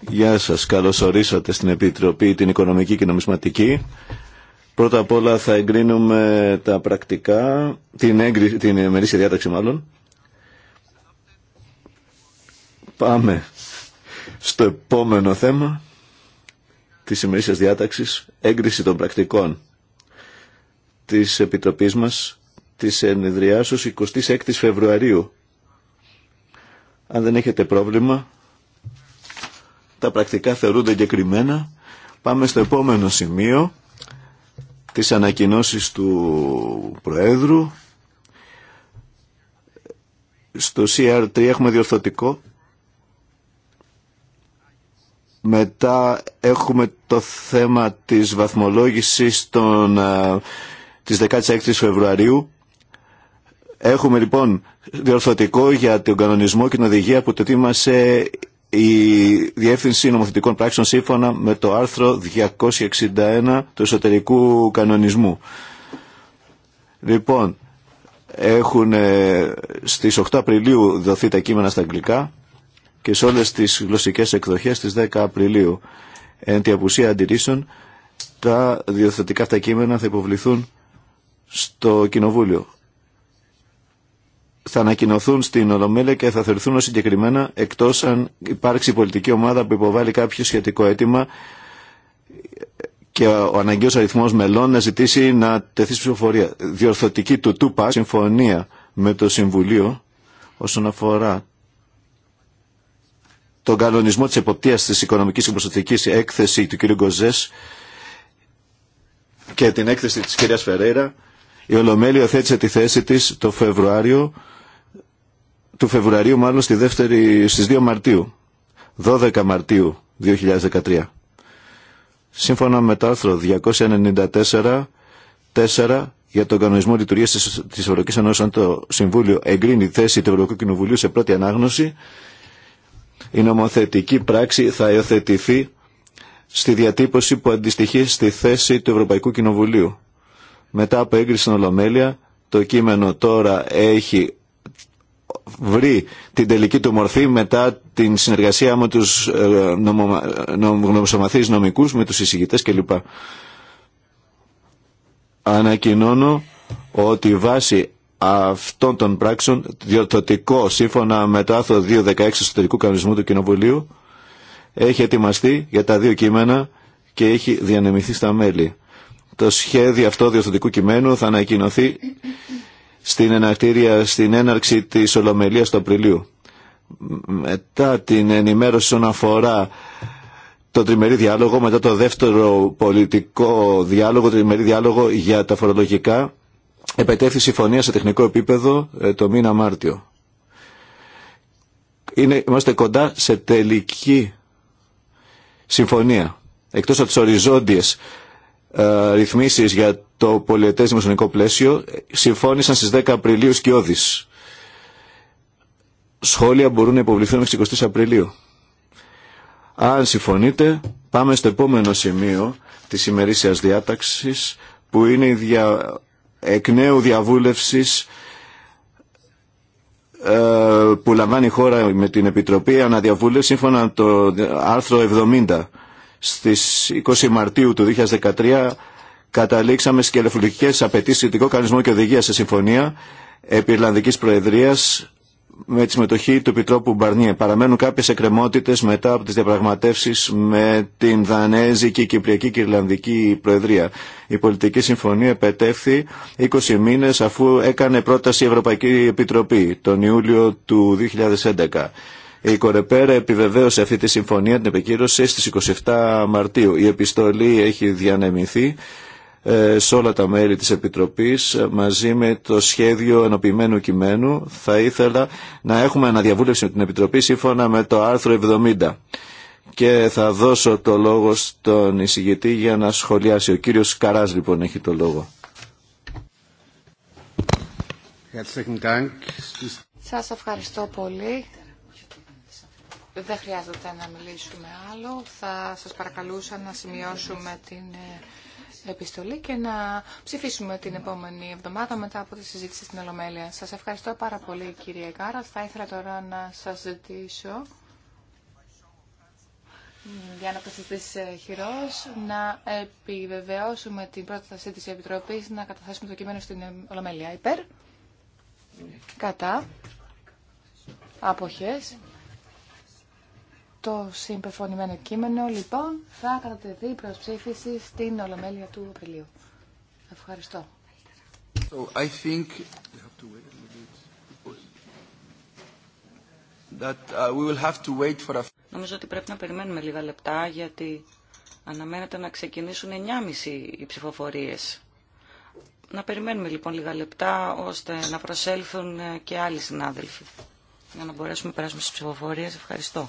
Γεια σας, καλώς ορίσατε στην Επιτροπή την Οικονομική και Νομισματική. Πρώτα απ' όλα θα εγκρίνουμε τα πρακτικά, την, έγκρι, την ημερήσια διάταξη μάλλον. Πάμε στο επόμενο θέμα της ημερήσιας διάταξης, έγκριση των πρακτικών της Επιτροπής μας της ενεδριάσεως 26 Φεβρουαρίου αν δεν έχετε πρόβλημα, τα πρακτικά θεωρούνται εγκεκριμένα. Πάμε στο επόμενο σημείο της ανακοινώσεις του Προέδρου. Στο CR3 έχουμε διορθωτικό. Μετά έχουμε το θέμα της βαθμολόγησης των, ε, της 16 Φεβρουαρίου Έχουμε λοιπόν διορθωτικό για τον κανονισμό και την οδηγία που το ετοίμασε η Διεύθυνση Νομοθετικών Πράξεων σύμφωνα με το άρθρο 261 του εσωτερικού κανονισμού. Λοιπόν, έχουν ε, στις 8 Απριλίου δοθεί τα κείμενα στα αγγλικά και σε όλες τις γλωσσικές εκδοχές στις 10 Απριλίου. Εν τη απουσία αντιρρήσεων, τα διορθωτικά αυτά κείμενα θα υποβληθούν στο Κοινοβούλιο θα ανακοινωθούν στην Ολομέλεια και θα θερθούν ως συγκεκριμένα εκτός αν υπάρξει πολιτική ομάδα που υποβάλει κάποιο σχετικό αίτημα και ο αναγκαίος αριθμός μελών να ζητήσει να τεθεί ψηφοφορία. Διορθωτική του ΤΟΥΠΑ συμφωνία με το Συμβουλίο όσον αφορά τον κανονισμό της εποπτείας της οικονομικής προσωπικής έκθεση του κ. Γκοζές και την έκθεση της κ. Φερέιρα η Ολομέλεια θέτησε τη θέση της το Φεβρουάριο του Φεβρουαρίου, μάλλον στη δεύτερη, στις 2 Μαρτίου, 12 Μαρτίου 2013. Σύμφωνα με το άρθρο 294, 4 για τον κανονισμό λειτουργία τη Ευρωπαϊκή Ένωσης αν το Συμβούλιο εγκρίνει θέση του Ευρωπαϊκού Κοινοβουλίου σε πρώτη ανάγνωση, η νομοθετική πράξη θα υιοθετηθεί στη διατύπωση που αντιστοιχεί στη θέση του Ευρωπαϊκού Κοινοβουλίου. Μετά από έγκριση στην Ολομέλεια, το κείμενο τώρα έχει βρει την τελική του μορφή μετά την συνεργασία με τους νομο, ε, νομοσομαθείς νομικούς, με τους εισηγητές κλπ. Ανακοινώνω ότι βάσει αυτών των πράξεων διορθωτικό σύμφωνα με το άθρο 2.16 εσωτερικού κανονισμού του Κοινοβουλίου έχει ετοιμαστεί για τα δύο κείμενα και έχει διανεμηθεί στα μέλη. Το σχέδιο αυτό διορθωτικού κειμένου θα ανακοινωθεί στην ενακτήρια στην έναρξη της Ολομελίας του Απριλίου. Μετά την ενημέρωση όσον αφορά το τριμερή διάλογο, μετά το δεύτερο πολιτικό διάλογο, τριμερή διάλογο για τα φορολογικά, επετέθη συμφωνία σε τεχνικό επίπεδο ε, το μήνα Μάρτιο. Είναι, είμαστε κοντά σε τελική συμφωνία. Εκτός από τις οριζόντιες ε, ρυθμίσεις για το πολυετές δημοσιονομικό πλαίσιο συμφώνησαν στις 10 Απριλίου σκιώδης. Σχόλια μπορούν να υποβληθούν μέχρι 20 Απριλίου. Αν συμφωνείτε, πάμε στο επόμενο σημείο της ημερήσιας διάταξης που είναι η δια... εκ νέου διαβούλευση ε, που λαμβάνει η χώρα με την Επιτροπή Αναδιαβούλευση σύμφωνα με το άρθρο 70 στις 20 Μαρτίου του 2013 καταλήξαμε στις κελεφουλικές απαιτήσεις ειδικό κανονισμό και οδηγία σε συμφωνία επί Ιρλανδικής Προεδρίας με τη συμμετοχή του Επιτρόπου Μπαρνιέ. Παραμένουν κάποιε εκκρεμότητε μετά από τι διαπραγματεύσει με την Δανέζικη, Κυπριακή και Ιρλανδική Προεδρία. Η πολιτική συμφωνία επετεύθη 20 μήνε αφού έκανε πρόταση η Ευρωπαϊκή Επιτροπή τον Ιούλιο του 2011. Η Κορεπέρα επιβεβαίωσε αυτή τη συμφωνία, την επικύρωσε στις 27 Μαρτίου. Η επιστολή έχει διανεμηθεί ε, σε όλα τα μέλη της Επιτροπής μαζί με το σχέδιο ενοποιημένου κειμένου. Θα ήθελα να έχουμε αναδιαβούλευση με την Επιτροπή σύμφωνα με το άρθρο 70. Και θα δώσω το λόγο στον εισηγητή για να σχολιάσει. Ο κύριος Καράς λοιπόν έχει το λόγο. Σας ευχαριστώ πολύ. Δεν χρειάζεται να μιλήσουμε άλλο. Θα σας παρακαλούσα να σημειώσουμε την ε, επιστολή και να ψηφίσουμε την επόμενη εβδομάδα μετά από τη συζήτηση στην Ολομέλεια. Σας ευχαριστώ πάρα πολύ κύριε Κάρα. Θα ήθελα τώρα να σας ζητήσω για να προσθεθεί χειρός, να επιβεβαιώσουμε την πρόταση της Επιτροπής να καταθέσουμε το κείμενο στην ε, Ολομέλεια. Υπέρ, κατά, αποχές, το συμπεφωνημένο κείμενο, λοιπόν, θα κατατεθεί προ ψήφιση στην Ολομέλεια του Απριλίου. Ευχαριστώ. Νομίζω ότι πρέπει να περιμένουμε λίγα λεπτά γιατί αναμένεται να ξεκινήσουν 9.30 οι ψηφοφορίες. Να περιμένουμε λοιπόν λίγα λεπτά ώστε να προσέλθουν ε, και άλλοι συνάδελφοι για να μπορέσουμε να περάσουμε στις ψηφοφορίες. Ευχαριστώ.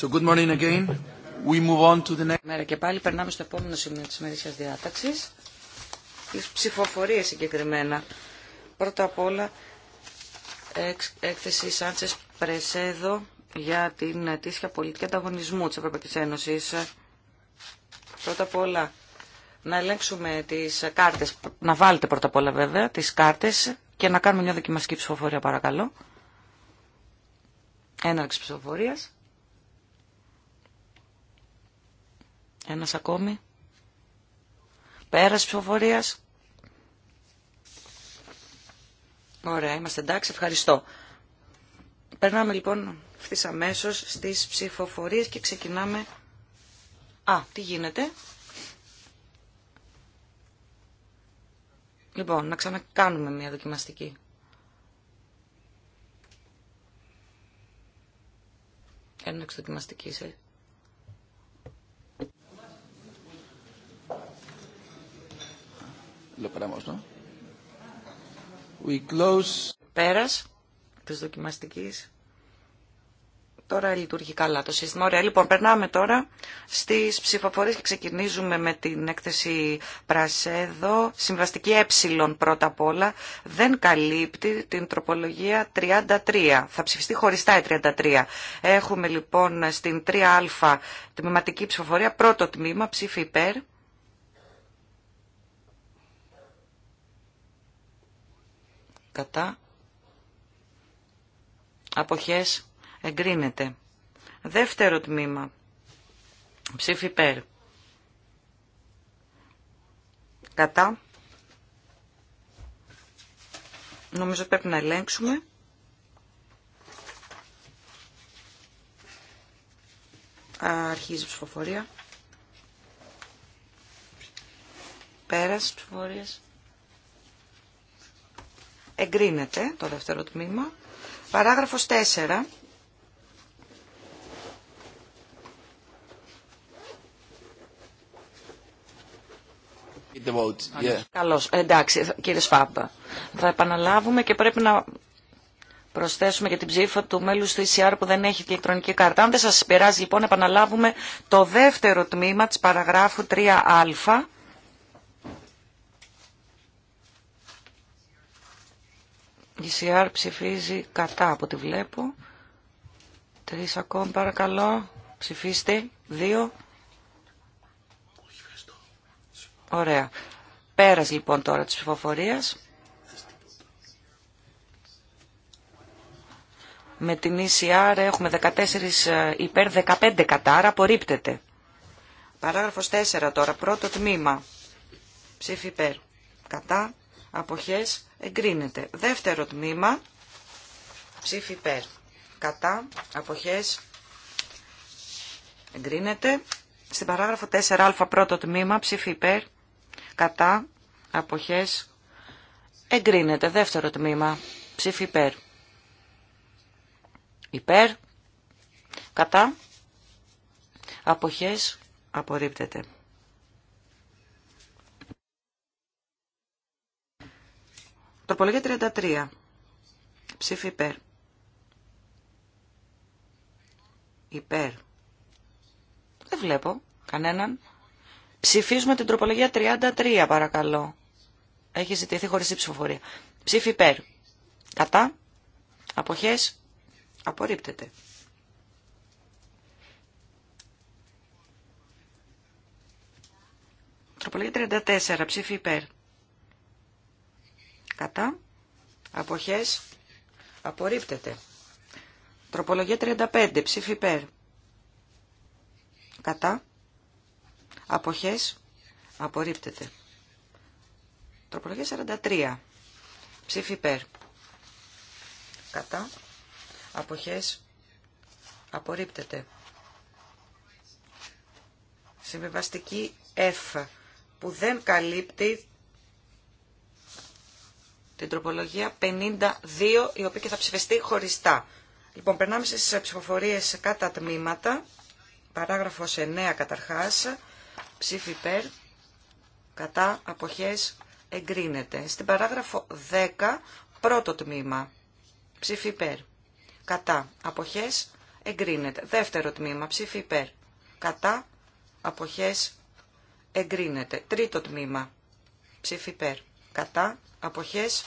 Καλημέρα και πάλι περνάμε στο επόμενο σημείο της ημερήσιας διάταξης. Τις ψηφοφορίες συγκεκριμένα. Πρώτα απ' όλα έκθεση Σάντσες Πρεσέδο για την αιτήσια πολιτική ανταγωνισμού της Ευρωπαϊκής Ένωσης. Πρώτα απ' όλα να ελέγξουμε τις κάρτες, να βάλετε πρώτα απ' όλα βέβαια τις κάρτες και να κάνουμε μια δοκιμαστική ψηφοφορία παρακαλώ. Έναρξη ψηφοφορίας. Ένας ακόμη. Πέρας ψηφοφορίας. Ωραία, είμαστε εντάξει, ευχαριστώ. Περνάμε λοιπόν αυτής αμέσω στις ψηφοφορίες και ξεκινάμε... Α, τι γίνεται. Λοιπόν, να ξανακάνουμε μια δοκιμαστική. Ένα δοκιμαστική, ε. Lo paramos, no? Πέρας της δοκιμαστικής. Τώρα λειτουργεί καλά το σύστημα. Ωραία, λοιπόν, περνάμε τώρα στις ψηφοφορίες και ξεκινίζουμε με την έκθεση Πρασέδο. Συμβαστική ε πρώτα απ' όλα δεν καλύπτει την τροπολογία 33. Θα ψηφιστεί χωριστά η 33. Έχουμε λοιπόν στην 3α τμηματική ψηφοφορία πρώτο τμήμα ψήφι υπέρ. κατά αποχές εγκρίνεται. Δεύτερο τμήμα. Ψήφι ΠΕΡ. Κατά. Νομίζω πρέπει να ελέγξουμε. Αρχίζει η ψηφοφορία. Πέρας ψηφοφορίας. Εγκρίνεται το δεύτερο τμήμα. Παράγραφος 4. The ε, Εντάξει, κύριε Σφάμπα. Θα επαναλάβουμε και πρέπει να προσθέσουμε και την ψήφα του μέλους του ECR που δεν έχει ηλεκτρονική κάρτα. Αν δεν σας πειράζει λοιπόν επαναλάβουμε το δεύτερο τμήμα της παραγράφου 3α Η ΕΣΥΑΡ ψηφίζει κατά από ό,τι βλέπω. Τρεις ακόμα παρακαλώ. Ψηφίστε. Δύο. Ωραία. Πέρας λοιπόν τώρα της ψηφοφορίας. Με την ECR έχουμε 14 ε, υπέρ 15 κατά, άρα απορρίπτεται. Παράγραφος 4 τώρα, πρώτο τμήμα. Ψήφι υπέρ. Κατά αποχές εγκρίνεται. Δεύτερο τμήμα, ψήφι περ. Κατά, αποχές εγκρίνεται. Στην παράγραφο 4α πρώτο τμήμα, ψήφι περ. Κατά, αποχές εγκρίνεται. Δεύτερο τμήμα, ψήφι υπέρ. Υπέρ, κατά, αποχές απορρίπτεται. Τροπολογία 33. Ψήφι υπέρ. Υπέρ. Δεν βλέπω κανέναν. Ψηφίζουμε την τροπολογία 33 παρακαλώ. Έχει ζητηθεί χωρίς η ψηφοφορία. Ψήφι υπέρ. Κατά. Αποχές. Απορρίπτεται. Τροπολογία 34. Ψήφι υπέρ. Κατά. Αποχές. Απορρίπτεται. Τροπολογία 35. Ψήφι υπέρ. Κατά. Αποχές. Απορρίπτεται. Τροπολογία 43. Ψήφι υπέρ. Κατά. Αποχές. Απορρίπτεται. Συμβιβαστική F που δεν καλύπτει την τροπολογία 52, η οποία και θα ψηφιστεί χωριστά. Λοιπόν, περνάμε στι ψηφοφορίε κατά τμήματα. Παράγραφο 9 καταρχάς, ψήφι υπέρ, κατά, απόχέ. εγκρίνεται. Στην παράγραφο 10, πρώτο τμήμα, ψήφι υπέρ, κατά, αποχές, εγκρίνεται. Δεύτερο τμήμα, ψήφι υπέρ, κατά, αποχέ εγκρίνεται. Τρίτο τμήμα, ψήφι υπέρ κατά, αποχές,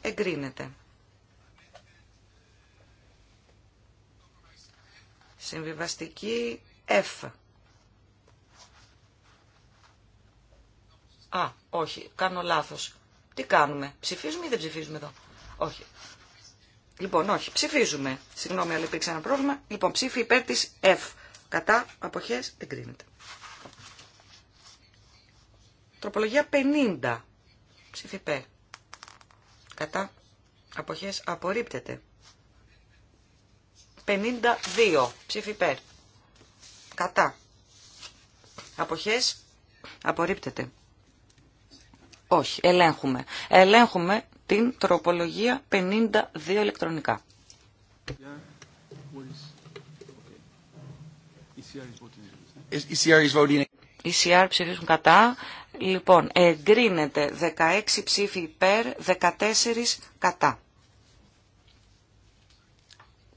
εγκρίνεται. Συμβιβαστική F. Α, όχι, κάνω λάθος. Τι κάνουμε, ψηφίζουμε ή δεν ψηφίζουμε εδώ. Όχι. Λοιπόν, όχι, ψηφίζουμε. Συγγνώμη, αλλά υπήρξε ένα πρόβλημα. Λοιπόν, ψήφι υπέρ της F. Κατά, αποχές, εγκρίνεται. Τροπολογία 50 ψηφιπέ Κατά αποχές απορρίπτεται. 52 ψηφιπέ Κατά αποχές απορρίπτεται. Όχι, ελέγχουμε. Ελέγχουμε την τροπολογία 52 ηλεκτρονικά. ECR is voting. Οι CR ψηφίζουν κατά. Λοιπόν, εγκρίνεται 16 ψήφοι υπέρ, 14 κατά.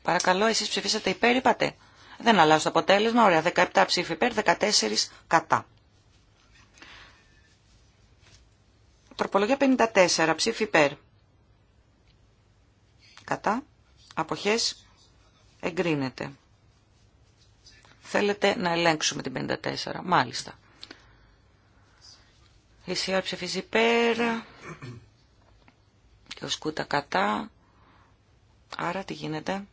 Παρακαλώ, εσείς ψηφίσατε υπέρ, είπατε. Δεν αλλάζω το αποτέλεσμα. Ωραία, 17 ψήφοι υπέρ, 14 κατά. Τροπολογία 54, ψήφι υπέρ. Κατά. Αποχές. Εγκρίνεται. Θέλετε να ελέγξουμε την 54. Μάλιστα. Η ΣΥΑ ψηφίζει υπέρ και ο Σκούτα κατά. Άρα τι γίνεται.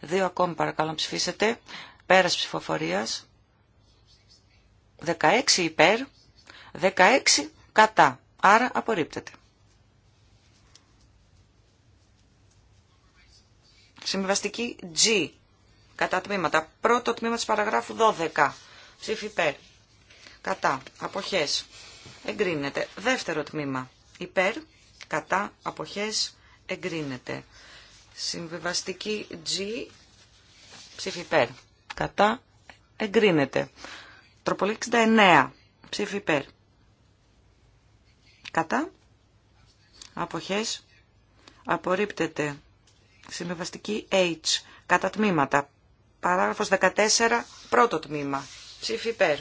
Δύο ακόμη παρακαλώ να ψηφίσετε. Πέρας ψηφοφορίας. 16 υπέρ, 16 κατά. Άρα απορρίπτεται. Συμβαστική G. Κατά τμήματα. Πρώτο τμήμα τη παραγράφου 12. Ψήφι υπέρ. Κατά. Αποχές. Εγκρίνεται. Δεύτερο τμήμα. Υπέρ. Κατά. Αποχές. Εγκρίνεται. Συμβιβαστική G. Ψήφι υπέρ. Κατά. Εγκρίνεται. Τροπολή 69. Ψήφι υπέρ. Κατά. Αποχές. Απορρίπτεται. Συμβιβαστική H. Κατά τμήματα. Παράγραφος 14, πρώτο τμήμα. Ψήφι υπέρ.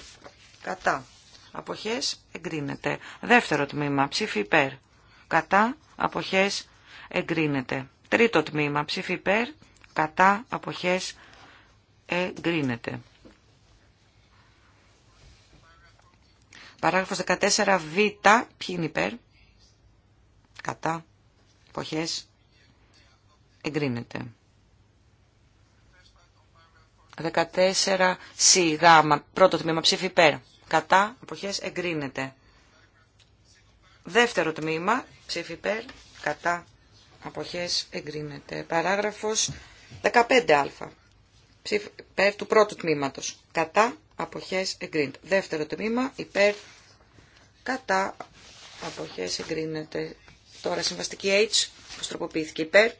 Κατά. Αποχές εγκρίνεται. Δεύτερο τμήμα. Ψήφι υπέρ. Κατά. Αποχές εγκρίνεται. Τρίτο τμήμα. Ψήφι υπέρ. Κατά. Αποχές εγκρίνεται. Παράγραφος 14 β. Ποιοι είναι υπέρ. Κατά. Αποχές εγκρίνεται. 14 σι γάμα, πρώτο τμήμα ψήφι υπέρ. Κατά, αποχές εγκρίνεται. Δεύτερο τμήμα, ψήφι υπέρ, κατά, αποχές εγκρίνεται. Παράγραφος 15α. Ψήφι υπέρ του πρώτου τμήματος. Κατά, αποχές εγκρίνεται. Δεύτερο τμήμα, υπέρ, κατά, αποχές εγκρίνεται. Τώρα συμβαστική H, που στροποποιήθηκε υπέρ,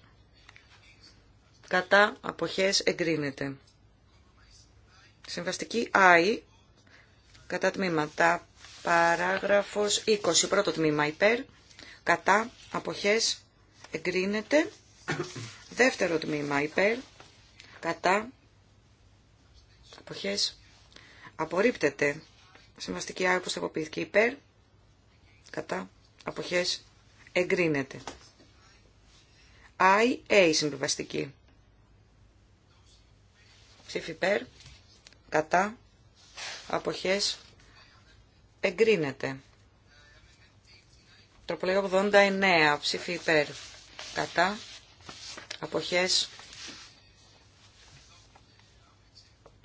κατά, αποχές εγκρίνεται. Συμβαστική I κατά τμήματα. Παράγραφος 20. Πρώτο τμήμα υπέρ. Κατά αποχές εγκρίνεται. Δεύτερο τμήμα υπέρ. Κατά αποχές απορρίπτεται. Συμβαστική I όπως τροποποιήθηκε υπέρ. Κατά αποχές εγκρίνεται. IA συμβιβαστική. Ψήφι υπέρ κατά αποχές εγκρίνεται. Τροπολογία 89 ψήφι υπέρ κατά αποχές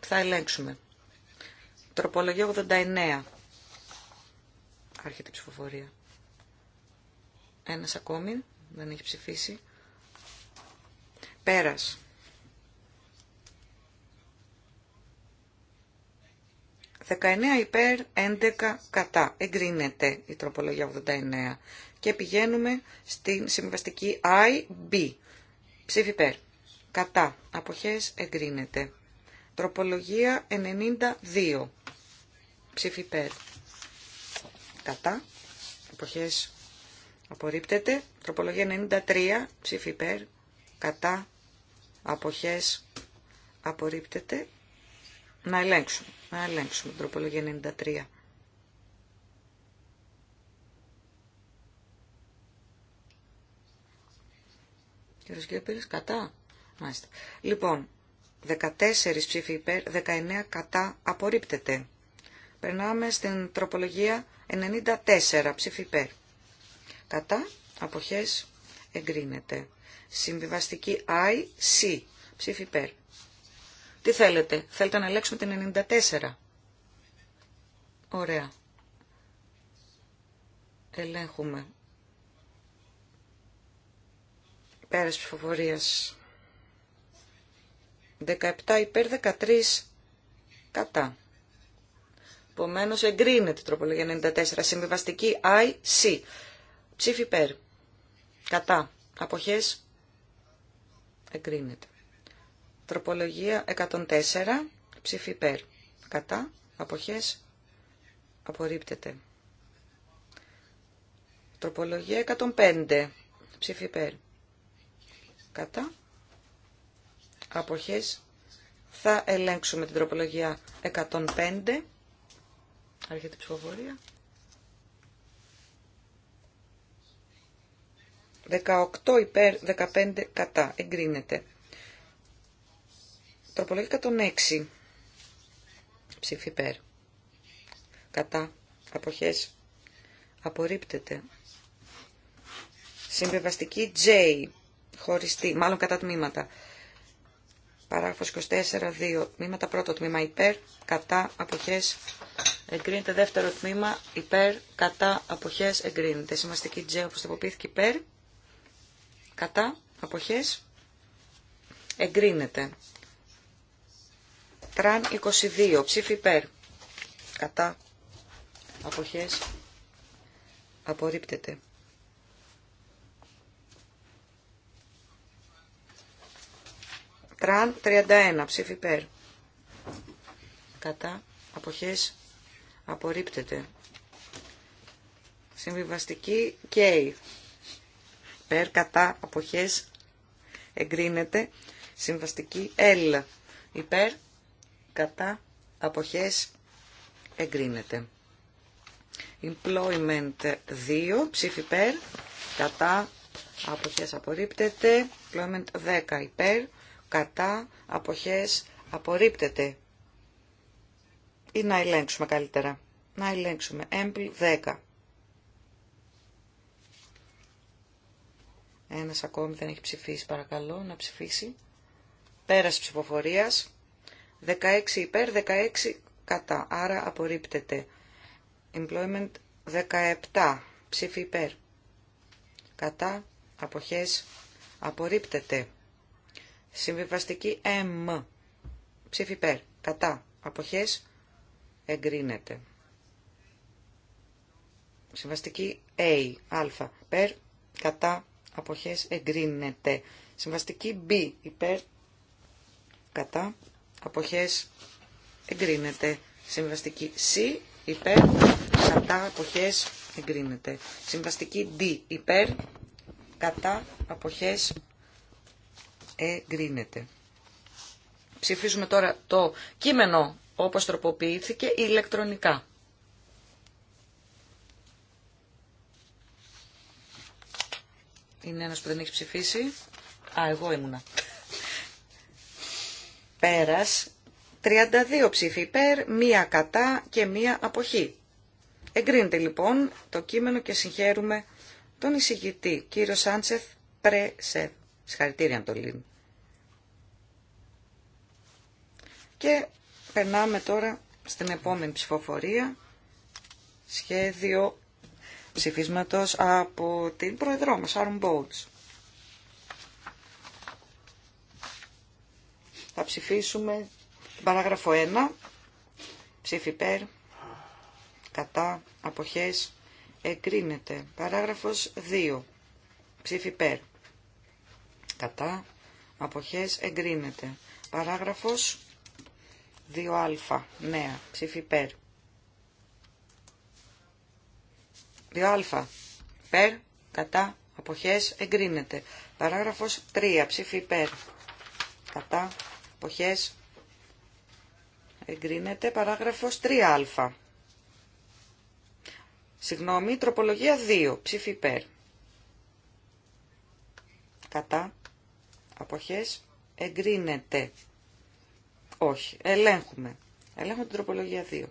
θα ελέγξουμε. Τροπολογία 89 άρχεται η ψηφοφορία. Ένας ακόμη δεν έχει ψηφίσει. Πέρας. 19 υπέρ, 11 κατά. Εγκρίνεται η τροπολογία 89. Και πηγαίνουμε στην συμβαστική IB. Ψήφι υπέρ. Κατά. Αποχές εγκρίνεται. Τροπολογία 92. Ψήφι υπέρ. Κατά. Αποχές απορρίπτεται. Τροπολογία 93. Ψήφι υπέρ. Κατά. Αποχές απορρίπτεται. Να ελέγξουμε. Να ελέγξουμε την τροπολογία 93. Κύριος Γκέπελης, κατά. Μάλιστα. Λοιπόν, 14 ψήφοι υπέρ, 19 κατά απορρίπτεται. Περνάμε στην τροπολογία 94 ψήφοι υπέρ. Κατά, αποχές, εγκρίνεται. Συμβιβαστική I, C, ψήφι υπέρ. Τι θέλετε, θέλετε να ελέγξουμε την 94. Ωραία. Ελέγχουμε. Πέρας ψηφοφορίας. 17 υπέρ 13 κατά. Επομένω εγκρίνεται η τροπολογία 94. Συμβιβαστική IC. Ψήφι υπέρ. Κατά. Αποχές. Εγκρίνεται. Τροπολογία 104, ψήφι υπέρ. Κατά, αποχές, απορρίπτεται. Τροπολογία 105, ψήφι υπέρ. Κατά, αποχές, θα ελέγξουμε την τροπολογία 105. Άρχεται η ψηφοφορία. 18 υπέρ, 15 κατά. Εγκρίνεται. Τροπολογία 106. Ψήφι υπέρ. Κατά. Αποχές. Απορρίπτεται. Συμβεβαστική J. Χωριστή. Μάλλον κατά τμήματα. Παράγραφος 24. 2. Τμήματα. Πρώτο τμήμα υπέρ. Κατά. Αποχές. Εγκρίνεται. Δεύτερο τμήμα υπέρ. Κατά. Αποχές. Εγκρίνεται. Συμβαστική J. Όπως τοποποιήθηκε υπέρ. Κατά. Αποχές εγκρίνεται. Τραν 22. Ψήφι υπέρ. Κατά. Αποχές. Απορρίπτεται. Τραν 31. Ψήφι υπέρ. Κατά. Αποχές. Απορρίπτεται. Συμβιβαστική K. Περ κατά αποχές εγκρίνεται. Συμβαστική L. Υπέρ κατά αποχές εγκρίνεται. Employment 2, ψήφι υπέρ, κατά αποχές απορρίπτεται. Employment 10 υπέρ, κατά αποχές απορρίπτεται. Ή να ελέγξουμε καλύτερα. Να ελέγξουμε. Employment 10. Ένας ακόμη δεν έχει ψηφίσει, παρακαλώ, να ψηφίσει. Πέρας ψηφοφορίας. 16 υπέρ, 16 κατά. Άρα απορρίπτεται. Employment 17. Ψήφι υπέρ. Κατά. Αποχές. Απορρίπτεται. Συμβιβαστική M. Ψήφι υπέρ. Κατά. Αποχές. Εγκρίνεται. Συμβαστική A. Α. Περ. Κατά. Αποχές. Εγκρίνεται. Συμβαστική B. Υπέρ. Κατά αποχές εγκρίνεται. Συμβαστική C υπέρ, κατά αποχές εγκρίνεται. Συμβαστική D υπέρ, κατά αποχές εγκρίνεται. Ψηφίζουμε τώρα το κείμενο όπως τροποποιήθηκε ηλεκτρονικά. Είναι ένας που δεν έχει ψηφίσει. Α, εγώ ήμουνα. Πέρας 32 ψήφοι υπέρ, μία κατά και μία αποχή. Εγκρίνεται λοιπόν το κείμενο και συγχαίρουμε τον εισηγητή κύριο Σάντσεφ Πρέσεφ. Συγχαρητήρια Αντολίνη. Και περνάμε τώρα στην επόμενη ψηφοφορία. Σχέδιο ψηφίσματος από την Προεδρό μας, Άρουν Θα ψηφίσουμε παράγραφο 1. Ψήφι υπέρ. Κατά. Αποχές. Εγκρίνεται. Παράγραφος 2. Ψήφι υπέρ. Κατά. Αποχές. Εγκρίνεται. Παράγραφος 2α. Νέα. Ψήφι υπέρ. 2α. Περ, κατά, αποχές, εγκρίνεται. Παράγραφος 3. Ψήφι υπέρ. Κατά, Αποχές. Εγκρίνεται. Παράγραφος 3α. Συγγνώμη, τροπολογία 2. Ψήφι υπέρ. Κατά. Αποχές. Εγκρίνεται. Όχι. Ελέγχουμε. Ελέγχουμε την τροπολογία 2.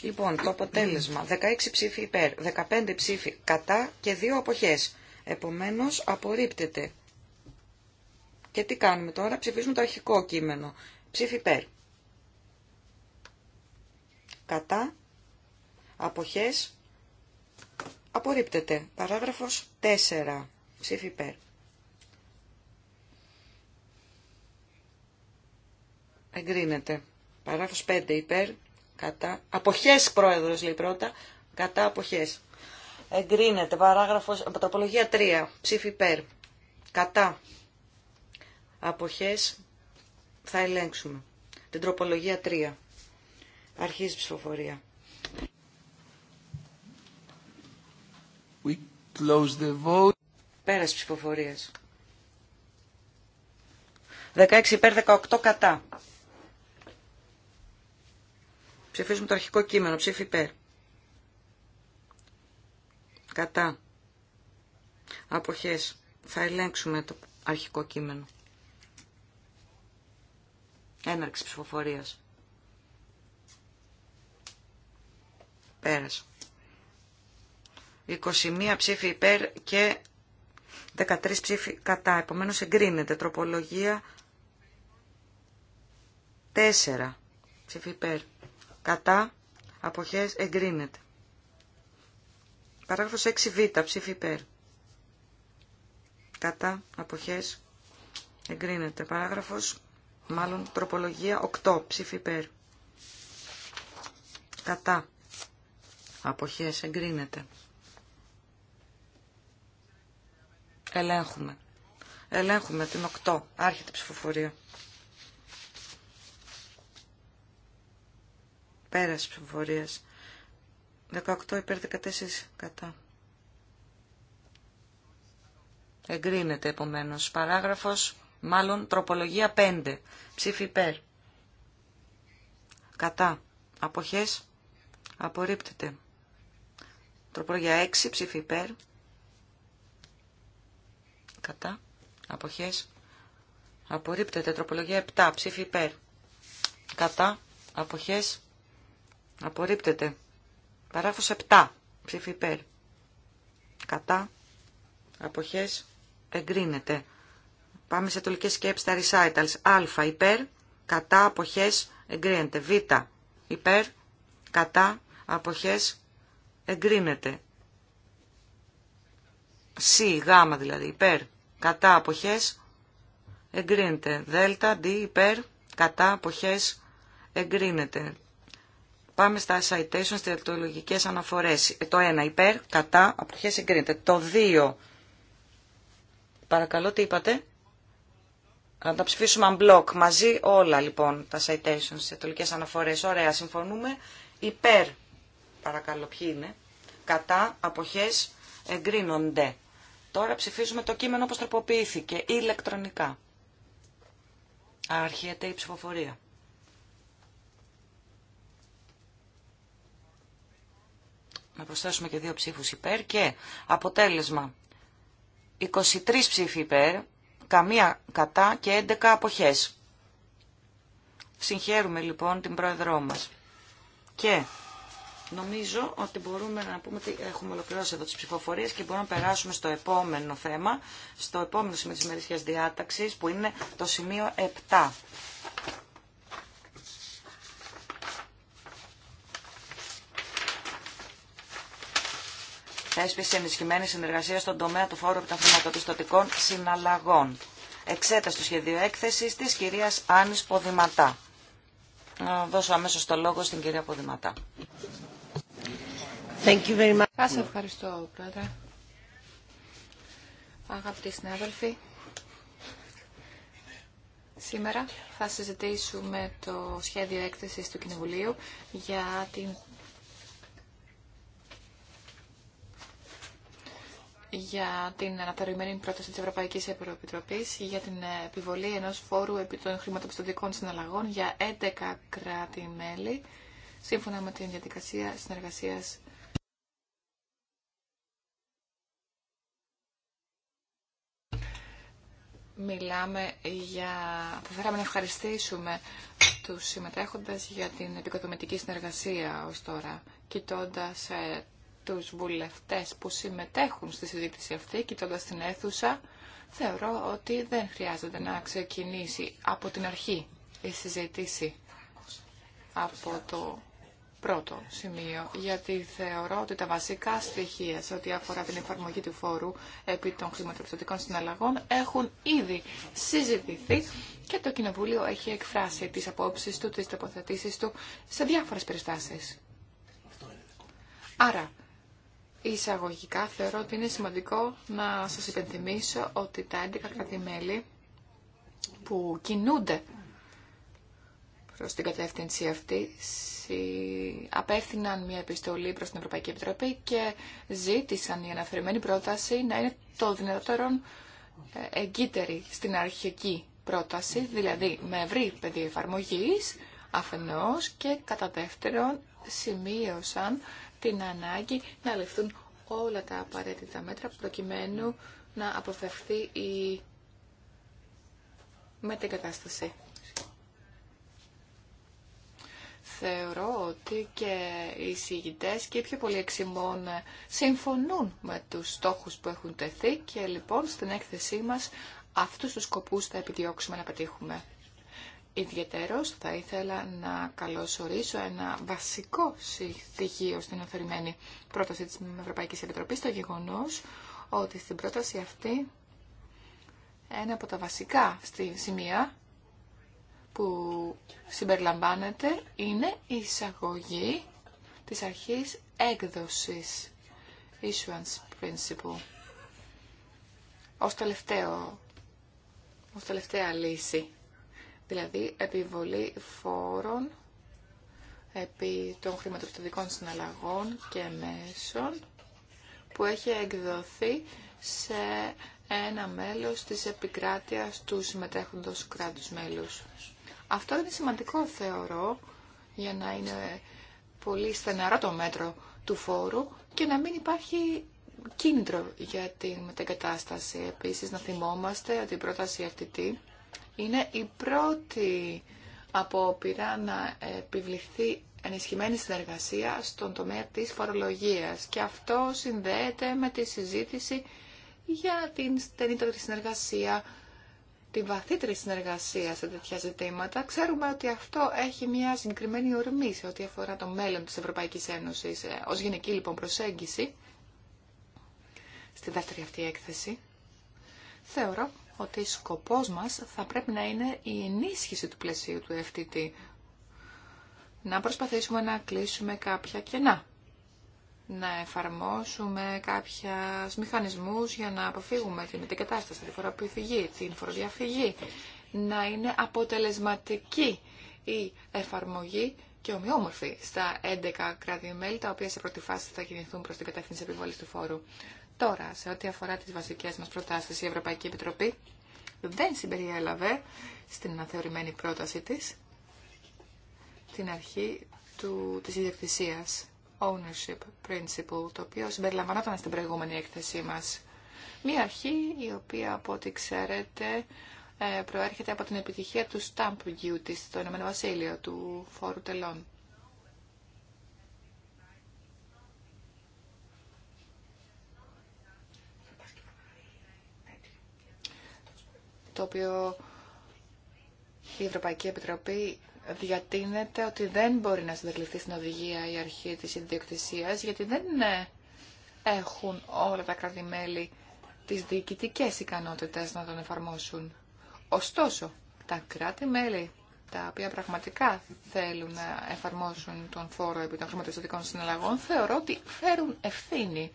Λοιπόν, το αποτέλεσμα. 16 ψήφοι υπέρ, 15 ψήφοι κατά και 2 αποχές. Επομένως, απορρίπτεται. Και τι κάνουμε τώρα, ψηφίζουμε το αρχικό κείμενο. Ψήφι υπέρ. Κατά. Αποχές. Απορρίπτεται. Παράγραφος 4. Ψήφι υπέρ. Εγκρίνεται. Παράγραφος 5 υπέρ κατά, αποχές πρόεδρος λέει πρώτα, κατά αποχές. Εγκρίνεται, παράγραφος, τροπολογία 3, ψήφι υπέρ, κατά, αποχές, θα ελέγξουμε. Την τροπολογία 3, αρχίζει ψηφοφορία. We close the vote. Πέρας ψηφοφορίας. 16 υπέρ, 18 κατά. Ψηφίζουμε το αρχικό κείμενο. Ψήφι υπέρ. Κατά. Αποχές. Θα ελέγξουμε το αρχικό κείμενο. Έναρξη ψηφοφορίας. Πέρασε. 21 ψήφι υπέρ και 13 ψήφι κατά. Επομένως εγκρίνεται. Τροπολογία 4 ψήφι υπέρ κατά, αποχές, εγκρίνεται. Παράγραφος 6β, ψήφι υπέρ. Κατά, αποχές, εγκρίνεται. Παράγραφος, μάλλον τροπολογία 8, ψήφι υπέρ. Κατά, αποχές, εγκρίνεται. Ελέγχουμε. Ελέγχουμε την 8, άρχεται ψηφοφορία. Πέρας ψηφοφορίας. 18 υπέρ 14 κατά. Εγκρίνεται επομένως. Παράγραφος, μάλλον τροπολογία 5. Ψήφι υπέρ. Κατά. Αποχές. Απορρίπτεται. Τροπολογία 6. Ψήφι υπέρ. Κατά. Αποχές. Απορρίπτεται. Τροπολογία 7. Ψήφι υπέρ. Κατά. Αποχές. Απορρίπτεται. Παράγραφος 7. Ψήφι υπέρ. Κατά. Αποχές. Εγκρίνεται. Πάμε σε τολικές σκέψεις τα recitals. Α. Υπέρ. Κατά. Αποχές. Εγκρίνεται. Β. Υπέρ. Κατά. Αποχές. Εγκρίνεται. Σ. Γ. Δηλαδή. Υπέρ. Κατά. Αποχές. Εγκρίνεται. Δ. Δ. Υπέρ. Κατά. Αποχές. Εγκρίνεται. Πάμε στα citations, στις αιτιολογικές αναφορές. Το ένα υπέρ, κατά, αποχές εγκρίνεται. Το δύο, παρακαλώ τι είπατε. Να τα ψηφίσουμε unblock, μαζί όλα λοιπόν τα citations, στις αιτιολογικές αναφορές. Ωραία, συμφωνούμε. Υπέρ, παρακαλώ ποιοι είναι, κατά, αποχές εγκρίνονται. Τώρα ψηφίζουμε το κείμενο όπως τροποποιήθηκε, ηλεκτρονικά. Αρχιέται η ψηφοφορία. να προσθέσουμε και δύο ψήφους υπέρ και αποτέλεσμα 23 ψήφοι υπέρ, καμία κατά και 11 αποχές. Συγχαίρουμε λοιπόν την πρόεδρό μας. Και νομίζω ότι μπορούμε να πούμε ότι έχουμε ολοκληρώσει εδώ τις ψηφοφορίες και μπορούμε να περάσουμε στο επόμενο θέμα, στο επόμενο σημείο της ημερήσιας διάταξης που είναι το σημείο 7. θέσπιση ενισχυμένη συνεργασία στον τομέα του φόρου των χρηματοπιστωτικών συναλλαγών. Εξέταση του σχέδιο έκθεση τη κυρία Άννη Ποδηματά. Να δώσω αμέσω το λόγο στην κυρία Ποδηματά. Thank you ευχαριστώ, Πρόεδρε. Αγαπητοί συνάδελφοι, σήμερα θα συζητήσουμε το σχέδιο έκθεσης του Κοινοβουλίου για την για την αναθεωρημένη πρόταση της Ευρωπαϊκής Επιτροπής για την επιβολή ενός φόρου επί των χρηματοπιστωτικών συναλλαγών για 11 κράτη-μέλη, σύμφωνα με την διαδικασία συνεργασίας Μιλάμε για... Θα θέλαμε να ευχαριστήσουμε τους συμμετέχοντες για την επικοδομητική συνεργασία ως τώρα, κοιτώντας ε, τους βουλευτές που συμμετέχουν στη συζήτηση αυτή, κοιτώντα την αίθουσα, θεωρώ ότι δεν χρειάζεται να ξεκινήσει από την αρχή η συζήτηση από το πρώτο σημείο, γιατί θεωρώ ότι τα βασικά στοιχεία σε ό,τι αφορά την εφαρμογή του φόρου επί των χρηματοπιστωτικών συναλλαγών έχουν ήδη συζητηθεί και το Κοινοβούλιο έχει εκφράσει τις απόψεις του, τις τοποθετήσεις του σε διάφορες περιστάσεις. Άρα, Εισαγωγικά θεωρώ ότι είναι σημαντικό να σας υπενθυμίσω ότι τα 11 κρατημέλη που κινούνται προς την κατεύθυνση αυτή απέφθηναν μια επιστολή προς την Ευρωπαϊκή Επιτροπή και ζήτησαν η αναφερμένη πρόταση να είναι το δυνατόν ε, εγκύτερη στην αρχική πρόταση, δηλαδή με ευρύ πεδίο εφαρμογής αφενός και κατά δεύτερον σημείωσαν την ανάγκη να ληφθούν όλα τα απαραίτητα μέτρα προκειμένου να αποφευθεί η μετεγκατάσταση. Θεωρώ ότι και οι συγητές και οι πιο πολλοί εξημών συμφωνούν με τους στόχους που έχουν τεθεί και λοιπόν στην έκθεσή μας αυτούς τους σκοπούς θα επιδιώξουμε να πετύχουμε. Ιδιαιτέρως θα ήθελα να καλωσορίσω ένα βασικό στοιχείο στην αφαιρημένη πρόταση της Ευρωπαϊκής Επιτροπής, το γεγονός ότι στην πρόταση αυτή ένα από τα βασικά στη σημεία που συμπεριλαμβάνεται είναι η εισαγωγή της αρχής έκδοσης issuance principle ως, τελευταίο, ως τελευταία λύση δηλαδή επιβολή φόρων επί των χρηματοπιστωτικών συναλλαγών και μέσων που έχει εκδοθεί σε ένα μέλος της επικράτειας του συμμετέχοντος κράτους μέλους. Αυτό είναι σημαντικό θεωρώ για να είναι πολύ στεναρό το μέτρο του φόρου και να μην υπάρχει κίνητρο για την μετεγκατάσταση. Επίσης να θυμόμαστε ότι η πρόταση αυτή είναι η πρώτη απόπειρα να επιβληθεί ενισχυμένη συνεργασία στον τομέα της φορολογίας και αυτό συνδέεται με τη συζήτηση για την στενήτερη συνεργασία, τη βαθύτερη συνεργασία σε τέτοια ζητήματα. Ξέρουμε ότι αυτό έχει μια συγκεκριμένη ορμή σε ό,τι αφορά το μέλλον της Ευρωπαϊκής Ένωσης ε, ως γενική λοιπόν προσέγγιση στη δεύτερη αυτή έκθεση. Θεωρώ ότι σκοπός μας θα πρέπει να είναι η ενίσχυση του πλαισίου του FTT. Να προσπαθήσουμε να κλείσουμε κάποια κενά. Να εφαρμόσουμε κάποια μηχανισμούς για να αποφύγουμε την αντικατάσταση τη φυγή, την φοροδιαφυγή. Να είναι αποτελεσματική η εφαρμογή και ομοιόμορφη στα 11 κράτη-μέλη, τα οποία σε πρώτη φάση θα κινηθούν προς την κατεύθυνση επιβολής του φόρου. Τώρα, σε ό,τι αφορά τις βασικές μας προτάσεις, η Ευρωπαϊκή Επιτροπή δεν συμπεριέλαβε στην αναθεωρημένη πρόταση της την αρχή του, της ιδιοκτησίας, ownership principle, το οποίο συμπεριλαμβανόταν στην προηγούμενη έκθεσή μας. Μία αρχή η οποία, από ό,τι ξέρετε, ε, προέρχεται από την επιτυχία του stamp duty στο Ηνωμένο Βασίλειο, του φόρου τελών. το οποίο η Ευρωπαϊκή Επιτροπή διατείνεται ότι δεν μπορεί να συνδεχθεί στην οδηγία η αρχή της ιδιοκτησίας, γιατί δεν ε, έχουν όλα τα κράτη-μέλη τις διοικητικές ικανότητες να τον εφαρμόσουν. Ωστόσο, τα κράτη-μέλη τα οποία πραγματικά θέλουν να εφαρμόσουν τον φόρο επί των χρηματοδοτικών συναλλαγών, θεωρώ ότι φέρουν ευθύνη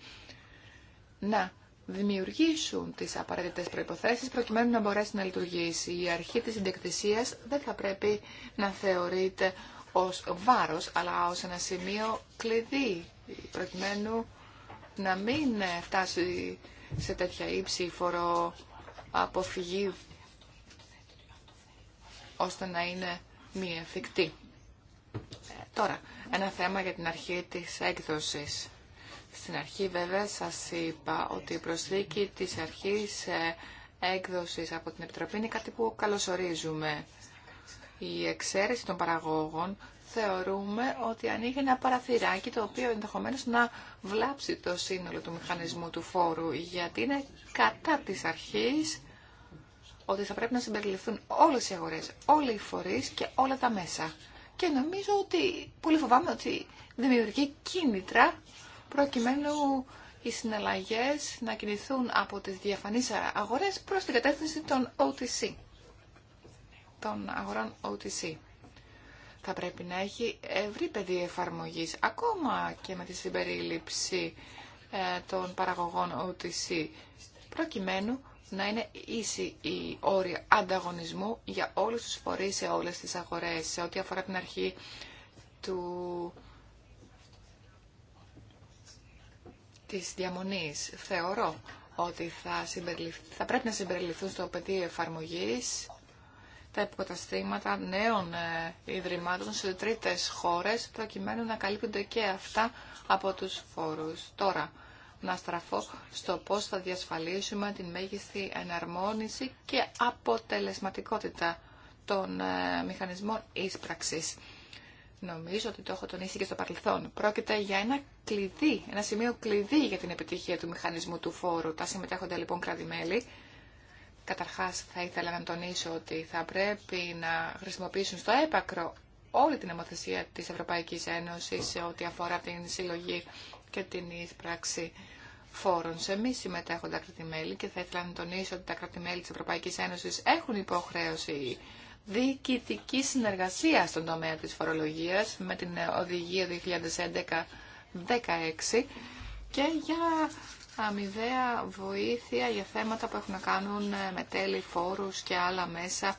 να δημιουργήσουν τις απαραίτητες προϋποθέσεις προκειμένου να μπορέσει να λειτουργήσει. Η αρχή της συντεκτησίας δεν θα πρέπει να θεωρείται ως βάρος, αλλά ως ένα σημείο κλειδί, προκειμένου να μην φτάσει σε τέτοια ύψη φορο αποφυγή, ώστε να είναι μη εφικτή. Ε, τώρα, ένα θέμα για την αρχή της έκδοσης. Στην αρχή βέβαια σας είπα ότι η προσθήκη της αρχής ε, έκδοσης από την Επιτροπή είναι κάτι που καλωσορίζουμε. Η εξαίρεση των παραγόγων θεωρούμε ότι ανοίγει ένα παραθυράκι το οποίο ενδεχομένως να βλάψει το σύνολο του μηχανισμού του φόρου γιατί είναι κατά της αρχής ότι θα πρέπει να συμπεριληφθούν όλες οι αγορές, όλοι οι φορείς και όλα τα μέσα. Και νομίζω ότι, πολύ φοβάμαι ότι δημιουργεί κίνητρα προκειμένου οι συναλλαγές να κινηθούν από τις διαφανείς αγορές προς την κατεύθυνση των OTC, των αγορών OTC. Θα πρέπει να έχει ευρύ πεδίο εφαρμογής, ακόμα και με τη συμπερίληψη ε, των παραγωγών OTC, προκειμένου να είναι ίση η όρια ανταγωνισμού για όλους τους φορείς σε όλες τις αγορές, σε ό,τι αφορά την αρχή του της διαμονής. Θεωρώ ότι θα, θα πρέπει να συμπεριληφθούν στο πεδίο εφαρμογής τα υποκαταστήματα νέων ε, ιδρυμάτων σε τρίτες χώρες, προκειμένου να καλύπτονται και αυτά από τους φόρους. Τώρα, να στραφώ στο πώς θα διασφαλίσουμε την μέγιστη εναρμόνιση και αποτελεσματικότητα των ε, μηχανισμών ίσπραξης. Νομίζω ότι το έχω τονίσει και στο παρελθόν. Πρόκειται για ένα κλειδί, ένα σημείο κλειδί για την επιτυχία του μηχανισμού του φόρου. Τα συμμετέχοντα λοιπόν κράτη-μέλη. θα ήθελα να τονίσω ότι θα πρέπει να χρησιμοποιήσουν στο έπακρο όλη την αιμοθεσία τη Ευρωπαϊκή Ένωση σε ό,τι αφορά την συλλογή και την πράξη φόρων σε μη συμμετέχοντα κρατημέλη και θα ήθελα να τονίσω ότι τα κρατημέλη τη Ευρωπαϊκή Ένωση έχουν υποχρέωση διοικητική συνεργασία στον τομέα της φορολογίας με την οδηγία 2011-16 και για αμοιβαία βοήθεια για θέματα που έχουν να κάνουν με τέλη φόρους και άλλα μέσα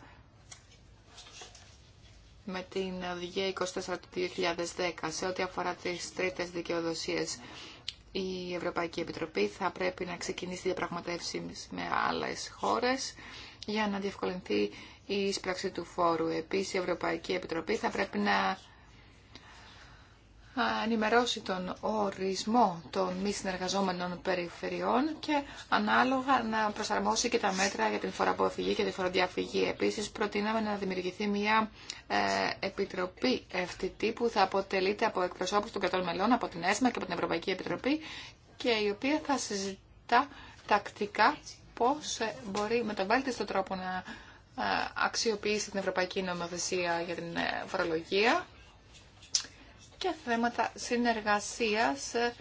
με την οδηγία 24 2010 σε ό,τι αφορά τις τρίτες δικαιοδοσίες. Η Ευρωπαϊκή Επιτροπή θα πρέπει να ξεκινήσει διαπραγματεύσεις με άλλες χώρες για να διευκολυνθεί η εισπράξη του φόρου. Επίσης, η Ευρωπαϊκή Επιτροπή θα πρέπει να ενημερώσει τον ορισμό των μη συνεργαζόμενων περιφερειών και ανάλογα να προσαρμόσει και τα μέτρα για την φοροαποφυγή και τη φοροδιαφυγή. Επίσης, προτείναμε να δημιουργηθεί μια ε, επιτροπή ευθυτή που θα αποτελείται από εκπροσώπους των κρατών μελών, από την ΕΣΜΑ και από την Ευρωπαϊκή Επιτροπή και η οποία θα συζητά τακτικά πώς μπορεί με τον βάλτιστο τρόπο να ε, αξιοποιήσει την Ευρωπαϊκή Νομοθεσία για την ε, φορολογία και θέματα συνεργασίας ε,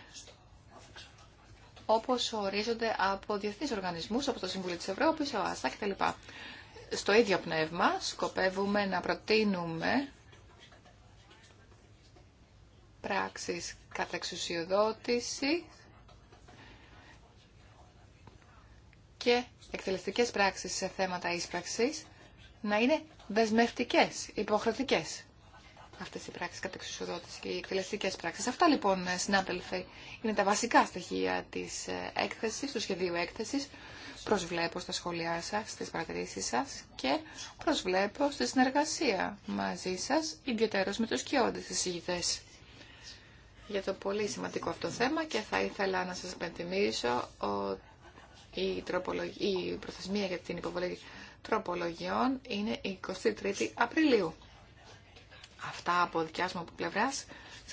όπως ορίζονται από διεθνείς οργανισμούς από το Συμβούλιο της Ευρώπης, ο ΑΣΑ κτλ. Στο ίδιο πνεύμα σκοπεύουμε να προτείνουμε πράξεις κατά εξουσιοδότηση και εκτελεστικές πράξεις σε θέματα ίσπραξης να είναι δεσμευτικές, υποχρεωτικές αυτές οι πράξεις κατά εξουσιοδότηση και οι εκτελεστικές πράξεις. Αυτά λοιπόν, συνάδελφοι, είναι τα βασικά στοιχεία της ε, έκθεσης, του σχεδίου έκθεσης. Προσβλέπω στα σχόλιά σας, στις παρατηρήσεις σας και προσβλέπω στη συνεργασία μαζί σας, ιδιαίτερως με τους κοιόντες εισηγητέ. για το πολύ σημαντικό αυτό θέμα και θα ήθελα να σας υπενθυμίσω ότι η, η προθεσμία για την υποβολή τροπολογιών είναι η 23η Απριλίου. Αυτά από δικιά μου από πλευρά.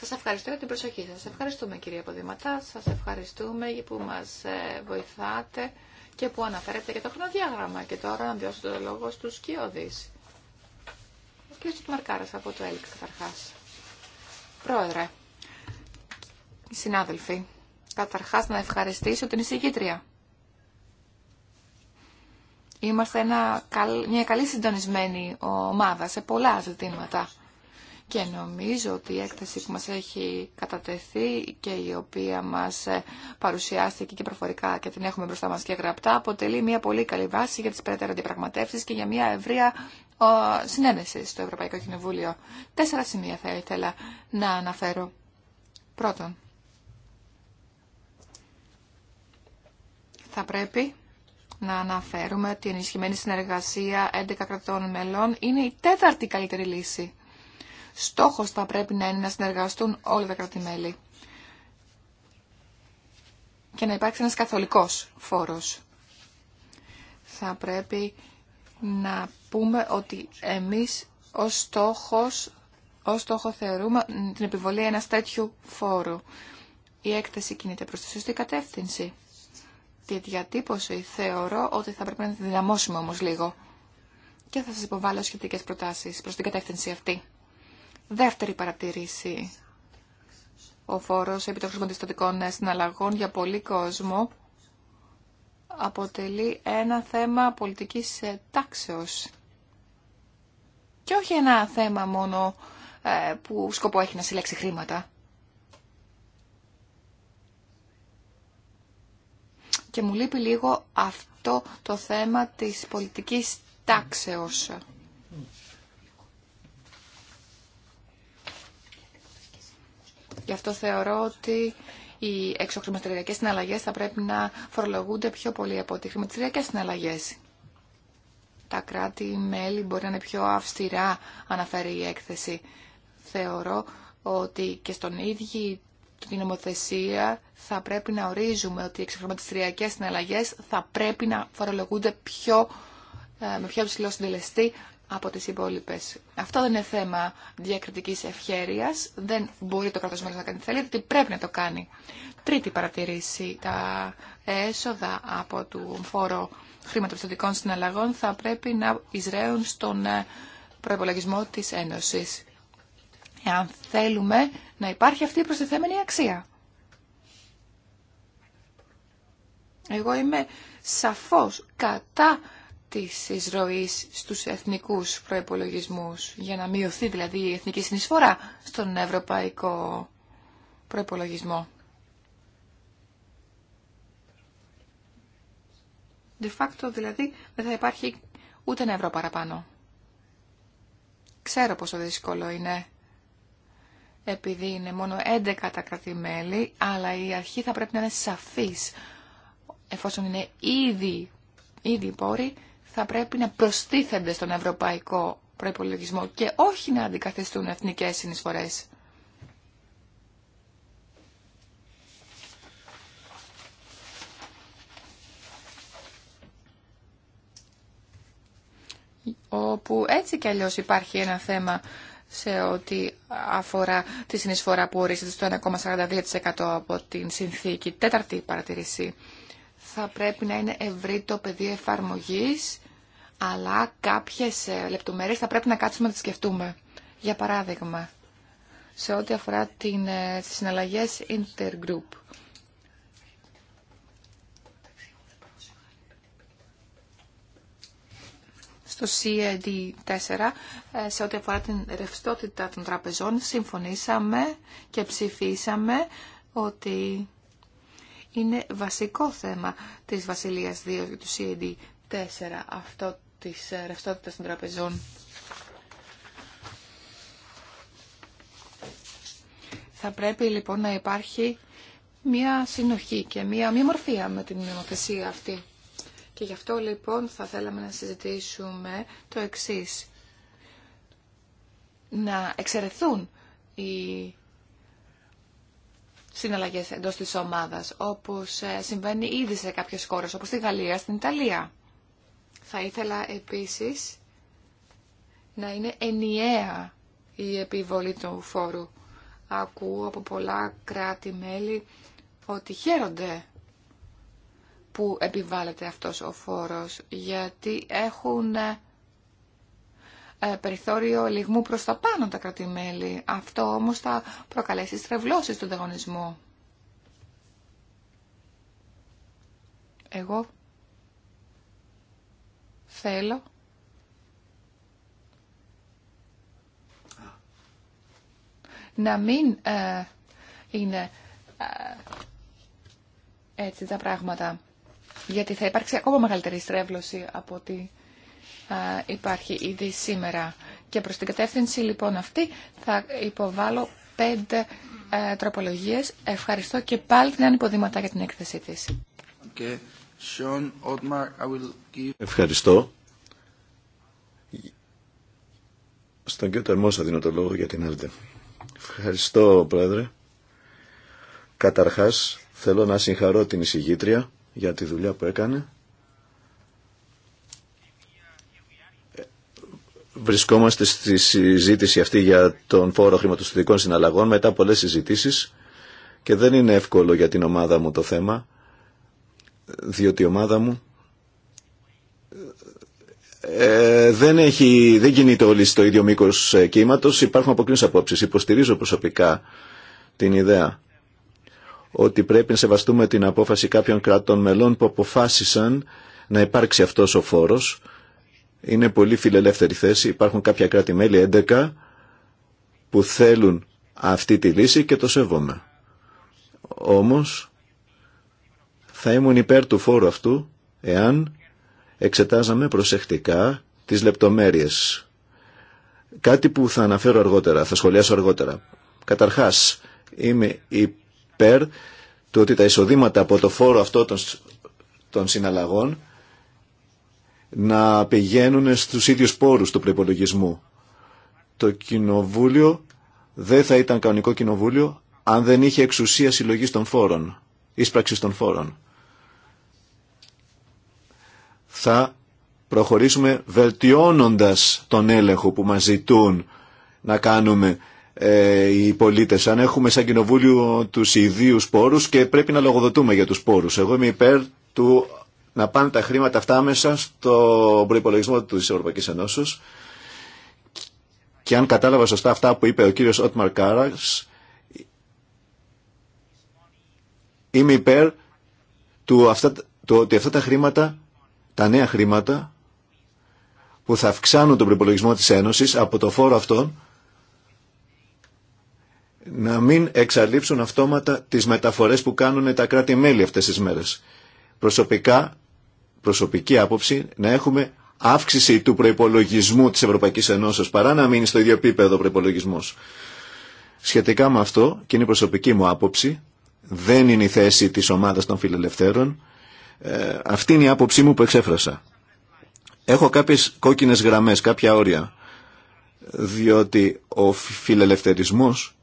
Σα ευχαριστώ για την προσοχή σα. Ευχαριστούμε κυρία Ποδηματά. Σα ευχαριστούμε που μα ε, βοηθάτε και που αναφέρετε και το χρονοδιάγραμμα. Και τώρα να διώσω το λόγο στου Κιώδη. Ο κ. Μαρκάρα από το ΕΛΚ καταρχά. Πρόεδρε, συνάδελφοι, καταρχά να ευχαριστήσω την εισηγήτρια Είμαστε ένα, μια καλή συντονισμένη ομάδα σε πολλά ζητήματα. Και νομίζω ότι η έκθεση που μας έχει κατατεθεί και η οποία μας ε, παρουσιάστηκε και προφορικά και την έχουμε μπροστά μας και γραπτά αποτελεί μια πολύ καλή βάση για τις περαιτέρω αντιπραγματεύσεις και για μια ευρεία συνένεση στο Ευρωπαϊκό Κοινοβούλιο. Τέσσερα σημεία θα ήθελα να αναφέρω. Πρώτον, θα πρέπει να αναφέρουμε ότι η ενισχυμένη συνεργασία 11 κρατών μελών είναι η τέταρτη καλύτερη λύση. Στόχος θα πρέπει να είναι να συνεργαστούν όλοι τα κράτη-μέλη και να υπάρξει ένας καθολικός φόρος. Θα πρέπει να πούμε ότι εμείς ως στόχος, ως στόχο θεωρούμε την επιβολή ένας τέτοιου φόρου. Η έκθεση κινείται προς τη σωστή κατεύθυνση τη διατύπωση θεωρώ ότι θα πρέπει να τη δυναμώσουμε όμως λίγο και θα σας υποβάλω σχετικές προτάσεις προς την κατεύθυνση αυτή. Δεύτερη παρατηρήση. Ο φόρος επί των συναλλαγών για πολύ κόσμο αποτελεί ένα θέμα πολιτικής ε, τάξεως και όχι ένα θέμα μόνο ε, που σκοπό έχει να συλλέξει χρήματα. και μου λείπει λίγο αυτό το θέμα της πολιτικής τάξεως. Γι' αυτό θεωρώ ότι οι εξωχρηματιστηριακές συναλλαγές θα πρέπει να φορολογούνται πιο πολύ από τις χρηματιστηριακές συναλλαγές. Τα κράτη-μέλη μπορεί να είναι πιο αυστηρά, αναφέρει η έκθεση. Θεωρώ ότι και στον ίδιο την νομοθεσία θα πρέπει να ορίζουμε ότι οι εξωχρηματιστηριακές συναλλαγές θα πρέπει να φορολογούνται πιο, ε, με πιο ψηλό συντελεστή από τις υπόλοιπε. Αυτό δεν είναι θέμα διακριτικής ευχέρειας. Δεν μπορεί το κράτος μέλος να κάνει θέλει, γιατί πρέπει να το κάνει. Τρίτη παρατηρήση. Τα έσοδα από το φόρο χρηματοπιστωτικών συναλλαγών θα πρέπει να εισραίουν στον ε, προπολογισμό της Ένωσης εάν θέλουμε να υπάρχει αυτή η προστιθέμενη αξία. Εγώ είμαι σαφώς κατά της εισρωής στους εθνικούς προϋπολογισμούς, για να μειωθεί δηλαδή η εθνική συνεισφορά στον ευρωπαϊκό προϋπολογισμό. De facto δηλαδή δεν θα υπάρχει ούτε ένα ευρώ παραπάνω. Ξέρω πόσο δύσκολο είναι επειδή είναι μόνο 11 τα κρατημέλη, αλλά η αρχή θα πρέπει να είναι σαφής. Εφόσον είναι ήδη, ήδη πόροι, θα πρέπει να προστίθενται στον ευρωπαϊκό προϋπολογισμό και όχι να αντικαθιστούν εθνικές συνεισφορές. όπου έτσι κι αλλιώς υπάρχει ένα θέμα σε ό,τι αφορά τη συνεισφορά που ορίζεται στο 1,42% από την συνθήκη. Τέταρτη παρατηρήση. Θα πρέπει να είναι ευρύ το πεδίο εφαρμογή, αλλά κάποιε λεπτομέρειε θα πρέπει να κάτσουμε να τις σκεφτούμε. Για παράδειγμα, σε ό,τι αφορά ε, τι συναλλαγέ Intergroup. Το CED4 ε, σε ό,τι αφορά την ρευστότητα των τραπεζών συμφωνήσαμε και ψηφίσαμε ότι είναι βασικό θέμα της Βασιλείας 2 και του CED4 αυτό της ε, ρευστότητας των τραπεζών. Θα πρέπει λοιπόν να υπάρχει μια συνοχή και μια, μια μορφία με την νομοθεσία αυτή. Και γι' αυτό λοιπόν θα θέλαμε να συζητήσουμε το εξής. Να εξαιρεθούν οι συναλλαγές εντός της ομάδας, όπως ε, συμβαίνει ήδη σε κάποιες χώρες, όπως στη Γαλλία, στην Ιταλία. Θα ήθελα επίσης να είναι ενιαία η επιβολή του φόρου. Ακούω από πολλά κράτη-μέλη ότι χαίρονται που επιβάλλεται αυτός ο φόρος, γιατί έχουν ε, ε, περιθώριο λιγμού προς τα πάνω τα κρατημέλη. Αυτό όμως θα προκαλέσει στρεβλώσεις του τεγωνισμό. Εγώ θέλω να μην ε, είναι έτσι τα πράγματα γιατί θα υπάρξει ακόμα μεγαλύτερη στρέβλωση από ότι υπάρχει ήδη σήμερα. Και προς την κατεύθυνση λοιπόν αυτή θα υποβάλω πέντε τροπολογίες. Ευχαριστώ και πάλι την Ανυποδήματα για την έκθεσή της. Okay. Sean, Otmar, I will give... Ευχαριστώ. Στον κύριο Τερμό θα δίνω το λόγο για την άλλη Ευχαριστώ, Πρόεδρε. Καταρχάς, θέλω να συγχαρώ την εισηγήτρια για τη δουλειά που έκανε. Ε, βρισκόμαστε στη συζήτηση αυτή για τον φόρο χρηματοστηρικών συναλλαγών μετά πολλές συζητήσεις και δεν είναι εύκολο για την ομάδα μου το θέμα διότι η ομάδα μου ε, δεν, έχει, δεν κινείται όλοι στο ίδιο μήκος ε, κύματος, υπάρχουν αποκλίνες απόψεις. Υποστηρίζω προσωπικά την ιδέα ότι πρέπει να σεβαστούμε την απόφαση κάποιων κρατών μελών που αποφάσισαν να υπάρξει αυτός ο φόρος. Είναι πολύ φιλελεύθερη θέση. Υπάρχουν κάποια κράτη-μέλη, 11, που θέλουν αυτή τη λύση και το σέβομαι. Όμως, θα ήμουν υπέρ του φόρου αυτού εάν εξετάζαμε προσεκτικά τις λεπτομέρειες. Κάτι που θα αναφέρω αργότερα, θα σχολιάσω αργότερα. Καταρχάς, είμαι υπέρ υπέρ του ότι τα εισοδήματα από το φόρο αυτό των, των συναλλαγών να πηγαίνουν στους ίδιους πόρους του προϋπολογισμού. Το κοινοβούλιο δεν θα ήταν κανονικό κοινοβούλιο αν δεν είχε εξουσία συλλογής των φόρων, ίσπραξης των φόρων. Θα προχωρήσουμε βελτιώνοντας τον έλεγχο που μας ζητούν να κάνουμε ε, οι πολίτε, Αν έχουμε σαν κοινοβούλιο τους ιδίου πόρου και πρέπει να λογοδοτούμε για τους πόρους. Εγώ είμαι υπέρ του να πάνε τα χρήματα αυτά μέσα στο προπολογισμό τη Ευρωπαϊκής Ενώσης και αν κατάλαβα σωστά αυτά που είπε ο κύριος Ότμαρ Κάραξ είμαι υπέρ του, αυτά, του ότι αυτά τα χρήματα, τα νέα χρήματα που θα αυξάνουν τον προπολογισμό της Ένωσης από το φόρο αυτόν να μην εξαλείψουν αυτόματα τις μεταφορές που κάνουν τα κράτη-μέλη αυτές τις μέρες. Προσωπικά, προσωπική άποψη, να έχουμε αύξηση του προϋπολογισμού της Ευρωπαϊκής Ενώσεως παρά να μείνει στο ίδιο επίπεδο ο προϋπολογισμός. Σχετικά με αυτό, και είναι η προσωπική μου άποψη, δεν είναι η θέση της ομάδας των φιλελευθέρων, ε, αυτή είναι η άποψή μου που εξέφρασα. Έχω κάποιες κόκκινες γραμμές, κάποια όρια, διότι ο φιλελευθερισμός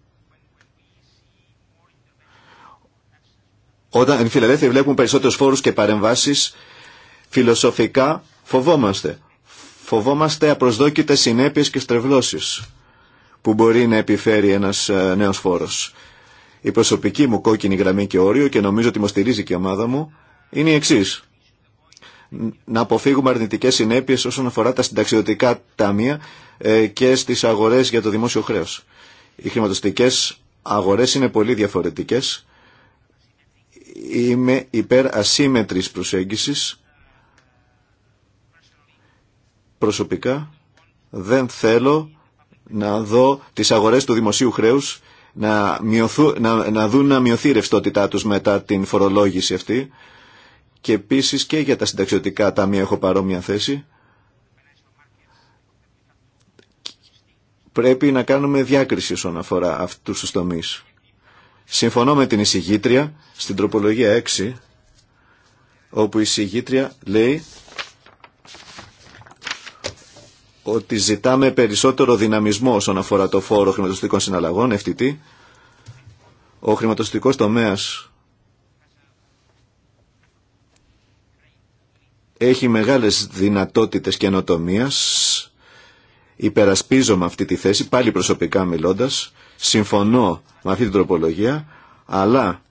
Όταν οι φιλελεύθεροι βλέπουν περισσότερους φόρους και παρεμβάσεις, φιλοσοφικά φοβόμαστε. Φοβόμαστε απροσδόκητες συνέπειες και στρεβλώσεις που μπορεί να επιφέρει ένας ε, νέος φόρος. Η προσωπική μου κόκκινη γραμμή και όριο και νομίζω ότι μου στηρίζει και η ομάδα μου είναι η εξή. Να αποφύγουμε αρνητικές συνέπειες όσον αφορά τα συνταξιωτικά ταμεία ε, και στις αγορές για το δημόσιο χρέος. Οι χρηματοστικές αγορές είναι πολύ διαφορετικές είμαι υπέρ ασύμετρης προσέγγισης. Προσωπικά δεν θέλω να δω τις αγορές του δημοσίου χρέους να, μειωθού, να, να δουν να μειωθεί η ρευστότητά τους μετά την φορολόγηση αυτή και επίσης και για τα συνταξιωτικά ταμεία έχω παρόμοια θέση. Πρέπει να κάνουμε διάκριση όσον αφορά αυτούς τους τομείς. Συμφωνώ με την εισηγήτρια στην τροπολογία 6, όπου η εισηγήτρια λέει ότι ζητάμε περισσότερο δυναμισμό όσον αφορά το φόρο χρηματοστικών συναλλαγών, FTT. Ο χρηματοστικός τομέας έχει μεγάλες δυνατότητες καινοτομίας. Υπερασπίζομαι αυτή τη θέση, πάλι προσωπικά μιλώντας, συμφωνώ με αυτή την τροπολογία, αλλά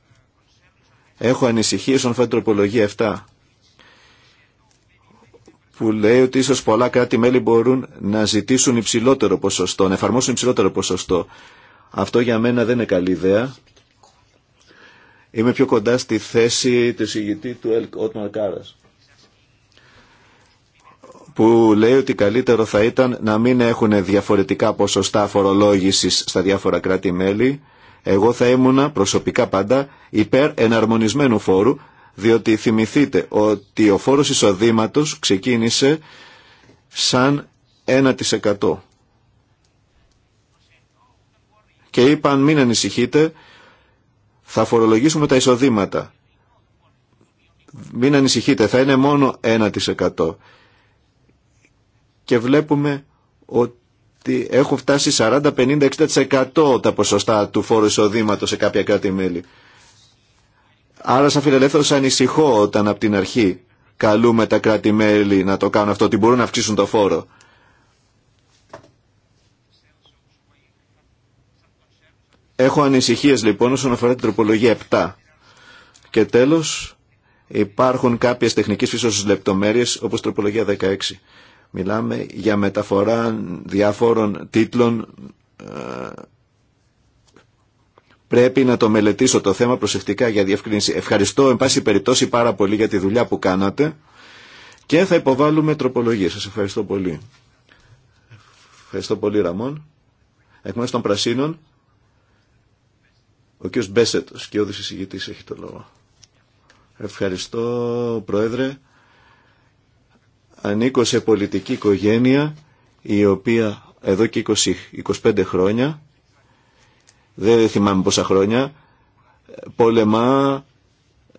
έχω ανησυχίες όταν αφορά την τροπολογία 7 που λέει ότι ίσως πολλά κράτη-μέλη μπορούν να ζητήσουν υψηλότερο ποσοστό, να εφαρμόσουν υψηλότερο ποσοστό. Αυτό για μένα δεν είναι καλή ιδέα. Είμαι πιο κοντά στη θέση του συγητή του Ελκ Ότμαρ Κάρας που λέει ότι καλύτερο θα ήταν να μην έχουν διαφορετικά ποσοστά φορολόγησης στα διάφορα κράτη-μέλη. Εγώ θα ήμουνα προσωπικά πάντα υπέρ εναρμονισμένου φόρου, διότι θυμηθείτε ότι ο φόρος εισοδήματος ξεκίνησε σαν 1%. Και είπαν μην ανησυχείτε, θα φορολογήσουμε τα εισοδήματα. Μην ανησυχείτε, θα είναι μόνο 1% και βλέπουμε ότι έχουν φτάσει 40, 50, 60% τα ποσοστά του φόρου εισοδήματος σε κάποια κράτη-μέλη. Άρα σαν φιλελεύθερος ανησυχώ όταν από την αρχή καλούμε τα κράτη-μέλη να το κάνουν αυτό, ότι μπορούν να αυξήσουν το φόρο. Έχω ανησυχίες λοιπόν όσον αφορά την τροπολογία 7. Και τέλος υπάρχουν κάποιες τεχνικές φύσεως λεπτομέρειες όπως τροπολογία 16. Μιλάμε για μεταφορά διάφορων τίτλων. Ε, πρέπει να το μελετήσω το θέμα προσεκτικά για διευκρίνηση. Ευχαριστώ, εν πάση περιπτώσει, πάρα πολύ για τη δουλειά που κάνατε και θα υποβάλουμε τροπολογίες. Σας ευχαριστώ πολύ. Ευχαριστώ πολύ, Ραμόν. Εκ των Πρασίνων, ο κ. Μπέσετ, ο σκιώδης εισηγητής, έχει το λόγο. Ευχαριστώ, Πρόεδρε ανήκω σε πολιτική οικογένεια η οποία εδώ και 20, 25 χρόνια, δεν θυμάμαι πόσα χρόνια, πολεμά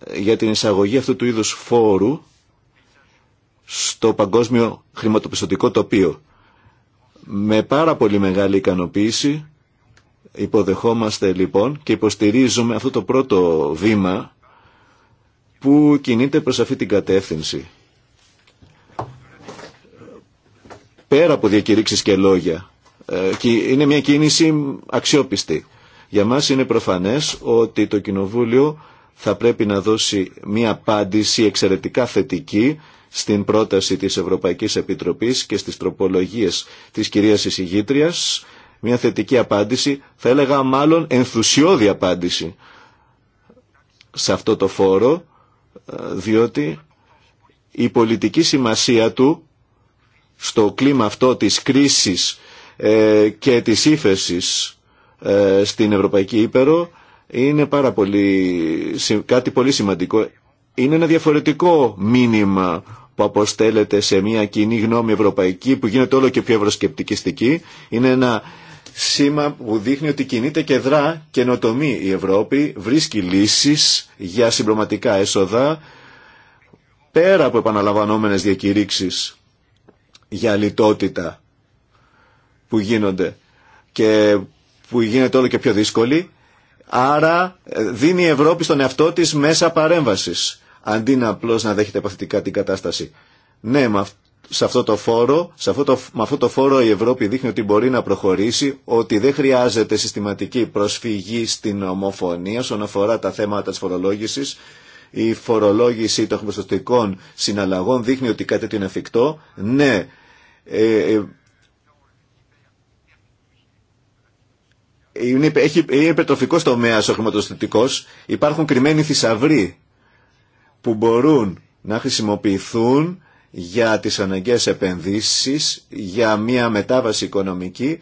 ε, για την εισαγωγή αυτού του είδους φόρου στο παγκόσμιο χρηματοπιστωτικό τοπίο. Με πάρα πολύ μεγάλη ικανοποίηση υποδεχόμαστε λοιπόν και υποστηρίζουμε αυτό το πρώτο βήμα που κινείται προς αυτή την κατεύθυνση. πέρα από διακηρύξεις και λόγια. Ε, και είναι μια κίνηση αξιόπιστη. Για μας είναι προφανές ότι το Κοινοβούλιο θα πρέπει να δώσει μια απάντηση εξαιρετικά θετική στην πρόταση της Ευρωπαϊκής Επιτροπής και στις τροπολογίες της κυρίας εισηγήτριας. Μια θετική απάντηση, θα έλεγα μάλλον ενθουσιώδη απάντηση σε αυτό το φόρο, ε, διότι η πολιτική σημασία του στο κλίμα αυτό της κρίσης ε, και της ύφεση ε, στην Ευρωπαϊκή Ήπερο είναι πάρα πολύ, κάτι πολύ σημαντικό. Είναι ένα διαφορετικό μήνυμα που αποστέλλεται σε μια κοινή γνώμη ευρωπαϊκή που γίνεται όλο και πιο ευρωσκεπτικιστική. Είναι ένα σήμα που δείχνει ότι κινείται και δρά καινοτομή η Ευρώπη, βρίσκει λύσεις για συμπροματικά έσοδα πέρα από επαναλαμβανόμενες διακηρύξεις για λιτότητα που γίνονται και που γίνεται όλο και πιο δύσκολη. Άρα ε, δίνει η Ευρώπη στον εαυτό της μέσα παρέμβασης, αντί να απλώς να δέχεται παθητικά την κατάσταση. Ναι, σε αυτό το φόρο, σε αυτό το, με αυτό το φόρο η Ευρώπη δείχνει ότι μπορεί να προχωρήσει, ότι δεν χρειάζεται συστηματική προσφυγή στην ομοφωνία όσον αφορά τα θέματα της φορολόγησης. Η φορολόγηση των χρηματοστατικών συναλλαγών δείχνει ότι κάτι είναι εφικτό. Ναι, ε, ε, είναι, έχει, είναι υπερτροφικός τομέας ο χρηματοστητικός. Υπάρχουν κρυμμένοι θησαυροί που μπορούν να χρησιμοποιηθούν για τις αναγκαίες επενδύσεις, για μια μετάβαση οικονομική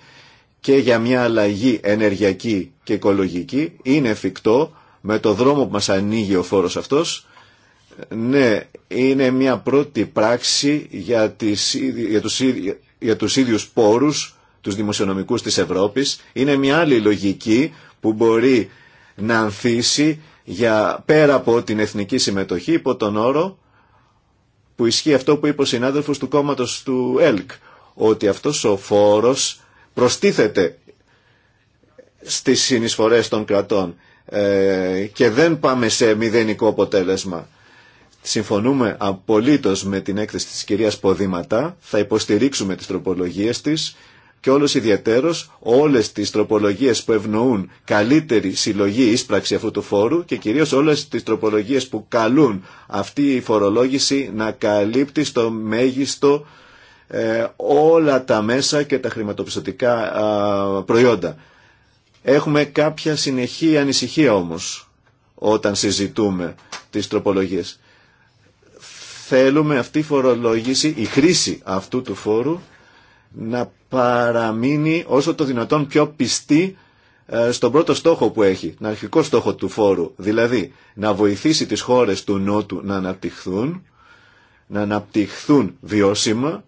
και για μια αλλαγή ενεργειακή και οικολογική. Είναι εφικτό με το δρόμο που μας ανοίγει ο φόρος αυτός ναι, είναι μια πρώτη πράξη για, τις, για, τους, για τους ίδιους πόρους, τους δημοσιονομικούς της Ευρώπης. Είναι μια άλλη λογική που μπορεί να ανθίσει για πέρα από την εθνική συμμετοχή υπό τον όρο που ισχύει αυτό που είπε ο συνάδελφος του κόμματος του ΕΛΚ ότι αυτός ο φόρος προστίθεται στις συνεισφορές των κρατών ε, και δεν πάμε σε μηδενικό αποτέλεσμα. Συμφωνούμε απολύτως με την έκθεση της κυρίας Ποδήματα, θα υποστηρίξουμε τις τροπολογίες της και όλος ιδιαίτερος όλες τις τροπολογίες που ευνοούν καλύτερη συλλογή ίσπραξη αυτού του φόρου και κυρίως όλες τις τροπολογίες που καλούν αυτή η φορολόγηση να καλύπτει στο μέγιστο ε, όλα τα μέσα και τα χρηματοπιστωτικά προϊόντα. Έχουμε κάποια συνεχή ανησυχία όμως όταν συζητούμε τις τροπολογίες θέλουμε αυτή η φορολόγηση, η χρήση αυτού του φόρου να παραμείνει όσο το δυνατόν πιο πιστή ε, στον πρώτο στόχο που έχει, τον αρχικό στόχο του φόρου, δηλαδή να βοηθήσει τις χώρες του Νότου να αναπτυχθούν, να αναπτυχθούν βιώσιμα,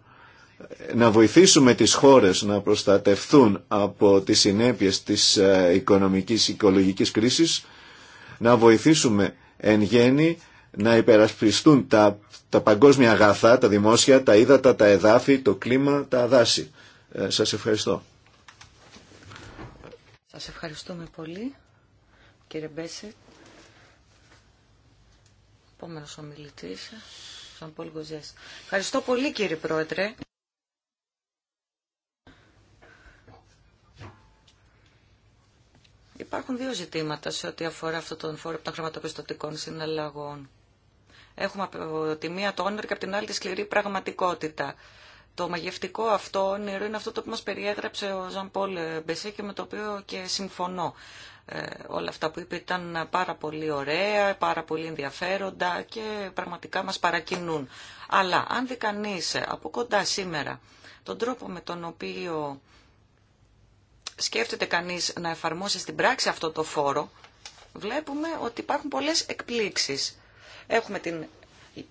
να βοηθήσουμε τις χώρες να προστατευθούν από τις συνέπειες της ε, οικονομικής, οικολογικής κρίσης, να βοηθήσουμε εν γέννη να υπερασπιστούν τα, τα παγκόσμια αγαθά, τα δημόσια, τα ύδατα, τα εδάφη, το κλίμα, τα δάση. Ε, σας ευχαριστώ. Σας ευχαριστούμε πολύ, κύριε Μπέσετ. Επόμενος ομιλητής, σαν πολύ Γκοζές. Ευχαριστώ πολύ, κύριε Πρόεδρε. Υπάρχουν δύο ζητήματα σε ό,τι αφορά αυτό τον φόρο των χρηματοπιστωτικών συναλλαγών. Έχουμε από τη μία το όνειρο και από την άλλη τη σκληρή πραγματικότητα. Το μαγευτικό αυτό όνειρο είναι αυτό το που μας περιέγραψε ο Ζαν Πολ Μπεσέ και με το οποίο και συμφωνώ. Ε, όλα αυτά που είπε ήταν πάρα πολύ ωραία, πάρα πολύ ενδιαφέροντα και πραγματικά μας παρακινούν. Αλλά αν δει κανεί από κοντά σήμερα τον τρόπο με τον οποίο σκέφτεται κανείς να εφαρμόσει στην πράξη αυτό το φόρο, βλέπουμε ότι υπάρχουν πολλές εκπλήξεις. Έχουμε την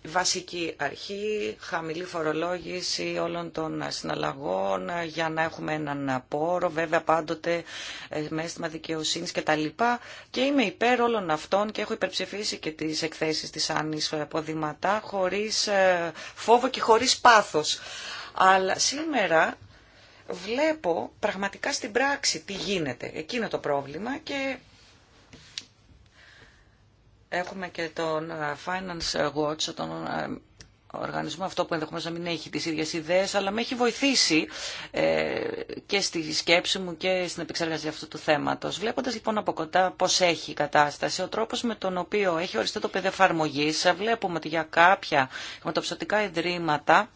βασική αρχή, χαμηλή φορολόγηση όλων των συναλλαγών για να έχουμε έναν πόρο, βέβαια πάντοτε ε, με αίσθημα δικαιοσύνης και τα λοιπά. Και είμαι υπέρ όλων αυτών και έχω υπερψηφίσει και τις εκθέσεις της Άννης Ποδηματά χωρίς ε, φόβο και χωρίς πάθος. Αλλά σήμερα βλέπω πραγματικά στην πράξη τι γίνεται. Εκεί το πρόβλημα και Έχουμε και τον ε, Finance Watch, τον ε, οργανισμό αυτό που ενδεχομένως να μην έχει τις ίδιες ιδέες, αλλά με έχει βοηθήσει ε, και στη σκέψη μου και στην επεξεργασία αυτού του θέματος. Βλέποντας λοιπόν από κοντά πώς έχει η κατάσταση, ο τρόπος με τον οποίο έχει οριστεί το παιδί εφαρμογή, βλέπουμε ότι για κάποια χρηματοψηφιακά ιδρύματα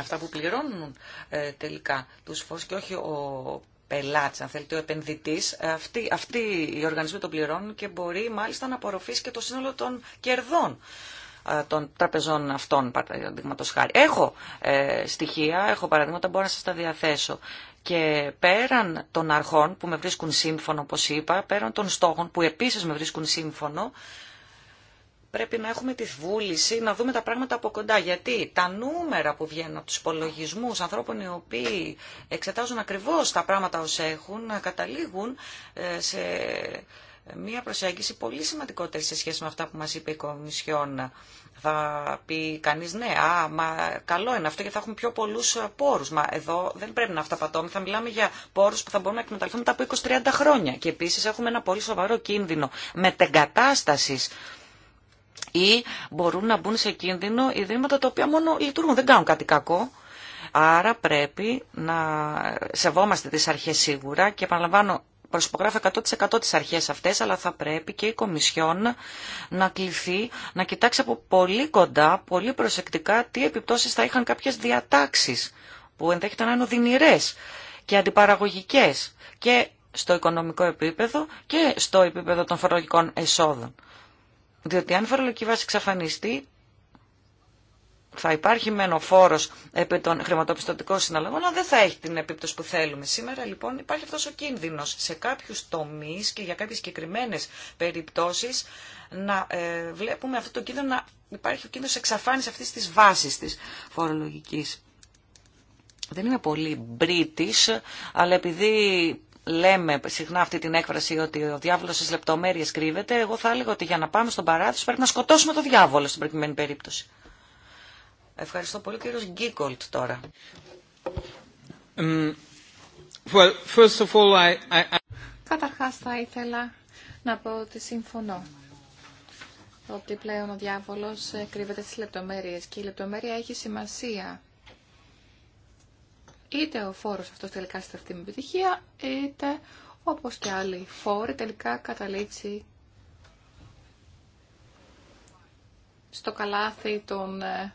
αυτά που πληρώνουν τελικά τους φως και όχι ο αν θέλετε, ο επενδυτή, αυτοί, αυτοί οι οργανισμοί τον πληρώνουν και μπορεί μάλιστα να απορροφήσει και το σύνολο των κερδών των τραπεζών αυτών, παραδείγματο χάρη. Έχω ε, στοιχεία, έχω παραδείγματα, μπορώ να σα τα διαθέσω. Και πέραν των αρχών που με βρίσκουν σύμφωνο, όπω είπα, πέραν των στόχων που επίση με βρίσκουν σύμφωνο, πρέπει να έχουμε τη βούληση να δούμε τα πράγματα από κοντά. Γιατί τα νούμερα που βγαίνουν από του υπολογισμού ανθρώπων οι οποίοι εξετάζουν ακριβώ τα πράγματα ω έχουν, καταλήγουν ε, σε μία προσέγγιση πολύ σημαντικότερη σε σχέση με αυτά που μα είπε η Κομισιόν. Θα πει κανεί, ναι, α, μα καλό είναι αυτό γιατί θα έχουμε πιο πολλού πόρου. Μα εδώ δεν πρέπει να αυταπατώμε, θα μιλάμε για πόρου που θα μπορούμε να εκμεταλλευτούμε μετά από 20-30 χρόνια. Και επίση έχουμε ένα πολύ σοβαρό κίνδυνο κατάσταση ή μπορούν να μπουν σε κίνδυνο ιδρύματα τα οποία μόνο λειτουργούν, δεν κάνουν κάτι κακό. Άρα πρέπει να σεβόμαστε τις αρχές σίγουρα και επαναλαμβάνω προσυπογράφω 100% τις αρχές αυτές, αλλά θα πρέπει και η Κομισιόν να κληθεί, να κοιτάξει από πολύ κοντά, πολύ προσεκτικά τι επιπτώσεις θα είχαν κάποιες διατάξεις που ενδέχεται να είναι οδυνηρές και αντιπαραγωγικές και στο οικονομικό επίπεδο και στο επίπεδο των φορολογικών εσόδων. Διότι αν η φορολογική βάση εξαφανιστεί, θα υπάρχει μεν φόρο επί των χρηματοπιστωτικών συναλλαγών, αλλά δεν θα έχει την επίπτωση που θέλουμε. Σήμερα λοιπόν υπάρχει αυτό ο κίνδυνο σε κάποιου τομεί και για κάποιε συγκεκριμένε περιπτώσει να ε, βλέπουμε αυτό το κίνδυνο να υπάρχει ο κίνδυνο εξαφάνιση αυτή τη βάση τη φορολογική. Δεν είμαι πολύ British, αλλά επειδή λέμε συχνά αυτή την έκφραση ότι ο διάβολος στις λεπτομέρειες κρύβεται, εγώ θα έλεγα ότι για να πάμε στον παράδεισο πρέπει να σκοτώσουμε τον διάβολο στην προκειμένη περίπτωση. Ευχαριστώ πολύ κύριος Γκίκολτ τώρα. Um, first I, Καταρχάς θα ήθελα να πω ότι συμφωνώ ότι πλέον ο διάβολος ε, κρύβεται στις λεπτομέρειες και η λεπτομέρεια έχει σημασία Είτε ο φόρος αυτός τελικά στραφτεί με επιτυχία, είτε όπως και άλλοι φόροι τελικά καταλήξει στο καλάθι των ε,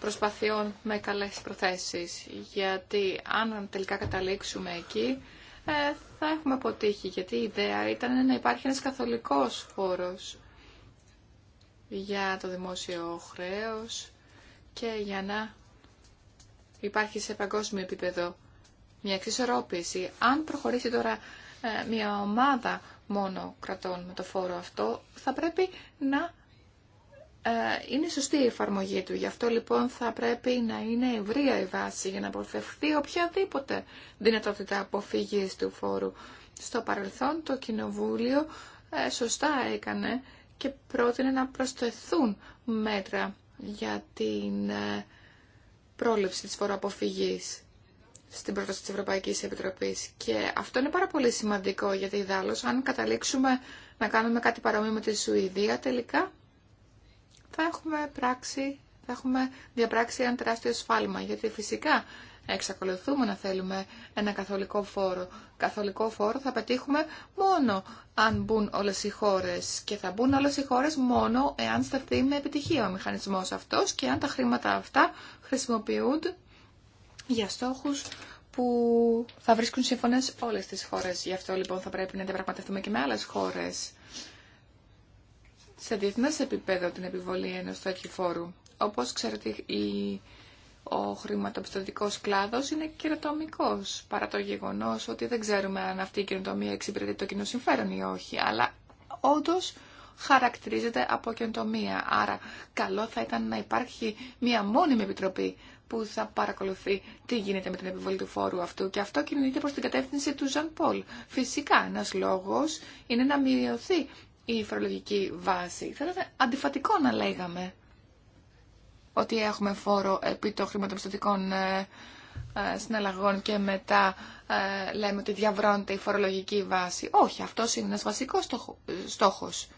προσπαθειών με καλές προθέσεις. Γιατί αν τελικά καταλήξουμε εκεί, ε, θα έχουμε αποτύχει. Γιατί η ιδέα ήταν να υπάρχει ένας καθολικός φόρος για το δημόσιο χρέος, και για να υπάρχει σε παγκόσμιο επίπεδο μια εξισορρόπηση. Αν προχωρήσει τώρα ε, μια ομάδα μόνο κρατών με το φόρο αυτό, θα πρέπει να ε, είναι σωστή η εφαρμογή του. Γι' αυτό λοιπόν θα πρέπει να είναι ευρεία η βάση για να αποφευχθεί οποιαδήποτε δυνατότητα αποφυγής του φόρου. Στο παρελθόν το Κοινοβούλιο ε, σωστά έκανε και πρότεινε να προσθεθούν μέτρα για την ε, πρόληψη της φοροαποφυγής στην πρόταση της Ευρωπαϊκής Επιτροπής. Και αυτό είναι πάρα πολύ σημαντικό, γιατί ιδάλλως αν καταλήξουμε να κάνουμε κάτι παρόμοιο με τη Σουηδία, τελικά θα έχουμε, πράξει, θα έχουμε διαπράξει ένα τεράστιο σφάλμα. Γιατί φυσικά Εξακολουθούμε να θέλουμε ένα καθολικό φόρο. Καθολικό φόρο θα πετύχουμε μόνο αν μπουν όλες οι χώρες και θα μπουν όλες οι χώρες μόνο εάν σταθεί με επιτυχία ο μηχανισμός αυτός και αν τα χρήματα αυτά χρησιμοποιούνται για στόχους που θα βρίσκουν συμφωνές όλες τις χώρες. Γι' αυτό λοιπόν θα πρέπει να διαπραγματευτούμε και με άλλες χώρες σε διεθνές επίπεδο την επιβολή ενός τέτοιου φόρου. Όπως ξέρετε, η ο χρηματοπιστωτικός κλάδος είναι καινοτομικός, παρά το γεγονός ότι δεν ξέρουμε αν αυτή η καινοτομία εξυπηρετεί το κοινό συμφέρον ή όχι, αλλά όντω χαρακτηρίζεται από καινοτομία. Άρα καλό θα ήταν να υπάρχει μια μόνιμη επιτροπή που θα παρακολουθεί τι γίνεται με την επιβολή του φόρου αυτού και αυτό κινείται προς την κατεύθυνση του Ζαν Πολ. Φυσικά ένας λόγος είναι να μειωθεί η φορολογική βάση. Θα ήταν αντιφατικό να λέγαμε ότι έχουμε φόρο επί των χρηματοπιστωτικών ε, ε, συναλλαγών και μετά ε, λέμε ότι διαβρώνεται η φορολογική βάση. Όχι, αυτός είναι ένας βασικός στόχος.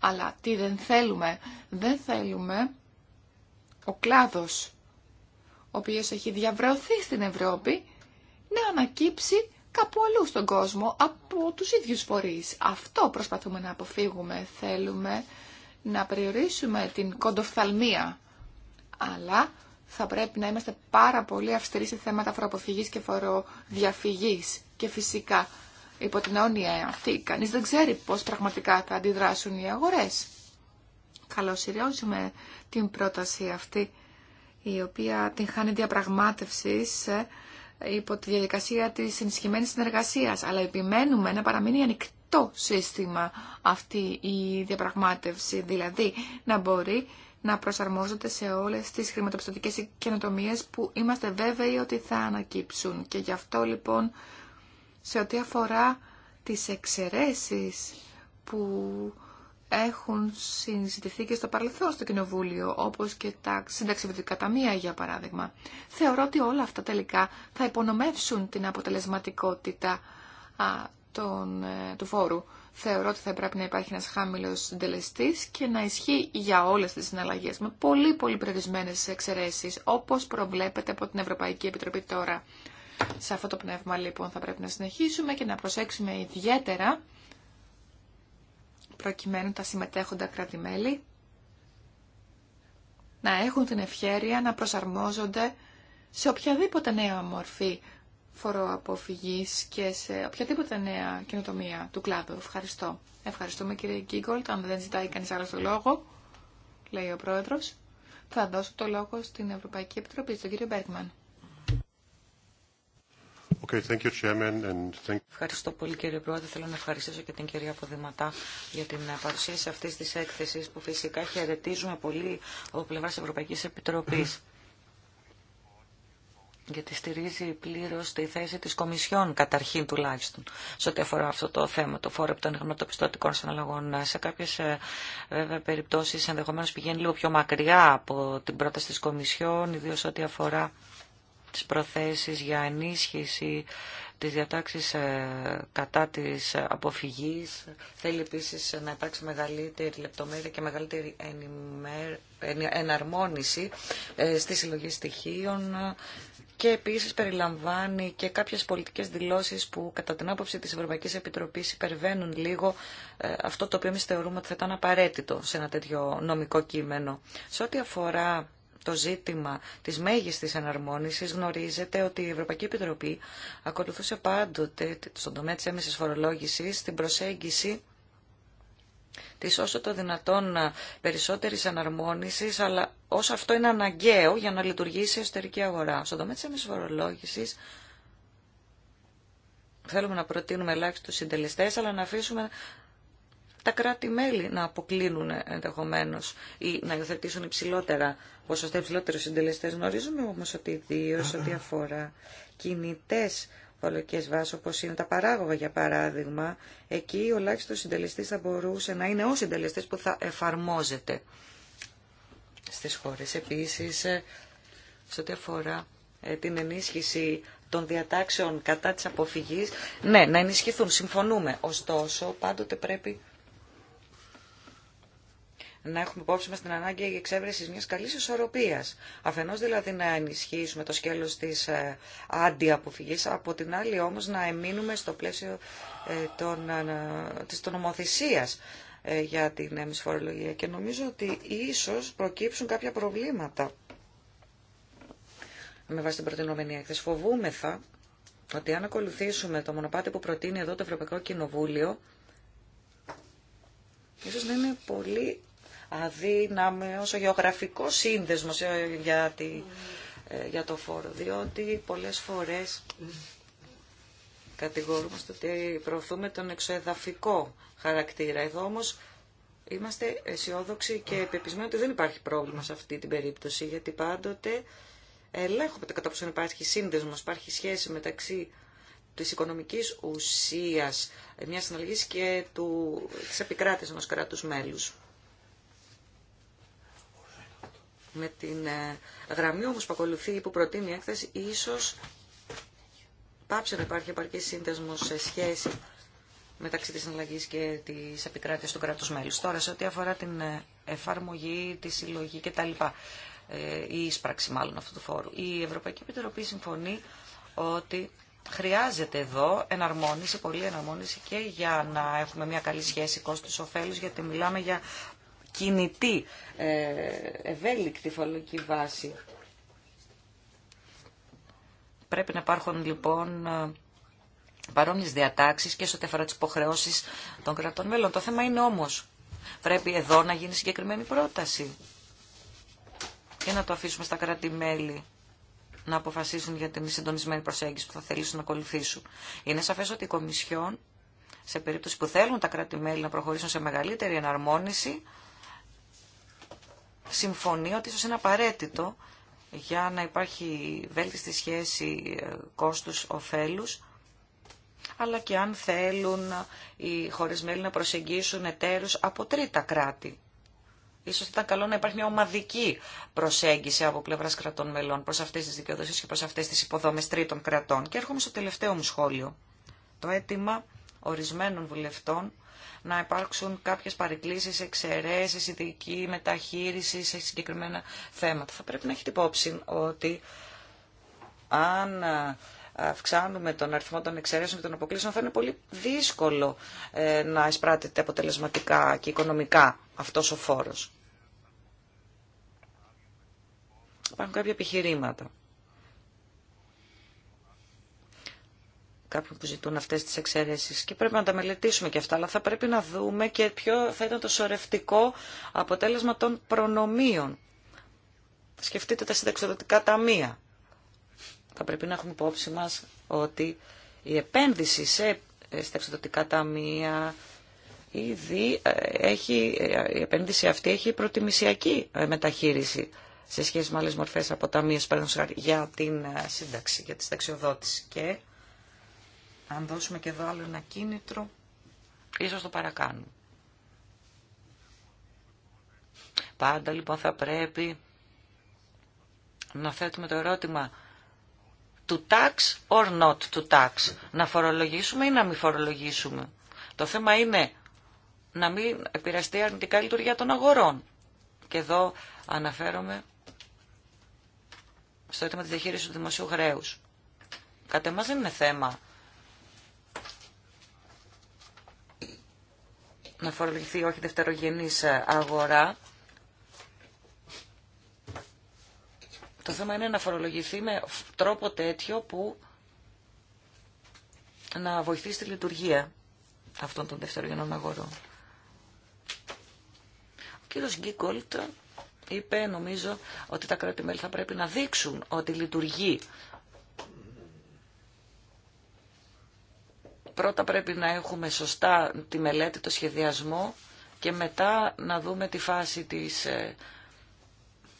Αλλά τι δεν θέλουμε. Δεν θέλουμε ο κλάδος, ο οποίος έχει διαβρωθεί στην Ευρώπη, να ανακύψει κάπου αλλού στον κόσμο από τους ίδιους φορείς. Αυτό προσπαθούμε να αποφύγουμε. Θέλουμε να περιορίσουμε την κοντοφθαλμία αλλά θα πρέπει να είμαστε πάρα πολύ αυστηροί σε θέματα φοροαποφυγής και φοροδιαφυγής. Και φυσικά, υπό την όνεια αυτή, κανείς δεν ξέρει πώς πραγματικά θα αντιδράσουν οι αγορές. ηρεώσουμε την πρόταση αυτή, η οποία την χάνει διαπραγμάτευση ε, υπό τη διαδικασία της ενισχυμένης συνεργασίας, αλλά επιμένουμε να παραμείνει ανοιχτό σύστημα αυτή η διαπραγμάτευση, δηλαδή να μπορεί να προσαρμόζονται σε όλες τις χρηματοπιστωτικές καινοτομίε που είμαστε βέβαιοι ότι θα ανακύψουν. Και γι' αυτό λοιπόν σε ό,τι αφορά τις εξαιρεσει που έχουν συζητηθεί και στο παρελθόν στο Κοινοβούλιο, όπως και τα συνταξιδοτικά ταμεία για παράδειγμα. Θεωρώ ότι όλα αυτά τελικά θα υπονομεύσουν την αποτελεσματικότητα τον, ε, του φόρου θεωρώ ότι θα πρέπει να υπάρχει ένας χάμηλος συντελεστής και να ισχύει για όλες τις συναλλαγές με πολύ πολύ περιορισμένες εξαιρέσεις όπως προβλέπεται από την Ευρωπαϊκή Επιτροπή τώρα. Σε αυτό το πνεύμα λοιπόν θα πρέπει να συνεχίσουμε και να προσέξουμε ιδιαίτερα προκειμένου τα συμμετέχοντα να έχουν την ευχέρεια να προσαρμόζονται σε οποιαδήποτε νέα μορφή φοροαποφυγής και σε οποιαδήποτε νέα κοινοτομία του κλάδου. Ευχαριστώ. Ευχαριστούμε κύριε Γκίγκολτ. Αν δεν ζητάει κανείς άλλο το λόγο, λέει ο πρόεδρος, θα δώσω το λόγο στην Ευρωπαϊκή Επιτροπή, στον κύριο Μπέκμαν. Okay, thank you, Chairman, and thank... Ευχαριστώ πολύ κύριε Πρόεδρε. Θέλω να ευχαριστήσω και την κυρία Ποδηματά για την παρουσίαση αυτής της έκθεσης που φυσικά χαιρετίζουμε πολύ από πλευράς Ευρωπαϊκής Επιτροπής γιατί στηρίζει πλήρω τη θέση της Κομισιόν, καταρχήν τουλάχιστον, σε ό,τι αφορά αυτό το θέμα, το φόρο των χρηματοπιστωτικών συναλλαγών. Σε κάποιε ε, βέβαια, περιπτώσεις ενδεχομένως πηγαίνει λίγο πιο μακριά από την πρόταση τη Κομισιόν, ιδίω ό,τι αφορά τι προθέσεις για ενίσχυση τις διατάξεις ε, κατά της αποφυγής. Θέλει επίσης να υπάρξει μεγαλύτερη λεπτομέρεια και μεγαλύτερη εναρμόνιση ε, στη συλλογή στοιχείων και επίσης περιλαμβάνει και κάποιες πολιτικές δηλώσεις που κατά την άποψη της Ευρωπαϊκής Επιτροπής υπερβαίνουν λίγο ε, αυτό το οποίο εμείς θεωρούμε ότι θα ήταν απαραίτητο σε ένα τέτοιο νομικό κείμενο. Σε ό,τι αφορά το ζήτημα της μέγιστης εναρμόνισης, γνωρίζετε ότι η Ευρωπαϊκή Επιτροπή ακολουθούσε πάντοτε στον τομέα της έμεσης φορολόγησης την προσέγγιση της όσο το δυνατόν περισσότερης εναρμόνιση, αλλά όσο αυτό είναι αναγκαίο για να λειτουργήσει η εσωτερική αγορά. Στον τομέα της φορολόγηση, θέλουμε να προτείνουμε ελάχιστου συντελεστέ, αλλά να αφήσουμε τα κράτη-μέλη να αποκλίνουν ενδεχομένω ή να υιοθετήσουν υψηλότερα ποσοστά υψηλότερου συντελεστέ. Γνωρίζουμε όμω ότι ιδίω ό,τι αφορά κινητέ βολοκέ βάσει, όπω είναι τα παράγωγα για παράδειγμα, εκεί ο ελάχιστο συντελεστή θα μπορούσε να είναι ο συντελεστή που θα εφαρμόζεται στι χώρε. Επίση, ε, σε ό,τι αφορά ε, την ενίσχυση των διατάξεων κατά της αποφυγής, ναι, να ενισχυθούν, συμφωνούμε. Ωστόσο, πάντοτε πρέπει να έχουμε υπόψη μας την ανάγκη για εξέβρεση μιας καλής ισορροπίας. Αφενός δηλαδή να ενισχύσουμε το σκέλος της ε, αντιαποφυγής, από την άλλη όμως να εμείνουμε στο πλαίσιο ε, των, ε, της νομοθεσίας για την εμισφορολογία και νομίζω ότι ίσως προκύψουν κάποια προβλήματα. Με βάση την προτινόμενη έκθεση φοβούμεθα ότι αν ακολουθήσουμε το μονοπάτι που προτείνει εδώ το Ευρωπαϊκό Κοινοβούλιο, ίσως να είναι πολύ αδύναμος ο γεωγραφικός σύνδεσμος ε, για, τη, ε, για το φόρο, διότι πολλές φορές κατηγορούμαστε ότι προωθούμε τον εξοεδαφικό χαρακτήρα. Εδώ όμως είμαστε αισιόδοξοι και επιπισμένοι ότι δεν υπάρχει πρόβλημα σε αυτή την περίπτωση, γιατί πάντοτε ελέγχουμε κατά πόσο υπάρχει σύνδεσμος, υπάρχει σχέση μεταξύ της οικονομικής ουσίας μιας συναλλαγής και του, της επικράτησης ενός κράτους μέλους. με την ε, γραμμή όμως που ακολουθεί ή που προτείνει η έκθεση, ίσως ισως παψει να υπάρχει επαρκή σύνδεσμο σε σχέση μεταξύ της συναλλαγής και της επικράτειας του κράτους μέλους. Τώρα, σε ό,τι αφορά την ε, εφαρμογή, τη συλλογή κτλ. Ε, η εισπράξη μάλλον αυτού του φόρου. Η Ευρωπαϊκή Επιτροπή συμφωνεί ότι χρειάζεται εδώ εναρμόνιση, πολύ εναρμόνιση και για να έχουμε μια καλή σχέση κόστος-οφέλους, γιατί μιλάμε για κινητή, ε, ευέλικτη φορολογική βάση. Πρέπει να υπάρχουν λοιπόν ε, παρόμοιες διατάξεις και στο αφορά τις υποχρεώσεις των κρατών μέλων. Το θέμα είναι όμως, πρέπει εδώ να γίνει συγκεκριμένη πρόταση και να το αφήσουμε στα κράτη-μέλη να αποφασίσουν για την συντονισμένη προσέγγιση που θα θέλουν να ακολουθήσουν. Είναι σαφές ότι η Κομισιόν, σε περίπτωση που θέλουν τα κράτη-μέλη να προχωρήσουν σε μεγαλύτερη εναρμόνιση, συμφωνεί ότι ίσως είναι απαραίτητο για να υπάρχει βέλτιστη σχέση ε, κόστους-οφέλους, αλλά και αν θέλουν οι χωρίς μέλη να προσεγγίσουν εταίρους από τρίτα κράτη. Ίσως ήταν καλό να υπάρχει μια ομαδική προσέγγιση από πλευράς κρατών μελών προς αυτές τις δικαιοδοσίες και προς αυτές τις υποδόμες τρίτων κρατών. Και έρχομαι στο τελευταίο μου σχόλιο. Το αίτημα ορισμένων βουλευτών να υπάρξουν κάποιες παρεκκλήσεις, εξαιρέσεις, ειδική μεταχείριση σε συγκεκριμένα θέματα. Θα πρέπει να έχετε υπόψη ότι αν αυξάνουμε τον αριθμό των εξαιρέσεων και των αποκλήσεων, θα είναι πολύ δύσκολο ε, να εισπράτεται αποτελεσματικά και οικονομικά αυτός ο φόρος. Υπάρχουν κάποια επιχειρήματα κάποιοι που ζητούν αυτές τις εξαιρέσεις και πρέπει να τα μελετήσουμε και αυτά, αλλά θα πρέπει να δούμε και ποιο θα ήταν το σωρευτικό αποτέλεσμα των προνομίων. Σκεφτείτε τα συνταξιοδοτικά ταμεία. Θα πρέπει να έχουμε υπόψη μας ότι η επένδυση σε ε, συνταξιοδοτικά ταμεία ήδη ε, έχει, ε, η επένδυση αυτή έχει προτιμησιακή μεταχείριση σε σχέση με άλλες μορφές αποταμίες, ταμείες για την σύνταξη, για τη συνταξιοδότηση και αν δώσουμε και εδώ άλλο ένα κίνητρο, ίσως το παρακάνουμε. Πάντα λοιπόν θα πρέπει να θέτουμε το ερώτημα to tax or not to tax. Να φορολογήσουμε ή να μην φορολογήσουμε. Το θέμα είναι να μην επηρεαστεί η αρνητικά λειτουργία των αγορών. Και εδώ αναφέρομαι στο αίτημα της διαχείρισης του δημοσίου χρέους. Κατά εμάς δεν είναι θέμα να φορολογηθεί όχι δευτερογενής ε, αγορά. Το θέμα είναι να φορολογηθεί με τρόπο τέτοιο που να βοηθήσει τη λειτουργία αυτών των δευτερογενών αγορών. Ο κύριος Γκίκολτ είπε, νομίζω, ότι τα κράτη-μέλη θα πρέπει να δείξουν ότι λειτουργεί πρώτα πρέπει να έχουμε σωστά τη μελέτη, το σχεδιασμό και μετά να δούμε τη φάση της ε,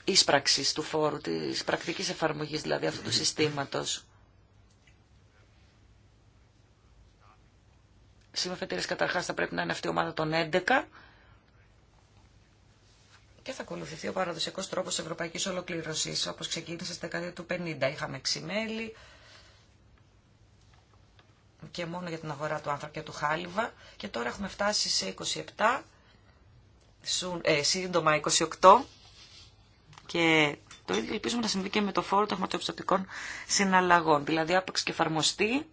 ίσπραξης του φόρου, της πρακτικής εφαρμογής δηλαδή αυτού του συστήματος. Συμμεφετήρες καταρχάς θα πρέπει να είναι αυτή η ομάδα των 11 και θα ακολουθηθεί ο παραδοσιακός τρόπος ευρωπαϊκής ολοκληρωσής όπως ξεκίνησε στη δεκαετία του 50. Είχαμε ξημέλη, και μόνο για την αγορά του άνθρακα και του χάλιβα και τώρα έχουμε φτάσει σε 27, ε, σύντομα 28 και το ίδιο ελπίζουμε να συμβεί και με το φόρο των χρηματοπιστωτικών συναλλαγών. Δηλαδή άπαξ και εφαρμοστεί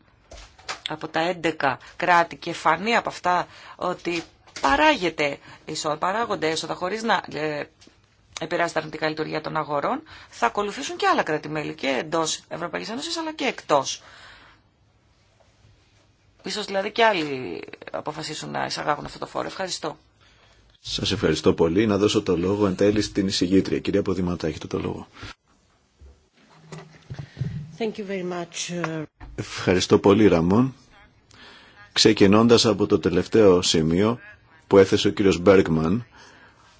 από τα 11 κράτη και φανεί από αυτά ότι παράγεται παράγονται έσοδα χωρίς να ε, επηρεάζει τα αρνητικά λειτουργία των αγορών, θα ακολουθήσουν και άλλα κράτη-μέλη και εντός Ευρωπαϊκής Ένωσης αλλά και εκτός. Ίσως δηλαδή και άλλοι αποφασίσουν να εισαγάγουν αυτό το φόρο. Ευχαριστώ. Σας ευχαριστώ πολύ. Να δώσω το λόγο εν τέλει στην εισηγήτρια. Κυρία Ποδηματά, έχετε το λόγο. Thank you very much. Ευχαριστώ πολύ, Ραμόν. ξεκινώντα από το τελευταίο σημείο που έθεσε ο κύριος Μπέργκμαν,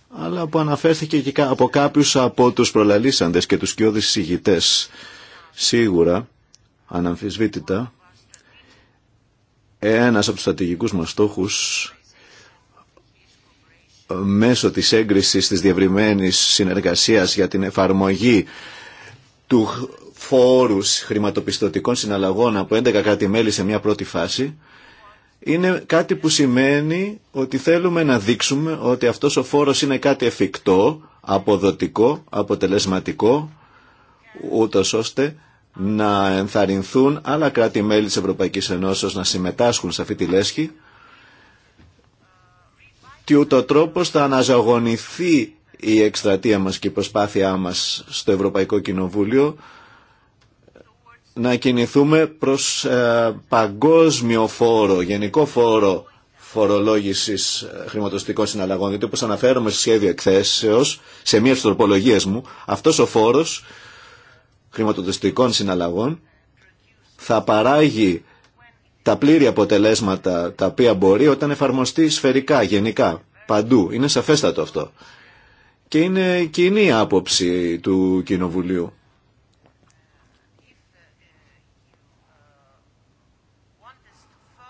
αλλά που αναφέρθηκε και από κάποιου από τους προλαλήσαντες και τους κοιόδης εισηγητές. Σίγουρα, αναμφισβήτητα, ένας από τους στρατηγικούς μας στόχους μέσω της έγκρισης της διευρυμένης συνεργασίας για την εφαρμογή του φόρους χρηματοπιστωτικών συναλλαγών από 11 κράτη-μέλη σε μια πρώτη φάση είναι κάτι που σημαίνει ότι θέλουμε να δείξουμε ότι αυτός ο φόρος είναι κάτι εφικτό, αποδοτικό, αποτελεσματικό ούτως ώστε να ενθαρρυνθούν άλλα κράτη-μέλη της Ευρωπαϊκής Ενώσεως να συμμετάσχουν σε αυτή τη λέσχη τι ούτω τρόπος θα αναζαγωνηθεί η εκστρατεία μας και η προσπάθειά μας στο Ευρωπαϊκό Κοινοβούλιο να κινηθούμε προς ε, παγκόσμιο φόρο, γενικό φόρο φορολόγησης ε, χρηματοστικών συναλλαγών, διότι όπως αναφέρομαι σε σχέδιο εκθέσεως, σε μία τροπολογία μου, αυτός ο φόρος χρηματοδοτικών συναλλαγών θα παράγει τα πλήρη αποτελέσματα τα οποία μπορεί όταν εφαρμοστεί σφαιρικά, γενικά, παντού. Είναι σαφέστατο αυτό. Και είναι κοινή άποψη του Κοινοβουλίου.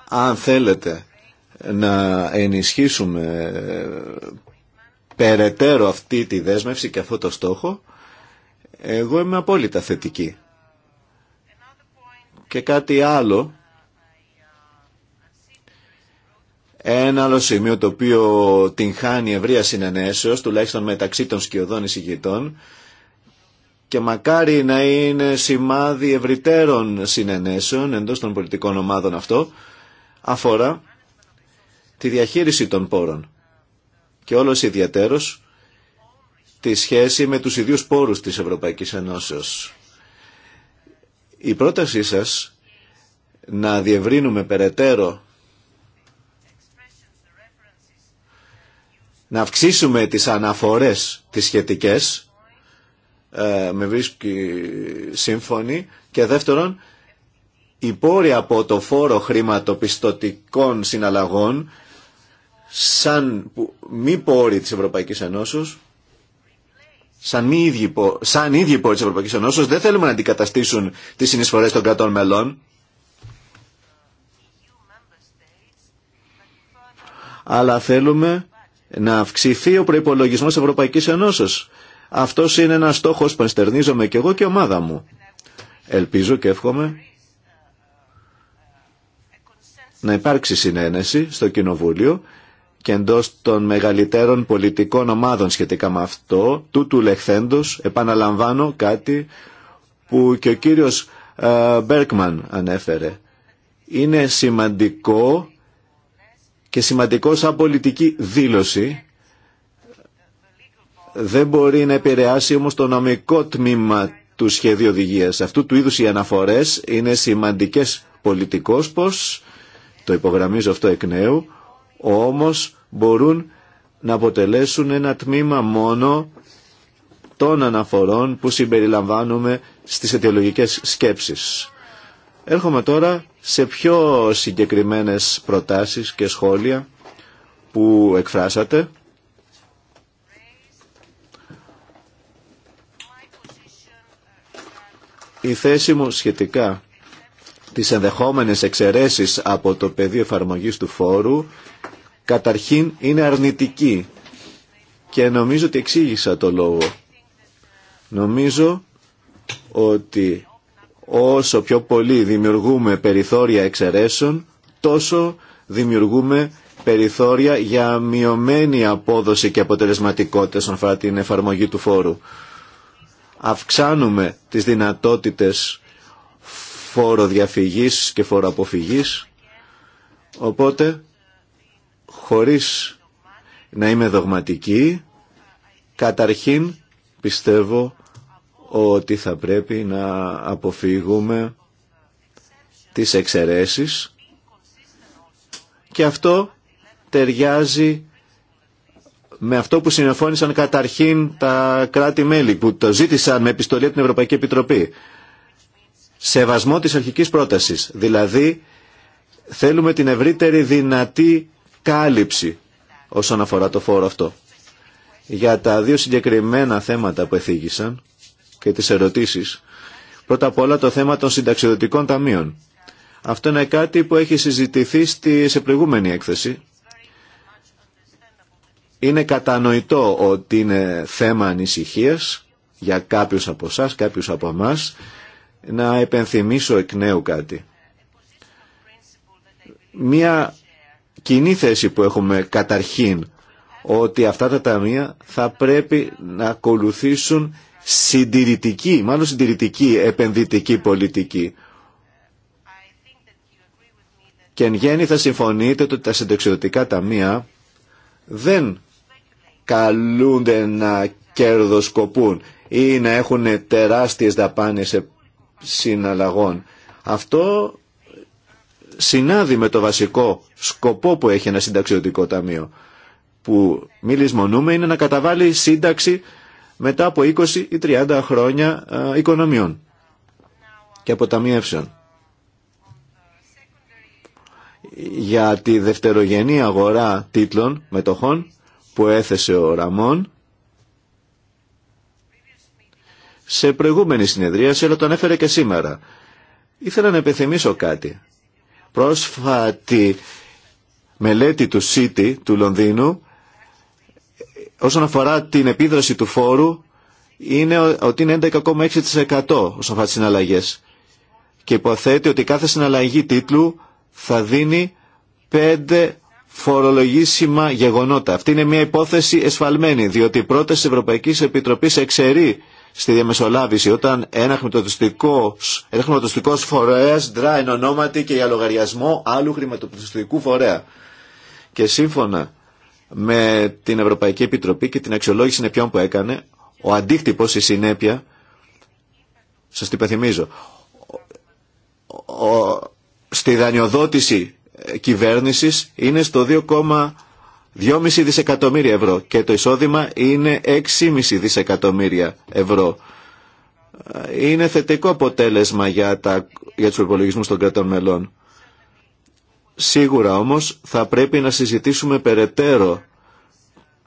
Αν θέλετε να ενισχύσουμε ε, περαιτέρω αυτή τη δέσμευση και αυτό το στόχο, εγώ είμαι απόλυτα θετική. Και κάτι άλλο, ένα άλλο σημείο το οποίο την χάνει ευρεία συνενέσεως, τουλάχιστον μεταξύ των σκιωδών εισηγητών, και μακάρι να είναι σημάδι ευρυτέρων συνενέσεων εντός των πολιτικών ομάδων αυτό, αφορά τη διαχείριση των πόρων. Και όλος ιδιαίτερος τη σχέση με τους ιδίους πόρους της Ευρωπαϊκής Ενώσεως. Η πρότασή σας να διευρύνουμε περαιτέρω να αυξήσουμε τις αναφορές τις σχετικές ε, με βρίσκει σύμφωνη και δεύτερον η πόρη από το φόρο χρηματοπιστωτικών συναλλαγών σαν μη πόρη της Ευρωπαϊκής Ενώσεως σαν, ίδιοι, σαν ίδιοι πόροι της Ευρωπαϊκής Ενώσεως δεν θέλουμε να αντικαταστήσουν τις συνεισφορές των κρατών μελών αλλά θέλουμε να αυξηθεί ο προϋπολογισμός Ευρωπαϊκής Ενώσεως. Αυτός είναι ένας στόχος που ενστερνίζομαι και εγώ και η ομάδα μου. Ελπίζω και εύχομαι να υπάρξει συνένεση στο Κοινοβούλιο και εντό των μεγαλύτερων πολιτικών ομάδων σχετικά με αυτό, τούτου λεχθέντος, επαναλαμβάνω κάτι που και ο κύριος Μπέρκμαν ε, ανέφερε. Είναι σημαντικό και σημαντικό σαν πολιτική δήλωση δεν μπορεί να επηρεάσει όμως το νομικό τμήμα του σχεδίου οδηγίας. Αυτού του είδους οι αναφορές είναι σημαντικές πολιτικός πως, το υπογραμμίζω αυτό εκ νέου, όμως μπορούν να αποτελέσουν ένα τμήμα μόνο των αναφορών που συμπεριλαμβάνουμε στις αιτιολογικές σκέψεις. Έρχομαι τώρα σε πιο συγκεκριμένες προτάσεις και σχόλια που εκφράσατε. Η θέση μου σχετικά τις ενδεχόμενες εξαιρέσεις από το πεδίο εφαρμογής του φόρου καταρχήν είναι αρνητική και νομίζω ότι εξήγησα το λόγο. Νομίζω ότι όσο πιο πολύ δημιουργούμε περιθώρια εξαιρέσεων, τόσο δημιουργούμε περιθώρια για μειωμένη απόδοση και αποτελεσματικότητα στον αφορά την εφαρμογή του φόρου. Αυξάνουμε τις δυνατότητες φόρο και φόρο οπότε χωρίς να είμαι δογματική, καταρχήν πιστεύω ότι θα πρέπει να αποφύγουμε τις εξαιρεσει και αυτό ταιριάζει με αυτό που συνεφώνησαν καταρχήν τα κράτη-μέλη που το ζήτησαν με επιστολή από την Ευρωπαϊκή Επιτροπή. Σεβασμό της αρχικής πρότασης, δηλαδή θέλουμε την ευρύτερη δυνατή κάλυψη όσον αφορά το φόρο αυτό. Για τα δύο συγκεκριμένα θέματα που εθίγησαν και τις ερωτήσεις, πρώτα απ' όλα το θέμα των συνταξιδοτικών ταμείων. Αυτό είναι κάτι που έχει συζητηθεί στη, σε προηγούμενη έκθεση. Είναι κατανοητό ότι είναι θέμα ανησυχίας για κάποιους από εσά, κάποιους από εμά, να επενθυμίσω εκ νέου κάτι. Μία κοινή θέση που έχουμε καταρχήν ότι αυτά τα ταμεία θα πρέπει να ακολουθήσουν συντηρητική, μάλλον συντηρητική επενδυτική πολιτική. Και εν γέννη θα συμφωνείτε ότι τα συντεξιδοτικά ταμεία δεν καλούνται να κερδοσκοπούν ή να έχουν τεράστιες δαπάνες συναλλαγών. Αυτό συνάδει με το βασικό σκοπό που έχει ένα συνταξιωτικό ταμείο που μη λησμονούμε είναι να καταβάλει σύνταξη μετά από 20 ή 30 χρόνια οικονομιών και αποταμιεύσεων. Για τη δευτερογενή αγορά τίτλων μετοχών που έθεσε ο Ραμόν σε προηγούμενη συνεδρίαση, αλλά τον έφερε και σήμερα. Ήθελα να επιθυμίσω κάτι. Πρόσφατη μελέτη του City του Λονδίνου όσον αφορά την επίδραση του φόρου είναι ότι είναι 11,6% όσον αφορά τις συναλλαγές και υποθέτει ότι κάθε συναλλαγή τίτλου θα δίνει 5 φορολογήσιμα γεγονότα. Αυτή είναι μια υπόθεση εσφαλμένη, διότι η πρόταση της Ευρωπαϊκής Επιτροπής εξαιρεί στη διαμεσολάβηση όταν ένα χρηματοδοτιστικός, ένα χρηματοδοτιστικός φορέας εν ονόματι και για λογαριασμό άλλου χρηματοδοτικού φορέα. Και σύμφωνα με την Ευρωπαϊκή Επιτροπή και την αξιολόγηση συνεπιών που έκανε, ο αντίκτυπος, η συνέπεια, σας την πεθυμίζω, στη δανειοδότηση κυβέρνησης είναι στο 2,2 δισεκατομμύρια ευρώ και το εισόδημα είναι 6,5 δισεκατομμύρια ευρώ. Ε, είναι θετικό αποτέλεσμα για, τα, για τους υπολογισμούς των κρατών μελών. Σίγουρα όμως θα πρέπει να συζητήσουμε περαιτέρω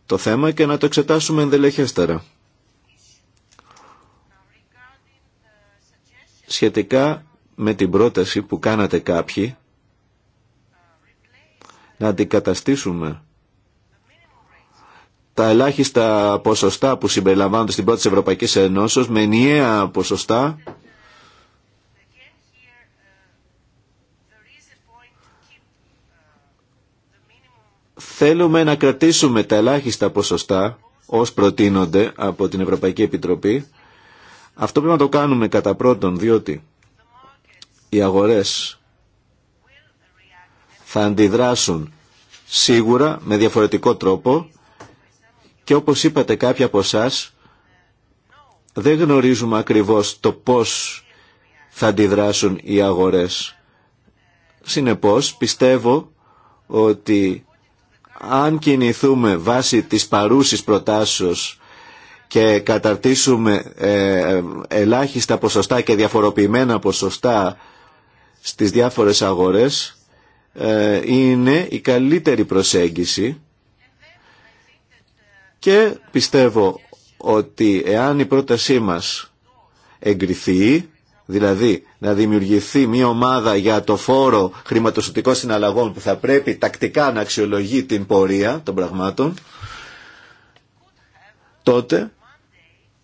το θέμα και να το εξετάσουμε ενδελεχέστερα. Σχετικά με την πρόταση που κάνατε κάποιοι να αντικαταστήσουμε τα ελάχιστα ποσοστά που συμπεριλαμβάνονται στην πρώτη Ευρωπαϊκή Ενώσεω με ενιαία ποσοστά Θέλουμε να κρατήσουμε τα ελάχιστα ποσοστά ως προτείνονται από την Ευρωπαϊκή Επιτροπή. Αυτό πρέπει να το κάνουμε κατά πρώτον, διότι οι αγορές θα αντιδράσουν σίγουρα με διαφορετικό τρόπο και όπως είπατε κάποια από εσά, δεν γνωρίζουμε ακριβώς το πώς θα αντιδράσουν οι αγορές. Συνεπώς πιστεύω ότι αν κινηθούμε βάσει της παρούσης προτάσεως και καταρτήσουμε ε, ε, ελάχιστα ποσοστά και διαφοροποιημένα ποσοστά στις διάφορες αγορές, ε, είναι η καλύτερη προσέγγιση και πιστεύω ότι εάν η πρότασή μας εγκριθεί Δηλαδή να δημιουργηθεί μια ομάδα για το φόρο χρηματοσωτικών συναλλαγών που θα πρέπει τακτικά να αξιολογεί την πορεία των πραγμάτων, τότε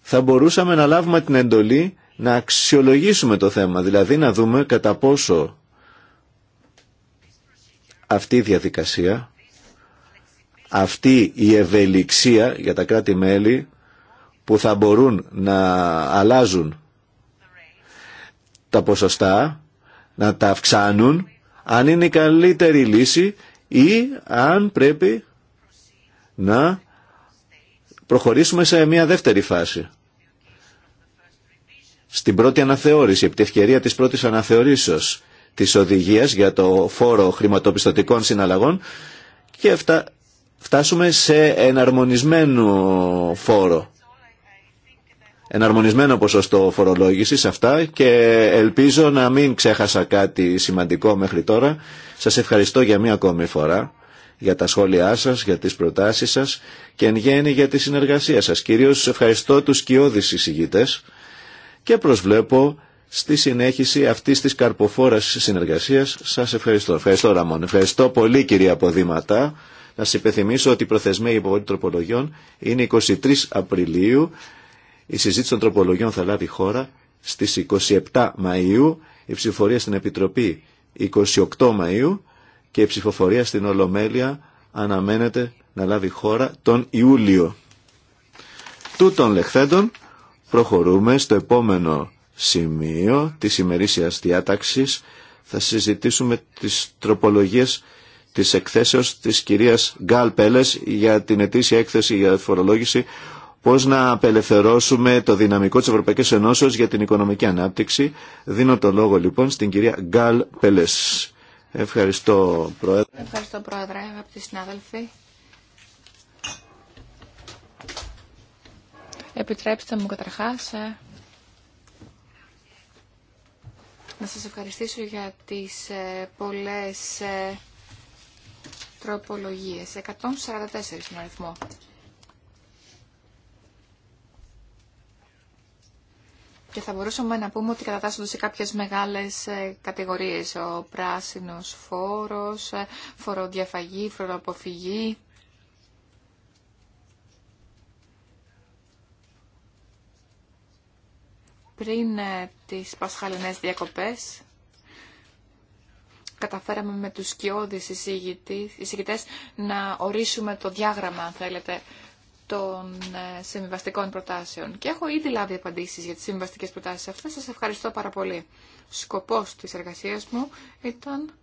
θα μπορούσαμε να λάβουμε την εντολή να αξιολογήσουμε το θέμα, δηλαδή να δούμε κατά πόσο αυτή η διαδικασία, αυτή η ευελιξία για τα κράτη-μέλη που θα μπορούν να αλλάζουν τα ποσοστά, να τα αυξάνουν, αν είναι η καλύτερη λύση ή αν πρέπει να προχωρήσουμε σε μια δεύτερη φάση. Στην πρώτη αναθεώρηση, επί τη ευκαιρία της πρώτης αναθεωρήσεως της οδηγίας για το φόρο χρηματοπιστωτικών συναλλαγών και φτάσουμε σε εναρμονισμένο φόρο εναρμονισμένο ποσοστό σε αυτά και ελπίζω να μην ξέχασα κάτι σημαντικό μέχρι τώρα. Σα ευχαριστώ για μία ακόμη φορά για τα σχόλιά σας, για τις προτάσεις σας και εν γέννη για τη συνεργασία σας. Κυρίως ευχαριστώ τους σκιώδεις εισηγητές και προσβλέπω στη συνέχιση αυτής της καρποφόρας συνεργασίας. Σας ευχαριστώ. Ευχαριστώ Ραμόν. Ευχαριστώ πολύ κυρία Ποδήματα. Να σας υπενθυμίσω ότι η προθεσμία υποβολή τροπολογιών είναι 23 Απριλίου η συζήτηση των τροπολογιών θα λάβει χώρα στις 27 Μαΐου, η ψηφοφορία στην Επιτροπή 28 Μαΐου και η ψηφοφορία στην Ολομέλεια αναμένεται να λάβει χώρα τον Ιούλιο. Τούτων λεχθέντων προχωρούμε στο επόμενο σημείο της ημερήσιας διάταξης. Θα συζητήσουμε τις τροπολογίες της εκθέσεως της κυρίας Γκάλ Πέλες για την ετήσια έκθεση για φορολόγηση Πώ να απελευθερώσουμε το δυναμικό τη Ευρωπαϊκή Ενώσεω για την οικονομική ανάπτυξη. Δίνω το λόγο λοιπόν στην κυρία Γκάλ Πέλε. Ευχαριστώ Πρόεδρε. Ευχαριστώ Πρόεδρε, αγαπητοί συνάδελφοι. Επιτρέψτε μου καταρχάς ε, να σας ευχαριστήσω για τις ε, πολλές ε, τροπολογίες. 144 στον αριθμό. και θα μπορούσαμε να πούμε ότι κατατάσσονται σε κάποιες μεγάλες ε, κατηγορίες. Ο πράσινος φόρος, ε, φοροδιαφαγή, φοροαποφυγή. Πριν ε, τις πασχαλινές διακοπές, καταφέραμε με τους σκιώδεις εισηγητές να ορίσουμε το διάγραμμα, αν θέλετε, των ε, συμβιβαστικών προτάσεων. Και έχω ήδη λάβει απαντήσεις για τις συμβιβαστικές προτάσεις αυτές. Σας ευχαριστώ πάρα πολύ. Σκοπός της εργασίας μου ήταν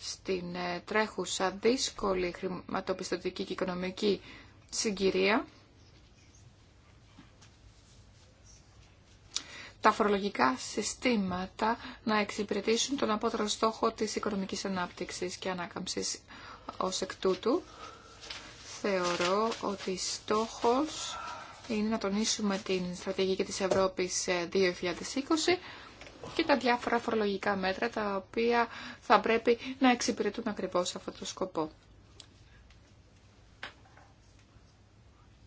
στην ε, τρέχουσα δύσκολη χρηματοπιστωτική και οικονομική συγκυρία τα φορολογικά συστήματα να εξυπηρετήσουν τον απότερο στόχο της οικονομικής ανάπτυξης και ανάκαμψης ως εκ τούτου θεωρώ ότι στόχος είναι να τονίσουμε την στρατηγική της Ευρώπης 2020 και τα διάφορα φορολογικά μέτρα τα οποία θα πρέπει να εξυπηρετούν ακριβώς αυτό το σκοπό.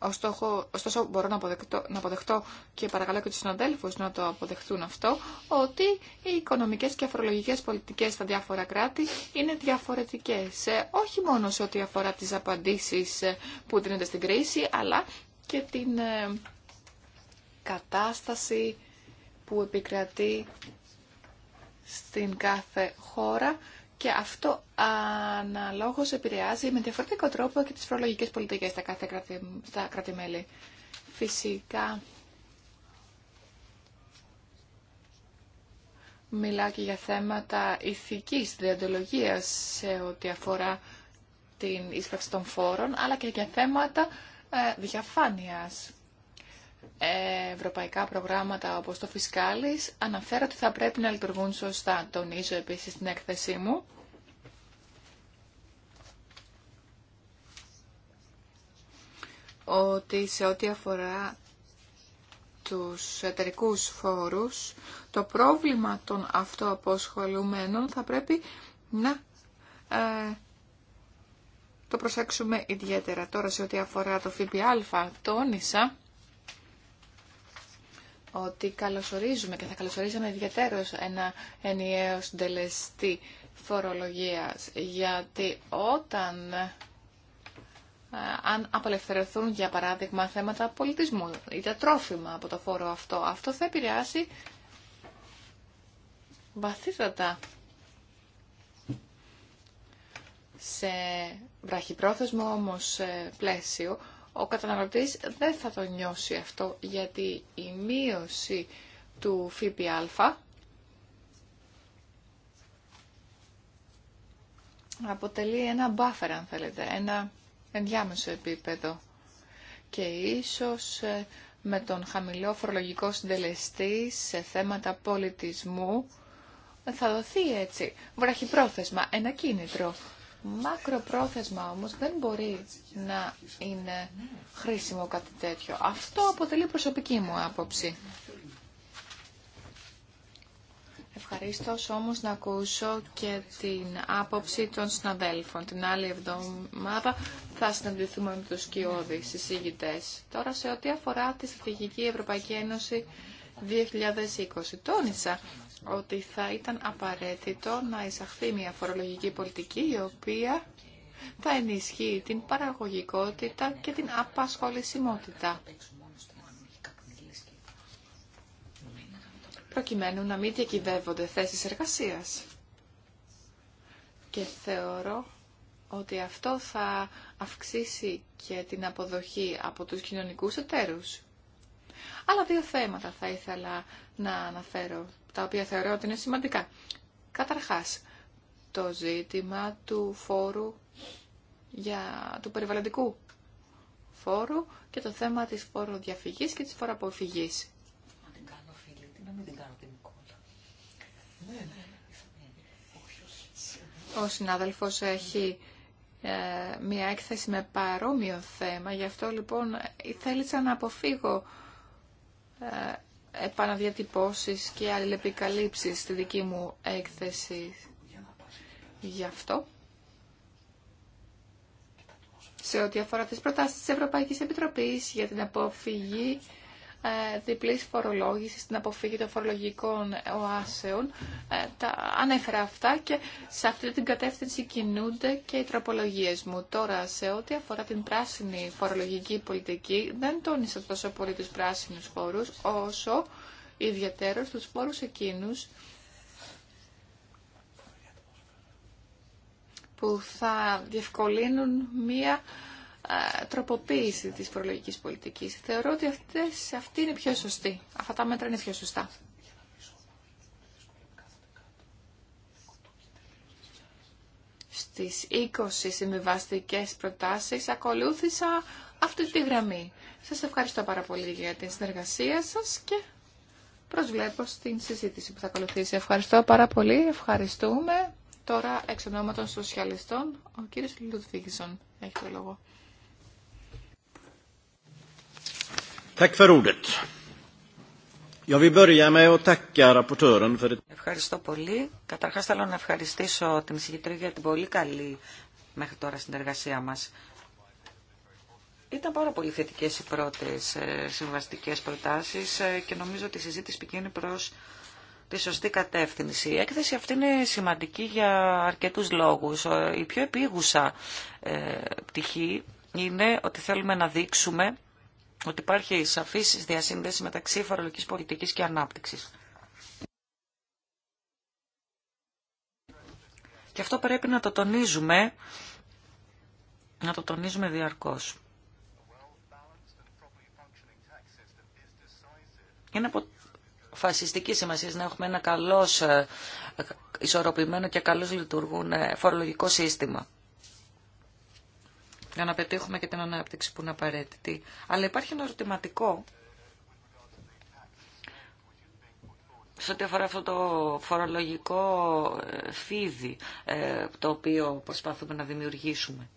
Ωστόσο, μπορώ να αποδεχτώ, να και παρακαλώ και τους συναδέλφους να το αποδεχτούν αυτό, ότι οι οικονομικές και αφορολογικές πολιτικές στα διάφορα κράτη είναι διαφορετικές. Ε, όχι μόνο σε ό,τι αφορά τις απαντήσεις ε, που δίνονται στην κρίση, αλλά και την ε, κατάσταση που επικρατεί στην κάθε χώρα και αυτό αναλόγως επηρεάζει με διαφορετικό τρόπο και τις φορολογικές πολιτικές στα, κάθε κρατη, στα μελη Φυσικά μιλάω και για θέματα ηθικής διαντολογίας σε ό,τι αφορά την ίσπραξη των φόρων, αλλά και για θέματα ε, διαφάνειας. ευρωπαϊκά προγράμματα όπως το Φισκάλις αναφέρω ότι θα πρέπει να λειτουργούν σωστά. Τονίζω επίσης την έκθεσή μου ότι σε ό,τι αφορά τους εταιρικούς φόρους, το πρόβλημα των αυτοαποσχολουμένων θα πρέπει να ε, το προσέξουμε ιδιαίτερα. Τώρα σε ό,τι αφορά το ΦΠΑ, τόνισα ότι καλωσορίζουμε και θα καλωσορίζαμε ιδιαίτερως ένα ενιαίο συντελεστή φορολογίας, γιατί όταν ε, αν απελευθερωθούν, για παράδειγμα, θέματα πολιτισμού ή τα τρόφιμα από το φόρο αυτό. Αυτό θα επηρεάσει βαθύτατα σε βραχυπρόθεσμο όμως πλαίσιο, ο καταναλωτής δεν θα το νιώσει αυτό, γιατί η μείωση του ΦΠΑ αποτελεί ένα buffer, αν θέλετε, ένα ενδιάμεσο επίπεδο και ίσως ε, με τον χαμηλό φορολογικό συντελεστή σε θέματα πολιτισμού ε, θα δοθεί έτσι βραχυπρόθεσμα, ένα κίνητρο. Μακροπρόθεσμα όμως δεν μπορεί να είναι χρήσιμο κάτι τέτοιο. Αυτό αποτελεί προσωπική μου άποψη. Ευχαριστώ όμως να ακούσω και την άποψη των συναδέλφων. Την άλλη εβδομάδα θα συναντηθούμε με τους σκιώδεις συζητητέ. Τώρα σε ό,τι αφορά τη Στρατηγική Ευρωπαϊκή Ένωση 2020. Τόνισα ότι θα ήταν απαραίτητο να εισαχθεί μια φορολογική πολιτική η οποία θα ενισχύει την παραγωγικότητα και την απασχολησιμότητα. προκειμένου να μην διακυβεύονται θέσεις εργασίας. Και θεωρώ ότι αυτό θα αυξήσει και την αποδοχή από τους κοινωνικούς εταίρους. Άλλα δύο θέματα θα ήθελα να αναφέρω, τα οποία θεωρώ ότι είναι σημαντικά. Καταρχάς, το ζήτημα του φόρου για, του περιβαλλοντικού φόρου και το θέμα της φοροδιαφυγής και της φοροαποφυγής κάνω την Ο συνάδελφος έχει ε, μία έκθεση με παρόμοιο θέμα, γι' αυτό λοιπόν θέλησα να αποφύγω ε, επαναδιατυπώσεις και αλληλεπικαλύψεις στη δική μου έκθεση. Γι' αυτό, σε ό,τι αφορά τις προτάσεις της Ευρωπαϊκής Επιτροπής για την αποφυγή ε, διπλής φορολόγηση την αποφύγη των φορολογικών οάσεων. Ε, τα ανέφερα αυτά και σε αυτή την κατεύθυνση κινούνται και οι τροπολογίες μου. Τώρα, σε ό,τι αφορά την πράσινη φορολογική πολιτική, δεν τόνισα τόσο πολύ τους πράσινους φόρους, όσο ιδιαίτερος τους φόρους εκείνους που θα διευκολύνουν μία τροποποίηση της φορολογικής πολιτικής. Θεωρώ ότι αυτές, αυτή είναι πιο σωστή. Αυτά τα μέτρα είναι πιο σωστά. Στις 20 συμβιβαστικέ προτάσεις ακολούθησα αυτή τη γραμμή. Σας ευχαριστώ πάρα πολύ για την συνεργασία σας και προσβλέπω στην συζήτηση που θα ακολουθήσει. Ευχαριστώ πάρα πολύ. Ευχαριστούμε. Τώρα εξ ονόματων σοσιαλιστών, ο κύριος έχει το λόγο. Ευχαριστώ πολύ. Καταρχά θέλω να ευχαριστήσω την συγκεκριτή για την πολύ καλή μέχρι τώρα συνεργασία μα. Ήταν πάρα πολύ θετικέ οι πρώτε συμβαστικέ προτάσει ε, και νομίζω ότι η συζήτηση πηγαίνει προ τη σωστή κατεύθυνση. Η έκθεση αυτή είναι σημαντική για αρκετού λόγου. Ε, η πιο επίγουσα ε, πτυχή είναι ότι θέλουμε να δείξουμε ότι υπάρχει σαφής διασύνδεση μεταξύ φορολογικής πολιτικής και ανάπτυξης. Και αυτό πρέπει να το τονίζουμε, να το τονίζουμε διαρκώς. Είναι από φασιστική σημασία να έχουμε ένα καλό ε, ισορροπημένο και καλώς λειτουργούν ε, φορολογικό σύστημα για να πετύχουμε και την ανάπτυξη που είναι απαραίτητη. Αλλά υπάρχει ένα ερωτηματικό σε ό,τι αφορά αυτό το φορολογικό ε, φίδι ε, το οποίο προσπαθούμε να δημιουργήσουμε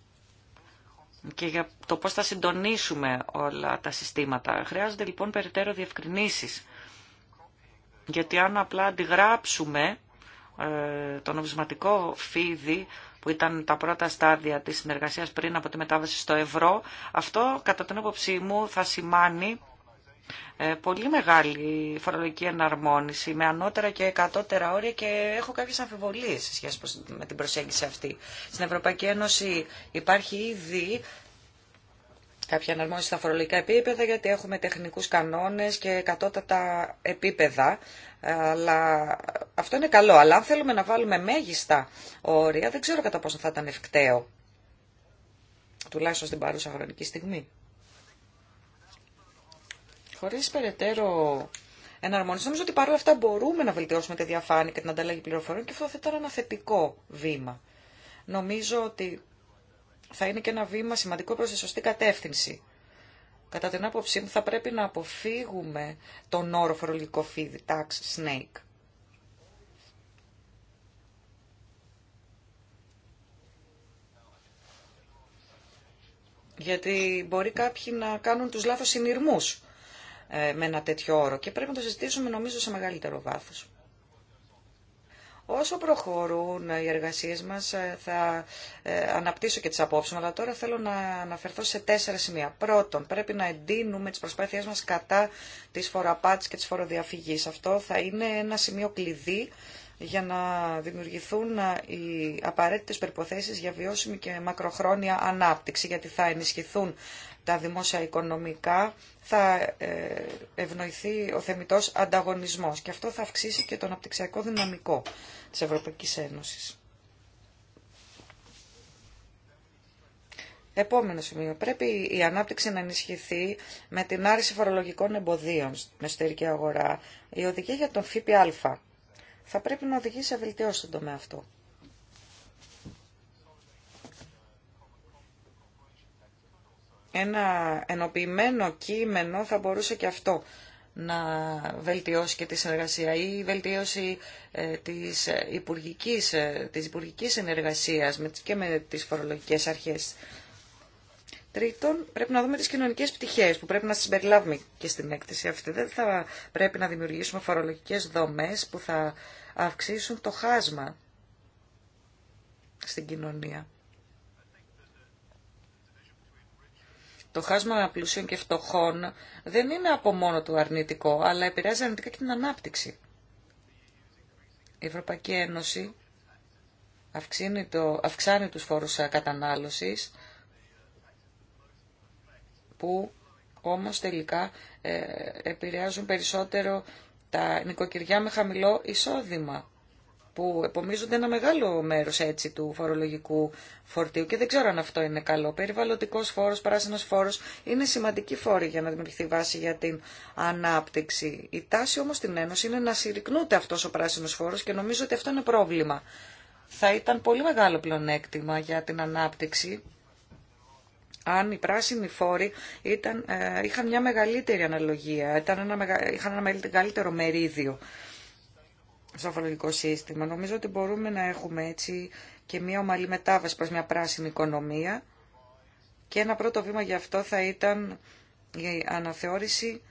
και για το πώς θα συντονίσουμε όλα τα συστήματα. Χρειάζονται λοιπόν περιττέρω διευκρινήσεις. Γιατί αν απλά αντιγράψουμε ε, το νομισματικό φίδι που ήταν τα πρώτα στάδια της συνεργασίας πριν από τη μετάβαση στο ευρώ. Αυτό, κατά την άποψή μου, θα σημάνει ε, πολύ μεγάλη φορολογική εναρμόνιση με ανώτερα και εκατώτερα όρια και έχω κάποιες αμφιβολίες σε σχέση με την προσέγγιση αυτή. Στην Ευρωπαϊκή Ένωση υπάρχει ήδη κάποια εναρμόνιση στα φορολογικά επίπεδα, γιατί έχουμε τεχνικούς κανόνες και κατώτατα επίπεδα. Αλλά αυτό είναι καλό. Αλλά αν θέλουμε να βάλουμε μέγιστα όρια, δεν ξέρω κατά πόσο θα ήταν ευκταίο. Τουλάχιστον στην παρούσα χρονική στιγμή. Χωρίς περαιτέρω εναρμόνιση, νομίζω ότι παρόλα αυτά μπορούμε να βελτιώσουμε τη διαφάνεια και την ανταλλαγή πληροφοριών και αυτό θα ήταν ένα θετικό βήμα. Νομίζω ότι θα είναι και ένα βήμα σημαντικό προς τη σωστή κατεύθυνση. Κατά την άποψή μου θα πρέπει να αποφύγουμε τον όρο φορολογικό φίδι, tax snake. Γιατί μπορεί κάποιοι να κάνουν τους λάθος συνειρμούς ε, με ένα τέτοιο όρο και πρέπει να το συζητήσουμε νομίζω σε μεγαλύτερο βάθος. Όσο προχωρούν οι εργασίες μας ε, θα ε, αναπτύσσω και τις απόψεις μου, αλλά τώρα θέλω να αναφερθώ σε τέσσερα σημεία. Πρώτον, πρέπει να εντείνουμε τις προσπάθειές μας κατά της φοροαπάτης και της φοροδιαφυγής. Αυτό θα είναι ένα σημείο κλειδί για να δημιουργηθούν ε, οι απαραίτητες περιποθέσεις για βιώσιμη και μακροχρόνια ανάπτυξη, γιατί θα ενισχυθούν τα δημόσια οικονομικά θα ε, ευνοηθεί ο θεμητός ανταγωνισμός και αυτό θα αυξήσει και τον απτυξιακό δυναμικό της Ευρωπαϊκής Ένωσης. Επόμενο σημείο. Πρέπει η ανάπτυξη να ενισχυθεί με την άρση φορολογικών εμποδίων στην εσωτερική αγορά. Η οδηγία για τον ΦΠΑ θα πρέπει να οδηγήσει σε βελτιώσει στον τομέα αυτό. ένα ενοποιημένο κείμενο θα μπορούσε και αυτό να βελτιώσει και τη συνεργασία ή η βελτίωση ε, της, ε, υπουργικής, ε, της υπουργικής συνεργασίας και με τις φορολογικές αρχές. Τρίτον, πρέπει να δούμε τις κοινωνικές πτυχές που πρέπει να συμπεριλάβουμε και στην έκθεση αυτή. Δεν θα πρέπει να δημιουργήσουμε φορολογικές δομές που θα αυξήσουν το χάσμα στην κοινωνία. Το χάσμα πλουσίων και φτωχών δεν είναι από μόνο του αρνητικό, αλλά επηρεάζει αρνητικά και την ανάπτυξη. Η Ευρωπαϊκή Ένωση αυξάνει, το, αυξάνει τους φόρους κατανάλωσης, που όμως τελικά ε, επηρεάζουν περισσότερο τα νοικοκυριά με χαμηλό εισόδημα που επομίζονται ένα μεγάλο μέρος έτσι του φορολογικού φορτίου και δεν ξέρω αν αυτό είναι καλό. Περιβαλλοντικός φόρος, πράσινος φόρος είναι σημαντική φόρη για να δημιουργηθεί βάση για την ανάπτυξη. Η τάση όμως στην Ένωση είναι να συρρυκνούται αυτός ο πράσινος φόρος και νομίζω ότι αυτό είναι πρόβλημα. Θα ήταν πολύ μεγάλο πλεονέκτημα για την ανάπτυξη αν οι πράσινοι φόροι ήταν, ε, είχαν μια μεγαλύτερη αναλογία, ήταν ένα μεγα, είχαν ένα μεγαλύτερο μερίδιο στο φορολογικό σύστημα. Νομίζω ότι μπορούμε να έχουμε έτσι και μια ομαλή μετάβαση προς μια πράσινη οικονομία και ένα πρώτο βήμα γι' αυτό θα ήταν η αναθεώρηση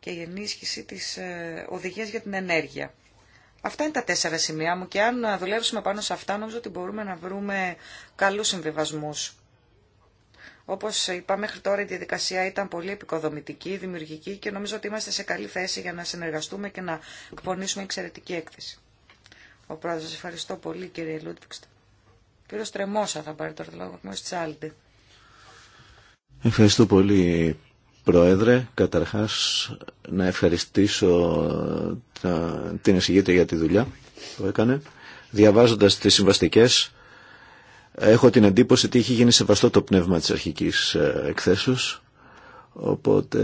και η ενίσχυση της ε, οδηγίας για την ενέργεια. Αυτά είναι τα τέσσερα σημεία μου και αν δουλέυσουμε πάνω σε αυτά νομίζω ότι μπορούμε να βρούμε καλούς συμβιβασμούς. Όπως είπα, μέχρι τώρα η διαδικασία ήταν πολύ επικοδομητική, δημιουργική και νομίζω ότι είμαστε σε καλή θέση για να συνεργαστούμε και να εκπονήσουμε εξαιρετική έκθεση. Ο πρόεδρος, ευχαριστώ πολύ κύριε Λούτβιξτ. Κύριος Τρεμόσα θα πάρει τώρα το λόγο, μέρος τη Ευχαριστώ πολύ Πρόεδρε. Καταρχάς να ευχαριστήσω την εισηγήτρια για τη δουλειά που έκανε. Διαβάζοντας τις συμβαστικές Έχω την εντύπωση ότι έχει γίνει σεβαστό το πνεύμα της αρχικής ε, εκθέσεως, οπότε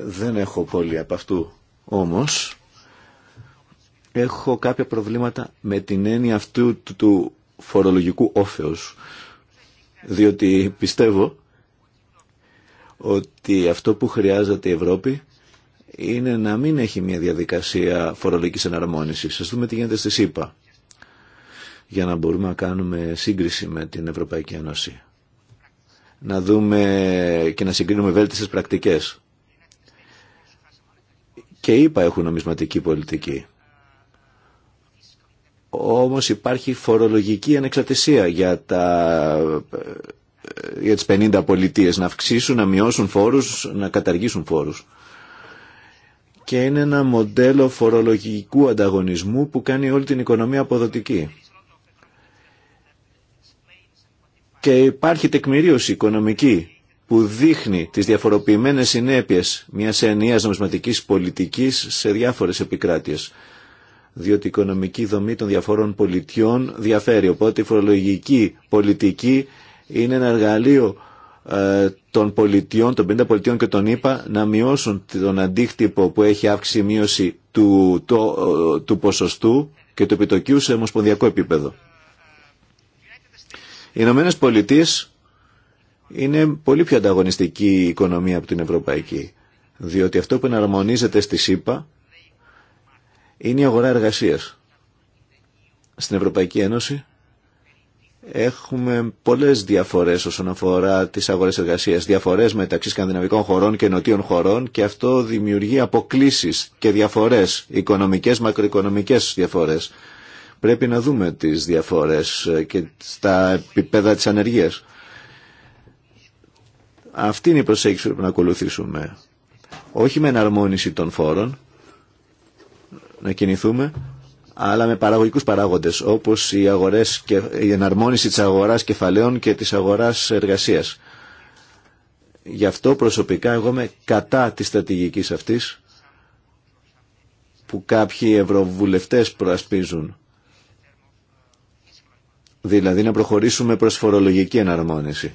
δεν έχω πολύ από αυτού. Όμως, έχω κάποια προβλήματα με την έννοια αυτού του φορολογικού όφεως, διότι πιστεύω ότι αυτό που χρειάζεται η Ευρώπη είναι να μην έχει μια διαδικασία φορολογικής εναρμόνισης. Ας δούμε τι γίνεται στη ΣΥΠΑ για να μπορούμε να κάνουμε σύγκριση με την Ευρωπαϊκή Ένωση. Να δούμε και να συγκρίνουμε βέλτιστες πρακτικές. Και είπα έχουν νομισματική πολιτική. Όμως υπάρχει φορολογική ανεξαρτησία για, τα, για τις 50 πολιτείες να αυξήσουν, να μειώσουν φόρους, να καταργήσουν φόρους. Και είναι ένα μοντέλο φορολογικού ανταγωνισμού που κάνει όλη την οικονομία αποδοτική και υπάρχει τεκμηρίωση οικονομική που δείχνει τις διαφοροποιημένες συνέπειες μιας ενιαίας νομισματικής πολιτικής σε διάφορες επικράτειες. Διότι η οικονομική δομή των διαφόρων πολιτιών διαφέρει. Οπότε η φορολογική πολιτική είναι ένα εργαλείο ε, των πολιτιών, των 50 πολιτιών και των ΗΠΑ να μειώσουν τον αντίκτυπο που έχει αύξηση μείωση του, ε, του ποσοστού και του επιτοκίου σε ομοσπονδιακό επίπεδο. Οι Ηνωμένε Πολιτείε είναι πολύ πιο ανταγωνιστική η οικονομία από την ευρωπαϊκή, διότι αυτό που εναρμονίζεται στη ΣΥΠΑ είναι η αγορά εργασίας. Στην Ευρωπαϊκή Ένωση έχουμε πολλές διαφορές όσον αφορά τις αγορές εργασίας, διαφορές μεταξύ σκανδιναβικών χωρών και νοτίων χωρών και αυτό δημιουργεί αποκλήσει και διαφορέ, οικονομικέ, μακροοικονομικέ διαφορέ. Πρέπει να δούμε τις διαφορές ε, και στα επίπεδα της ανεργίας. Αυτή είναι η προσέγγιση που πρέπει να ακολουθήσουμε. Όχι με εναρμόνιση των φόρων, να κινηθούμε, αλλά με παραγωγικούς παράγοντες, όπως οι αγορές και η εναρμόνιση της αγοράς κεφαλαίων και της αγοράς εργασίας. Γι' αυτό προσωπικά εγώ είμαι κατά της στρατηγικής αυτής που κάποιοι ευρωβουλευτές προασπίζουν δηλαδή να προχωρήσουμε προς φορολογική εναρμόνιση.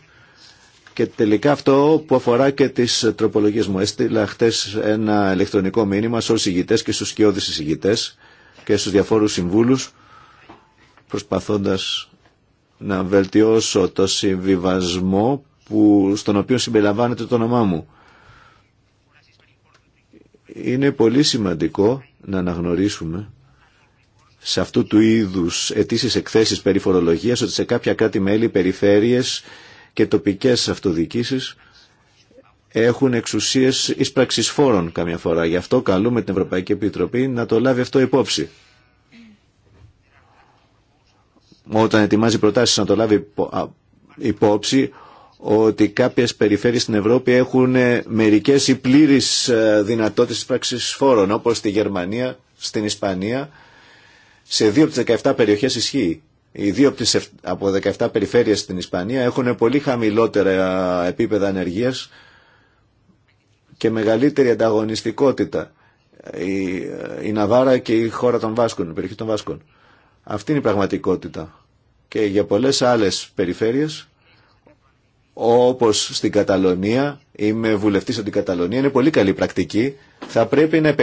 Και τελικά αυτό που αφορά και τις τροπολογίες μου. Έστειλα χθε ένα ηλεκτρονικό μήνυμα σε και στους σκιώδεις εισηγητές και στους διαφόρους συμβούλους προσπαθώντας να βελτιώσω το συμβιβασμό που, στον οποίο συμπεριλαμβάνεται το όνομά μου. Είναι πολύ σημαντικό να αναγνωρίσουμε σε αυτού του είδους αιτήσει εκθέσεις περί φορολογίας, ότι σε κάποια κράτη-μέλη, περιφέρειες και τοπικές αυτοδιοίκησεις έχουν εξουσίες εισπραξης φόρων καμιά φορά. Γι' αυτό καλούμε την Ευρωπαϊκή Επιτροπή να το λάβει αυτό υπόψη. Όταν ετοιμάζει προτάσεις να το λάβει υπόψη ότι κάποιες περιφέρειες στην Ευρώπη έχουν ε, μερικές ή πλήρεις ε, δυνατότητες εισπράξης φόρων όπως στη Γερμανία, στην Ισπανία σε δύο από τις 17 περιοχές ισχύει. Οι δύο από 17 περιφέρειες στην Ισπανία έχουν πολύ χαμηλότερα επίπεδα ανεργίας και μεγαλύτερη ανταγωνιστικότητα. Η, η Ναβάρα και η χώρα των Βάσκων, η περιοχή των Βάσκων. Αυτή είναι η πραγματικότητα. Και για πολλές άλλες περιφέρειες Όπω στην Καταλωνία, είμαι βουλευτή από την Καταλωνία, είναι πολύ καλή πρακτική. Θα πρέπει να,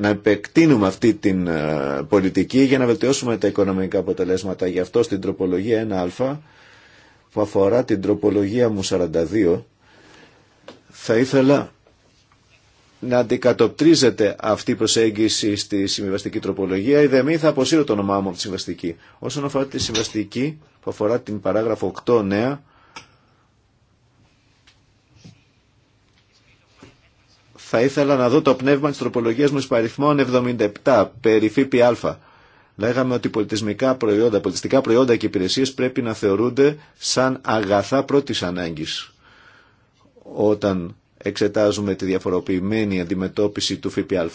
να επεκτείνουμε αυτή την ε, πολιτική για να βελτιώσουμε τα οικονομικά αποτελέσματα. Γι' αυτό στην τροπολογία 1α, που αφορά την τροπολογία μου 42, θα ήθελα να αντικατοπτρίζεται αυτή η προσέγγιση στη συμβιβαστική τροπολογία. Η ΔΕΜΗ θα αποσύρω το όνομά μου από τη συμβαστική. Όσον αφορά τη συμβαστική, που αφορά την παράγραφο 8 νέα, Θα ήθελα να δω το πνεύμα της τροπολογίας μου παριθμών 77, περί ΦΠΑ. Λέγαμε ότι πολιτισμικά προϊόντα, πολιτιστικά προϊόντα και υπηρεσίες πρέπει να θεωρούνται σαν αγαθά πρώτης ανάγκης. Όταν εξετάζουμε τη διαφοροποιημένη αντιμετώπιση του ΦΠΑ.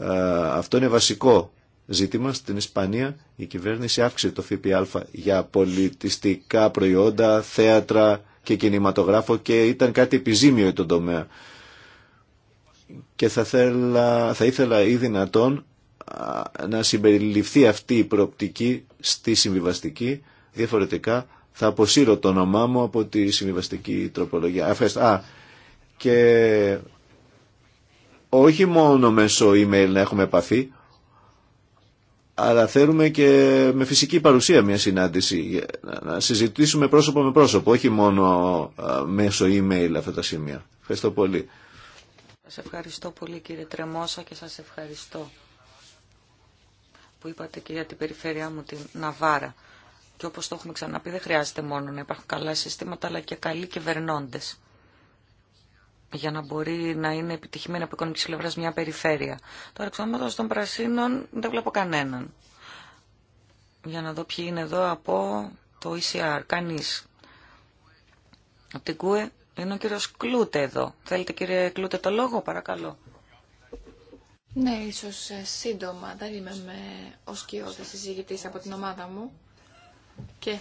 Ε, αυτό είναι βασικό ζήτημα. Στην Ισπανία η κυβέρνηση αύξησε το ΦΠΑ για πολιτιστικά προϊόντα, θέατρα και κινηματογράφο και ήταν κάτι επιζήμιο για τον τομέα και θα, θέλα, θα ήθελα ή δυνατόν να συμπεριληφθεί αυτή η προοπτική στη συμβιβαστική. Διαφορετικά θα αποσύρω το όνομά μου από τη συμβιβαστική τροπολογία. Α, και όχι μόνο μέσω email να έχουμε επαφή, αλλά θέλουμε και με φυσική παρουσία μια συνάντηση, να συζητήσουμε πρόσωπο με πρόσωπο, όχι μόνο μέσω email αυτά τα σημεία. Ευχαριστώ πολύ. Σας ευχαριστώ πολύ κύριε Τρεμόσα και σας ευχαριστώ που είπατε και για την περιφέρειά μου την Ναβάρα. Και όπως το έχουμε ξαναπεί δεν χρειάζεται μόνο να υπάρχουν καλά συστήματα αλλά και καλοί κυβερνώντες για να μπορεί να είναι επιτυχημένη από οικονομική πλευρά μια περιφέρεια. Τώρα εξ των πρασίνων δεν βλέπω κανέναν. Για να δω ποιοι είναι εδώ από το ECR. Κανείς. Από την είναι ο κύριος Κλούτε εδώ. Θέλετε κύριε Κλούτε το λόγο, παρακαλώ. Ναι, ίσως ε, σύντομα. Δεν είμαι με ο σκιώδης από την ομάδα μου και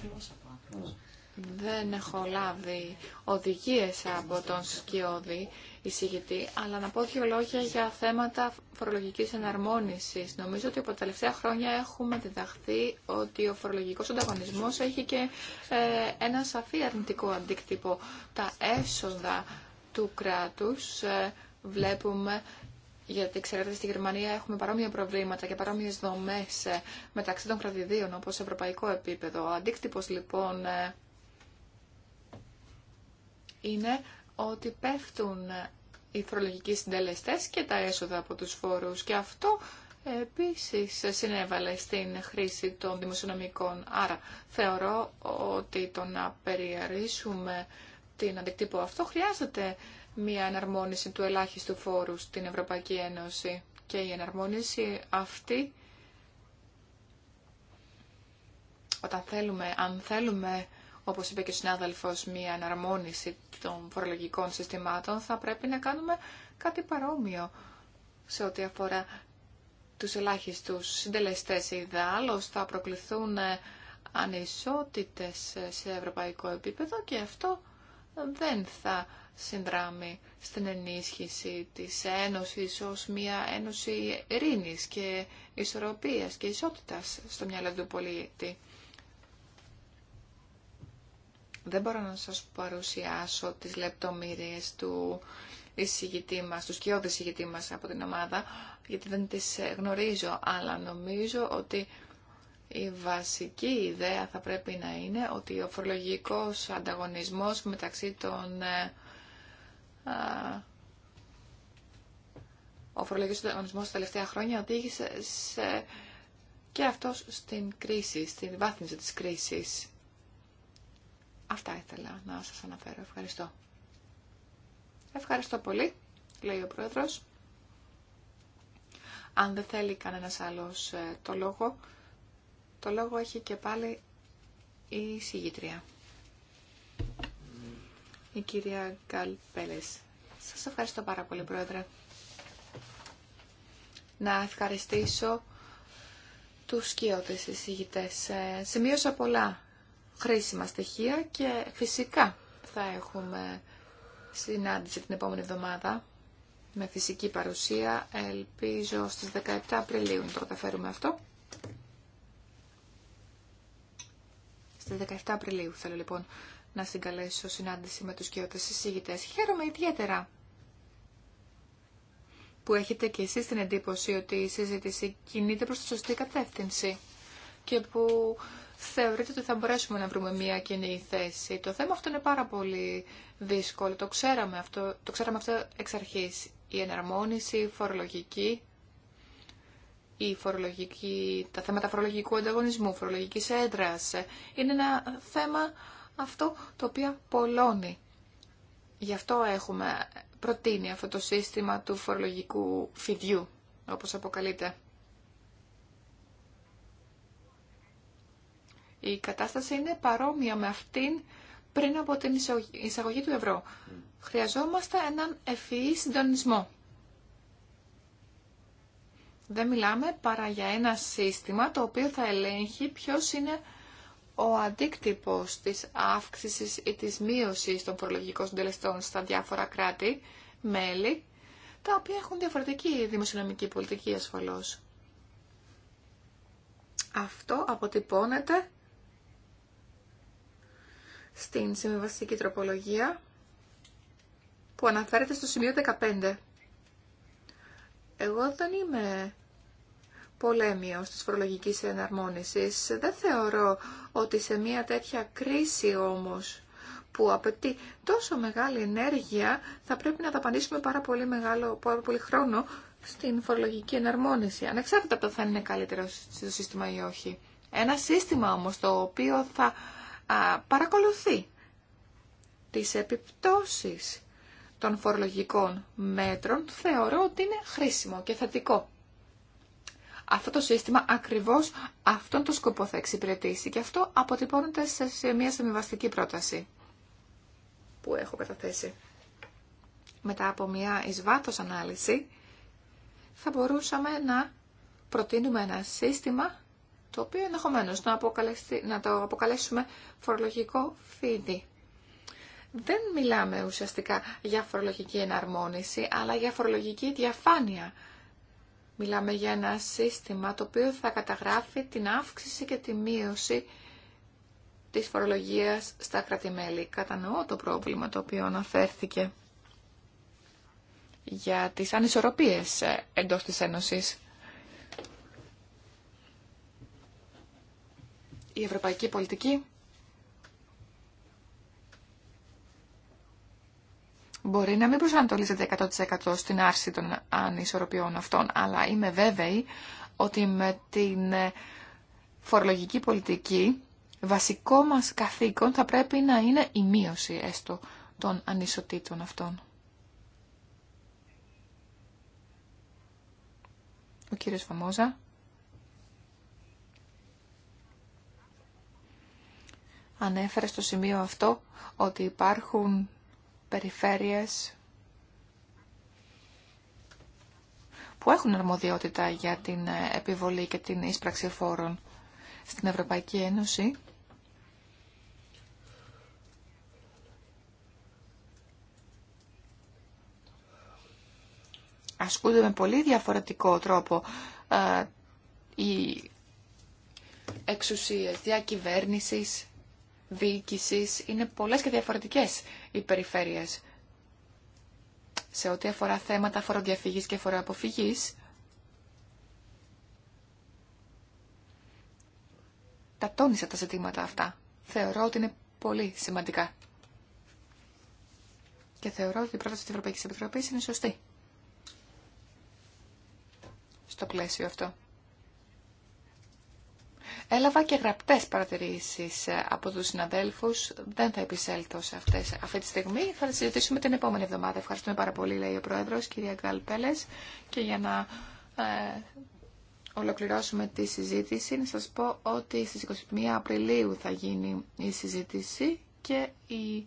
δεν έχω λάβει οδηγίες από τον σκιώδη εισηγητή, αλλά να πω δύο λόγια για θέματα φορολογικής εναρμόνισης. Νομίζω ότι από τα τελευταία χρόνια έχουμε διδαχθεί ότι ο φορολογικός ανταγωνισμό έχει και ε, ένα σαφή αρνητικό αντίκτυπο. Τα έσοδα του κράτους ε, βλέπουμε γιατί ξέρετε στη Γερμανία έχουμε παρόμοια προβλήματα και παρόμοιες δομές ε, μεταξύ των κρατηδίων όπως σε ευρωπαϊκό επίπεδο. Ο αντίκτυπος λοιπόν είναι ότι πέφτουν οι φορολογικοί συντελεστές και τα έσοδα από τους φόρους και αυτό επίσης συνέβαλε στην χρήση των δημοσιονομικών. Άρα θεωρώ ότι το να περιερίσουμε την αντικτύπω αυτό χρειάζεται μια εναρμόνιση του ελάχιστου φόρου στην Ευρωπαϊκή Ένωση και η εναρμόνιση αυτή όταν θέλουμε, αν θέλουμε όπως είπε και ο συνάδελφος, μια εναρμόνιση των φορολογικών συστημάτων, θα πρέπει να κάνουμε κάτι παρόμοιο σε ό,τι αφορά τους ελάχιστους συντελεστές ιδάλλως θα προκληθούν ε, ανισότητες ε, σε ευρωπαϊκό επίπεδο και αυτό δεν θα συνδράμει στην ενίσχυση της Ένωσης ως μια Ένωση ειρήνης και ισορροπίας και ισότητας στο μυαλό του πολίτη. Δεν μπορώ να σας παρουσιάσω τις λεπτομέρειες του εισηγητή του σκιώδη εισηγητή μας από την ομάδα, γιατί δεν τις γνωρίζω, αλλά νομίζω ότι η βασική ιδέα θα πρέπει να είναι ότι ο φορολογικός ανταγωνισμός μεταξύ των... Ε, ο φορολογικός ανταγωνισμός τα τελευταία χρόνια οδήγησε σε, και αυτός στην κρίση, στην βάθμιση της κρίσης. Αυτά ήθελα να σας αναφέρω. Ευχαριστώ. Ευχαριστώ πολύ, λέει ο Πρόεδρος. Αν δεν θέλει κανένας άλλος ε, το λόγο, το λόγο έχει και πάλι η συγγήτρια. Η κυρία Γκαλπέλης. Σας ευχαριστώ πάρα πολύ, Πρόεδρε. Να ευχαριστήσω τους σκιώτες Ε, Σημείωσα πολλά χρήσιμα στοιχεία και φυσικά θα έχουμε συνάντηση την επόμενη εβδομάδα με φυσική παρουσία. Ελπίζω στις 17 Απριλίου να το καταφέρουμε αυτό. Στις 17 Απριλίου θέλω λοιπόν να συγκαλέσω συνάντηση με τους κοιότητες συζήτητες. Χαίρομαι ιδιαίτερα που έχετε και εσείς την εντύπωση ότι η συζήτηση κινείται προς τη σωστή κατεύθυνση και που θεωρείτε ότι θα μπορέσουμε να βρούμε μια κοινή θέση. Το θέμα αυτό είναι πάρα πολύ δύσκολο. Το ξέραμε αυτό, το ξέραμε αυτό εξ αρχής. Η εναρμόνιση, η φορολογική, η φορολογική, τα θέματα φορολογικού ανταγωνισμού, φορολογικής έντρας. Είναι ένα θέμα αυτό το οποίο πολλώνει. Γι' αυτό έχουμε προτείνει αυτό το σύστημα του φορολογικού φιδιού, όπως αποκαλείται. Η κατάσταση είναι παρόμοια με αυτήν πριν από την εισαγωγή του ευρώ. Χρειαζόμαστε έναν ευφυή συντονισμό. Δεν μιλάμε παρά για ένα σύστημα το οποίο θα ελέγχει ποιος είναι ο αντίκτυπος της αύξησης ή της μείωσης των φορολογικών συντελεστών στα διάφορα κράτη, μέλη, τα οποία έχουν διαφορετική δημοσιονομική πολιτική ασφαλώς. Αυτό αποτυπώνεται στην συμβιβαστική τροπολογία που αναφέρεται στο σημείο 15. Εγώ δεν είμαι πολέμιος της φορολογικής εναρμόνισης. Δεν θεωρώ ότι σε μια τέτοια κρίση όμως που απαιτεί τόσο μεγάλη ενέργεια θα πρέπει να δαπανίσουμε πάρα πολύ, μεγάλο, πάρα πολύ χρόνο στην φορολογική εναρμόνιση. Ανεξάρτητα από το θα είναι καλύτερο στο σύστημα ή όχι. Ένα σύστημα όμως το οποίο θα παρακολουθεί τις επιπτώσεις των φορολογικών μέτρων θεωρώ ότι είναι χρήσιμο και θετικό. Αυτό το σύστημα ακριβώς αυτόν τον σκοπό θα εξυπηρετήσει και αυτό αποτυπώνεται σε μια συμβιβαστική πρόταση που έχω καταθέσει. Μετά από μια ισβάτος ανάλυση θα μπορούσαμε να προτείνουμε ένα σύστημα το οποίο ενδεχομένω να, να το αποκαλέσουμε φορολογικό φίδι. Δεν μιλάμε ουσιαστικά για φορολογική εναρμόνιση, αλλά για φορολογική διαφάνεια. Μιλάμε για ένα σύστημα το οποίο θα καταγράφει την αύξηση και τη μείωση της φορολογίας στα κρατημέλη. Κατανοώ το πρόβλημα το οποίο αναφέρθηκε για τις ανισορροπίες ε, εντός της Ένωσης. η ευρωπαϊκή πολιτική μπορεί να μην προσανατολίζεται 100% στην άρση των ανισορροπιών αυτών, αλλά είμαι βέβαιη ότι με την ε, φορολογική πολιτική βασικό μας καθήκον θα πρέπει να είναι η μείωση έστω των ανισοτήτων αυτών. Ο κύριος Φαμόζα. ανέφερε στο σημείο αυτό ότι υπάρχουν περιφέρειες που έχουν αρμοδιότητα για την επιβολή και την ίσπραξη φόρων στην Ευρωπαϊκή Ένωση. ασκούνται με πολύ διαφορετικό τρόπο ε, οι εξουσίες διακυβέρνησης διοίκησης είναι πολλές και διαφορετικές οι περιφέρειες. Σε ό,τι αφορά θέματα φοροδιαφυγής και φοροαποφυγής, τα τόνισα τα ζητήματα αυτά. Θεωρώ ότι είναι πολύ σημαντικά. Και θεωρώ ότι η πρόταση της Ευρωπαϊκή Επιτροπής είναι σωστή. Στο πλαίσιο αυτό. Έλαβα και γραπτές παρατηρήσεις ε, από τους συναδέλφους. Δεν θα επισέλθω σε αυτές αυτή τη στιγμή. Θα τις συζητήσουμε την επόμενη εβδομάδα. Ευχαριστούμε πάρα πολύ, λέει ο Πρόεδρος, κυρία Γκάλ Και για να ε, ολοκληρώσουμε τη συζήτηση, να σας πω ότι στις 21 Απριλίου θα γίνει η συζήτηση και η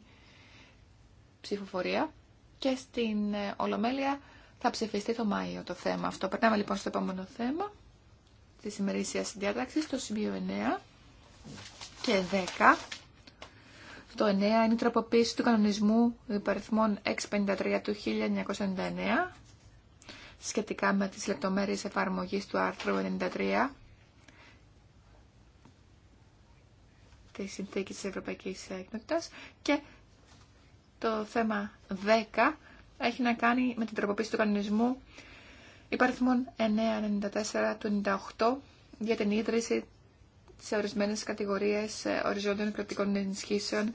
ψηφοφορία και στην ε, Ολομέλεια θα ψηφιστεί το Μάιο το θέμα αυτό. Περνάμε λοιπόν στο επόμενο θέμα της ημερήσιας διάταξης, το σημείο 9 και 10. Το 9 είναι η τροποποίηση του κανονισμού υπαριθμών 653 του 1999 σχετικά με τις λεπτομέρειες εφαρμογής του άρθρου 93 της Συνθήκης της Ευρωπαϊκής και το θέμα 10 έχει να κάνει με την τροποποίηση του κανονισμού Υπαριθμών 994 του 98 για την ίδρυση σε ορισμένες κατηγορίες ε, οριζόντων κρατικών ενισχύσεων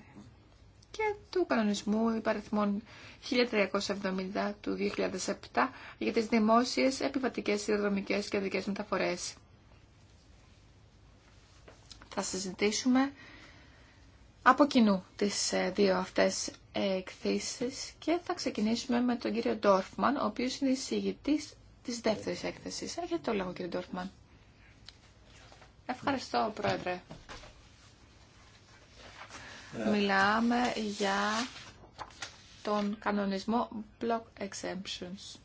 και του κανονισμού υπαριθμών 1370 του 2007 για τις δημόσιες επιβατικές σιδηροδρομικές και δικές μεταφορές. Θα συζητήσουμε από κοινού τις ε, δύο αυτές εκθέσεις και θα ξεκινήσουμε με τον κύριο Ντόρφμαν, ο οποίος είναι εισηγητής της δεύτερης έκθεσης. Έχετε το λόγο κύριε Ντόρφμαν. Ευχαριστώ πρόεδρε. Ε. Μιλάμε για τον κανονισμό block exemptions.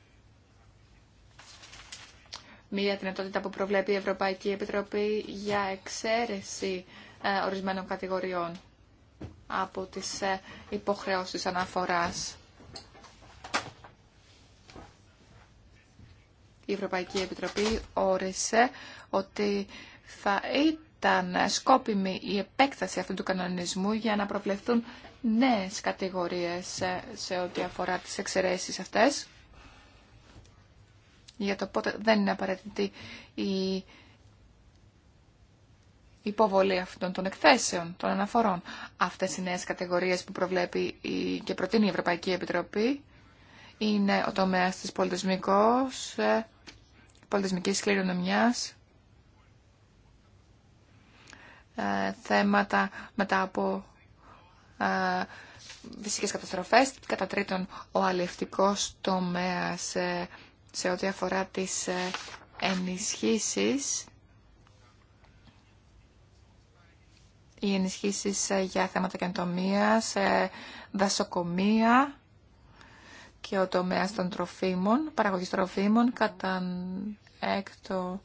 Μία δυνατότητα που προβλέπει η Ευρωπαϊκή Επιτροπή για εξαίρεση ε, ορισμένων κατηγοριών από τις ε, υποχρεώσεις αναφοράς. η Ευρωπαϊκή Επιτροπή όρισε ότι θα ήταν σκόπιμη η επέκταση αυτού του κανονισμού για να προβλεφθούν νέες κατηγορίες σε ό,τι αφορά τις εξαιρέσεις αυτές για το πότε δεν είναι απαραίτητη η υποβολή αυτών των εκθέσεων, των αναφορών. Αυτές οι νέες κατηγορίες που προβλέπει και προτείνει η Ευρωπαϊκή Επιτροπή είναι ο τομέας της πολιτισμικός, ε, πολιτισμικής κληρονομιάς, ε, θέματα μετά από ε, φυσικές καταστροφές. Κατά τρίτον, ο αλληλευτικός τομέας σε ό,τι αφορά τις ενισχύσεις. Οι ενισχύσεις για θέματα καινοτομίας, δασοκομεία και ο τομέας των τροφίμων, παραγωγής τροφίμων, κατά έκτο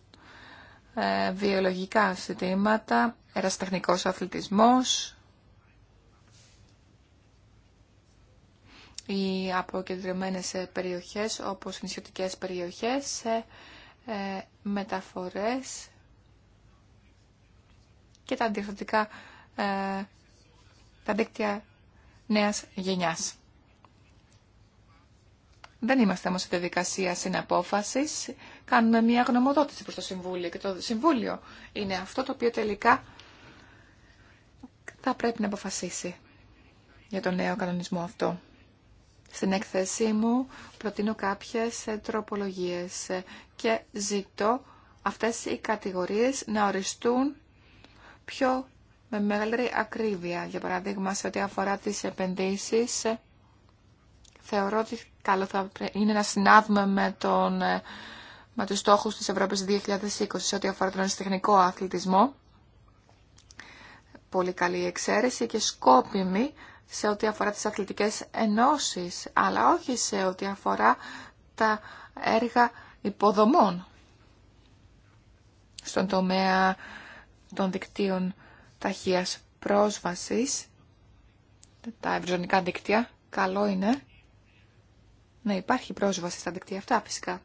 ε, βιολογικά συστήματα, ερασιτεχνικός αθλητισμός, οι αποκεντρωμένες περιοχές όπως νησιωτικές περιοχές, σε ε, μεταφορές και τα αντιφατικά ε, τα δίκτυα νέας γενιάς. Δεν είμαστε όμως σε διαδικασία συναπόφασης. Κάνουμε μια γνωμοδότηση προς το Συμβούλιο και το Συμβούλιο είναι αυτό το οποίο τελικά θα πρέπει να αποφασίσει για τον νέο κανονισμό αυτό. Στην έκθεσή μου προτείνω κάποιες τροπολογίες και ζητώ αυτές οι κατηγορίες να οριστούν πιο με μεγαλύτερη ακρίβεια. Για παράδειγμα, σε ό,τι αφορά τις επενδύσεις, θεωρώ ότι καλό θα είναι να συνάδουμε με, τον, ε, με τους στόχους της Ευρώπης 2020 σε ό,τι αφορά τον τεχνικό αθλητισμό. Πολύ καλή εξαίρεση και σκόπιμη σε ό,τι αφορά τις αθλητικές ενώσεις, αλλά όχι σε ό,τι αφορά τα έργα υποδομών στον τομέα των δικτύων ταχείας πρόσβασης, τα ευρυζωνικά δίκτυα, καλό είναι να υπάρχει πρόσβαση στα δικτύα αυτά φυσικά.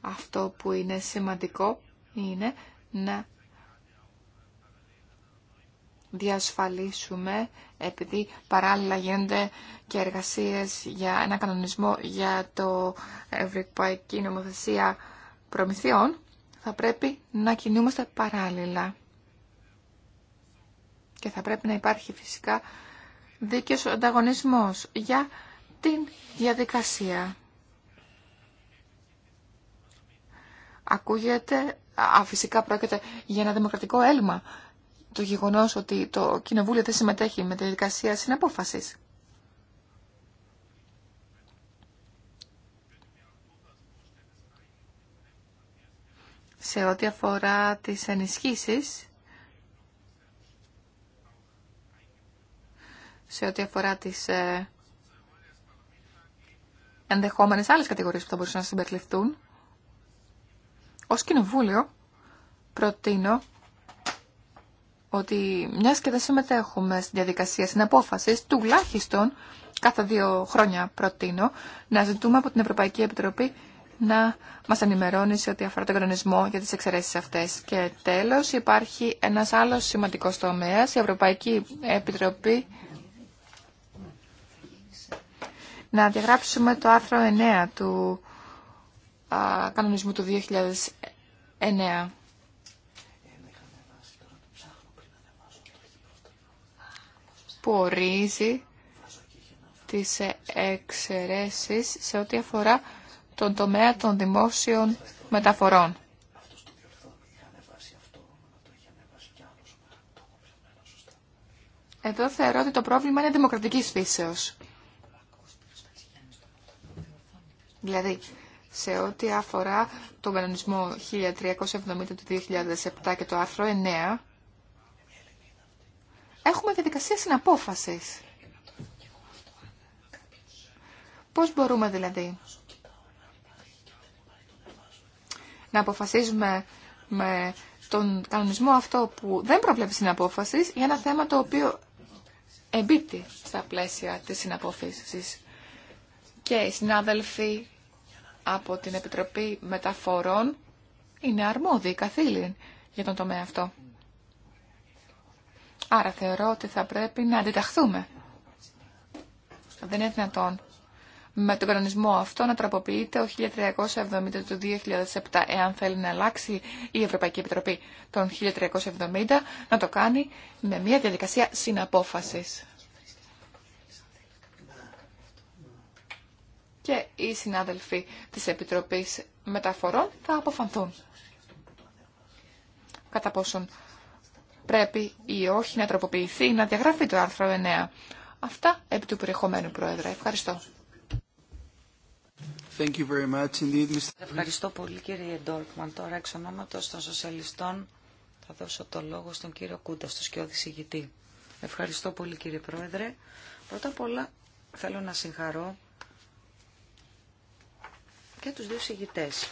Αυτό που είναι σημαντικό είναι να διασφαλίσουμε, επειδή παράλληλα γίνονται και εργασίες για ένα κανονισμό για το ευρυπαϊκή Νομοθεσία Προμηθειών, θα πρέπει να κινούμαστε παράλληλα. Και θα πρέπει να υπάρχει φυσικά δίκαιος ανταγωνισμός για την διαδικασία. Ακούγεται, α, φυσικά πρόκειται για ένα δημοκρατικό έλμα το γεγονός ότι το Κοινοβούλιο δεν συμμετέχει με τη διαδικασία συναπόφασης. Σε ό,τι αφορά τις ενισχύσεις, σε ό,τι αφορά τις ε, ενδεχόμενες άλλες κατηγορίες που θα μπορούσαν να συμπεριληφθούν. Ως κοινοβούλιο προτείνω ότι μιας και δεν συμμετέχουμε στην διαδικασία συναπόφασης, τουλάχιστον κάθε δύο χρόνια προτείνω να ζητούμε από την Ευρωπαϊκή Επιτροπή να μας ενημερώνει σε ό,τι αφορά τον κανονισμό για τις εξαιρέσεις αυτές. Και τέλος υπάρχει ένας άλλος σημαντικός τομέας, η Ευρωπαϊκή Επιτροπή να διαγράψουμε το άρθρο 9 του α, κανονισμού του 2009. που ορίζει τις εξαιρέσεις σε ό,τι αφορά τον τομέα των δημόσιων μεταφορών. Εδώ θεωρώ ότι το πρόβλημα είναι δημοκρατικής φύσεως. Δηλαδή, σε ό,τι αφορά τον κανονισμό 1370 του 2007 και το άρθρο 9, έχουμε διαδικασία συναπόφασης. Πώς μπορούμε δηλαδή να αποφασίζουμε με τον κανονισμό αυτό που δεν προβλέπει συναπόφαση για ένα θέμα το οποίο εμπίπτει στα πλαίσια της συναπόφασης. Και οι συνάδελφοι από την Επιτροπή Μεταφορών είναι αρμόδιοι καθήλυν για τον τομέα αυτό. Άρα θεωρώ ότι θα πρέπει να αντιταχθούμε. Δεν είναι δυνατόν με τον κανονισμό αυτό να τροποποιείται ο 1370 του 2007. Εάν θέλει να αλλάξει η Ευρωπαϊκή Επιτροπή τον 1370, να το κάνει με μια διαδικασία συναπόφασης. και οι συνάδελφοι της Επιτροπής Μεταφορών θα αποφανθούν κατά πόσον πρέπει ή όχι να τροποποιηθεί ή να διαγραφεί το άρθρο 9. Αυτά επί του περιεχομένου, Πρόεδρε. Ευχαριστώ. Thank you very much indeed, Mr. Ευχαριστώ πολύ κύριε Ντόρκμαν. Τώρα εξ ονόματος των σοσιαλιστών θα δώσω το λόγο στον κύριο Κούντα, στο σκιώδη συγητή. Ευχαριστώ πολύ κύριε Πρόεδρε. Πρώτα απ' όλα θέλω να συγχαρώ και τους δύο συγητές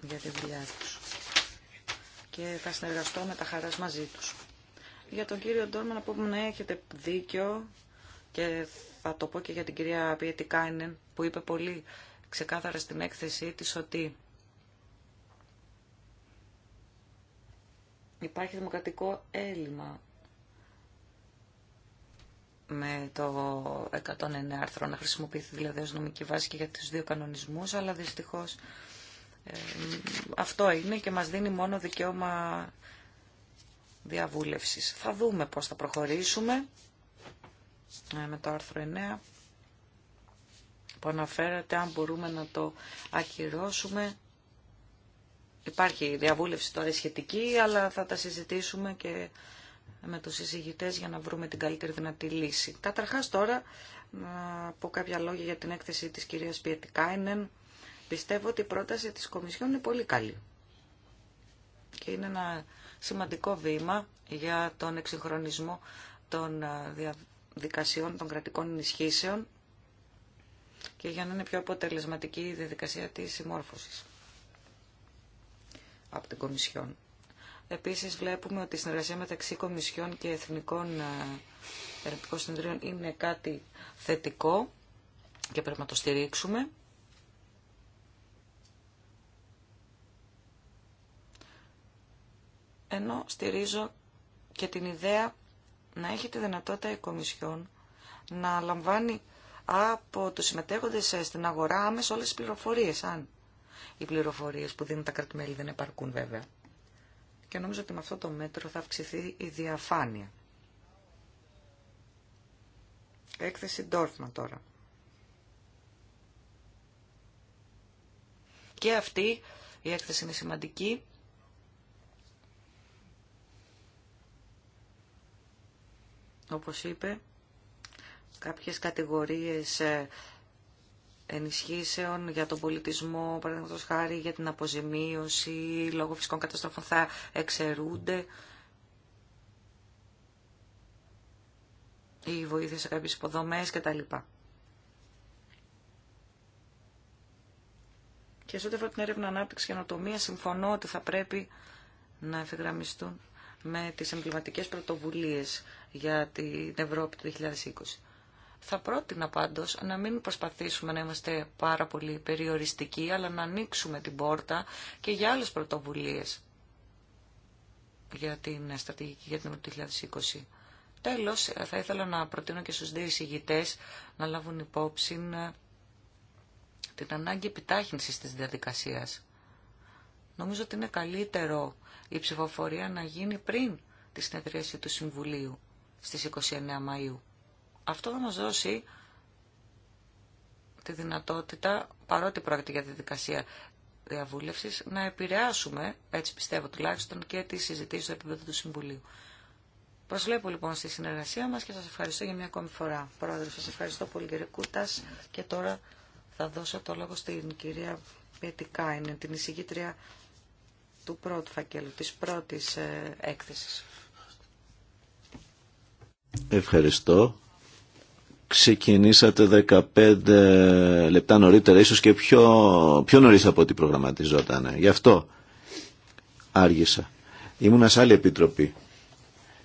για τη δουλειά τους. Και θα συνεργαστώ με τα χαράς μαζί τους. Για τον κύριο Ντόρμα να πούμε να έχετε δίκιο και θα το πω και για την κυρία Πιετικάινεν που είπε πολύ ξεκάθαρα στην έκθεσή της ότι υπάρχει δημοκρατικό έλλειμμα με το 109 άρθρο να χρησιμοποιηθεί δηλαδή ως νομική βάση και για τους δύο κανονισμούς, αλλά δυστυχώς ε, αυτό είναι και μας δίνει μόνο δικαίωμα διαβούλευσης. Θα δούμε πώς θα προχωρήσουμε ε, με το άρθρο 9 που αναφέρεται αν μπορούμε να το ακυρώσουμε. Υπάρχει διαβούλευση τώρα σχετική, αλλά θα τα συζητήσουμε και με τους εισηγητές για να βρούμε την καλύτερη δυνατή λύση. Καταρχάς τώρα να πω κάποια λόγια για την έκθεση της κυρίας Πιετικάινεν. Πιστεύω ότι η πρόταση της Κομισιόν είναι πολύ καλή και είναι ένα σημαντικό βήμα για τον εξυγχρονισμό των ε, διαδικασιών των κρατικών ενισχύσεων και για να είναι πιο αποτελεσματική η διαδικασία της συμμόρφωσης από την Κομισιόν. Επίσης βλέπουμε ότι η συνεργασία μεταξύ Κομισιών και Εθνικών ε, Ερευνητικών Συνεδρίων είναι κάτι θετικό και πρέπει να το στηρίξουμε. Ενώ στηρίζω και την ιδέα να έχει τη δυνατότητα η Κομισιόν να λαμβάνει από τους συμμετέχοντες ε, στην αγορά άμεσα όλες τις πληροφορίες, αν οι πληροφορίες που δίνουν τα κρατημέλη δεν επαρκούν βέβαια και νομίζω ότι με αυτό το μέτρο θα αυξηθεί η διαφάνεια. Έκθεση Ντόρφμα τώρα. Και αυτή η έκθεση είναι σημαντική. Όπως είπε, κάποιες κατηγορίες ε, ενισχύσεων για τον πολιτισμό, παραδείγματο χάρη για την αποζημίωση, λόγω φυσικών καταστροφών θα εξαιρούνται. ή βοήθεια σε κάποιες υποδομές κτλ. Και σε ό,τι αφορά την έρευνα ανάπτυξη και ανατομία, συμφωνώ ότι θα πρέπει να εφηγραμμιστούν με τις εμβληματικές πρωτοβουλίες για την Ευρώπη του 2020. Θα πρότεινα πάντως να μην προσπαθήσουμε να είμαστε πάρα πολύ περιοριστικοί, αλλά να ανοίξουμε την πόρτα και για άλλες πρωτοβουλίες για την στρατηγική για την 2020. Τέλος, θα ήθελα να προτείνω και στους δύο εισηγητές να λάβουν υπόψη ε, την ανάγκη επιτάχυνσης της διαδικασίας. Νομίζω ότι είναι καλύτερο η ψηφοφορία να γίνει πριν τη συνεδρίαση του Συμβουλίου στις 29 Μαΐου. Αυτό θα μας δώσει τη δυνατότητα, παρότι πρόκειται για τη δικασία διαβούλευσης, να επηρεάσουμε, έτσι πιστεύω τουλάχιστον, και τις συζητήσεις στο επίπεδο του Συμβουλίου. Προσβλέπω λοιπόν στη συνεργασία μας και σας ευχαριστώ για μια ακόμη φορά. Πρόεδρε, σας ευχαριστώ πολύ κύριε Κούτας και τώρα θα δώσω το λόγο στην κυρία Καϊνεν την εισηγήτρια του πρώτου φακέλου, της πρώτης ε, έκθεσης. Ευχαριστώ ξεκινήσατε 15 λεπτά νωρίτερα, ίσως και πιο, πιο νωρίς από ό,τι προγραμματιζόταν. Γι' αυτό άργησα. Ήμουνα σε άλλη επιτροπή.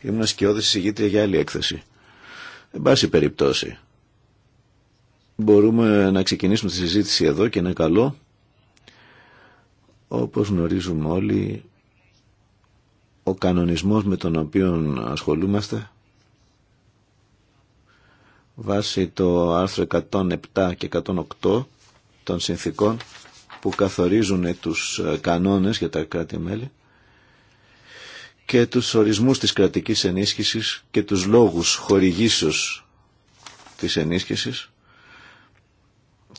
Ήμουνα σκιώδης συγγήτρια για άλλη έκθεση. Εν πάση περιπτώσει. Μπορούμε να ξεκινήσουμε τη συζήτηση εδώ και είναι καλό. Όπως γνωρίζουμε όλοι, ο κανονισμός με τον οποίο ασχολούμαστε βάσει το άρθρο 107 και 108 των συνθήκων που καθορίζουν τους ε, κανόνες για τα κράτη-μέλη και τους ορισμούς της κρατικής ενίσχυσης και τους λόγους χορηγήσεως της ενίσχυσης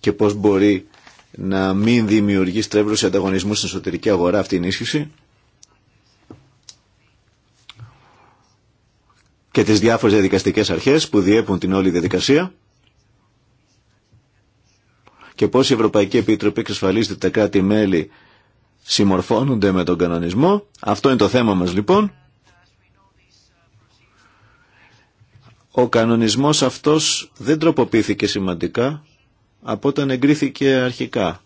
και πώς μπορεί να μην δημιουργεί στρέβλωση ανταγωνισμού στην εσωτερική αγορά αυτή η ενίσχυση και τις διάφορες διαδικαστικές αρχές που διέπουν την όλη διαδικασία και πώς η Ευρωπαϊκή Επιτροπή εξασφαλίζεται ότι τα κράτη-μέλη συμμορφώνονται με τον κανονισμό. Αυτό είναι το θέμα μας λοιπόν. Ο κανονισμός αυτός δεν τροποποιήθηκε σημαντικά από όταν εγκρίθηκε αρχικά.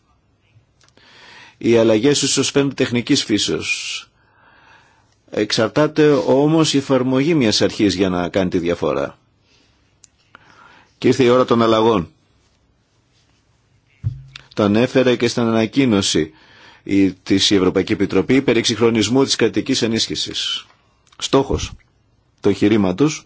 Οι αλλαγές ίσως φαίνονται τεχνικής φύσεως Εξαρτάται όμως η εφαρμογή μιας αρχής για να κάνει τη διαφορά. Και ήρθε η ώρα των αλλαγών. Το ανέφερε και στην ανακοίνωση της Ευρωπαϊκή Επιτροπή περί εξυγχρονισμού της κρατικής ενίσχυσης. Στόχος του τους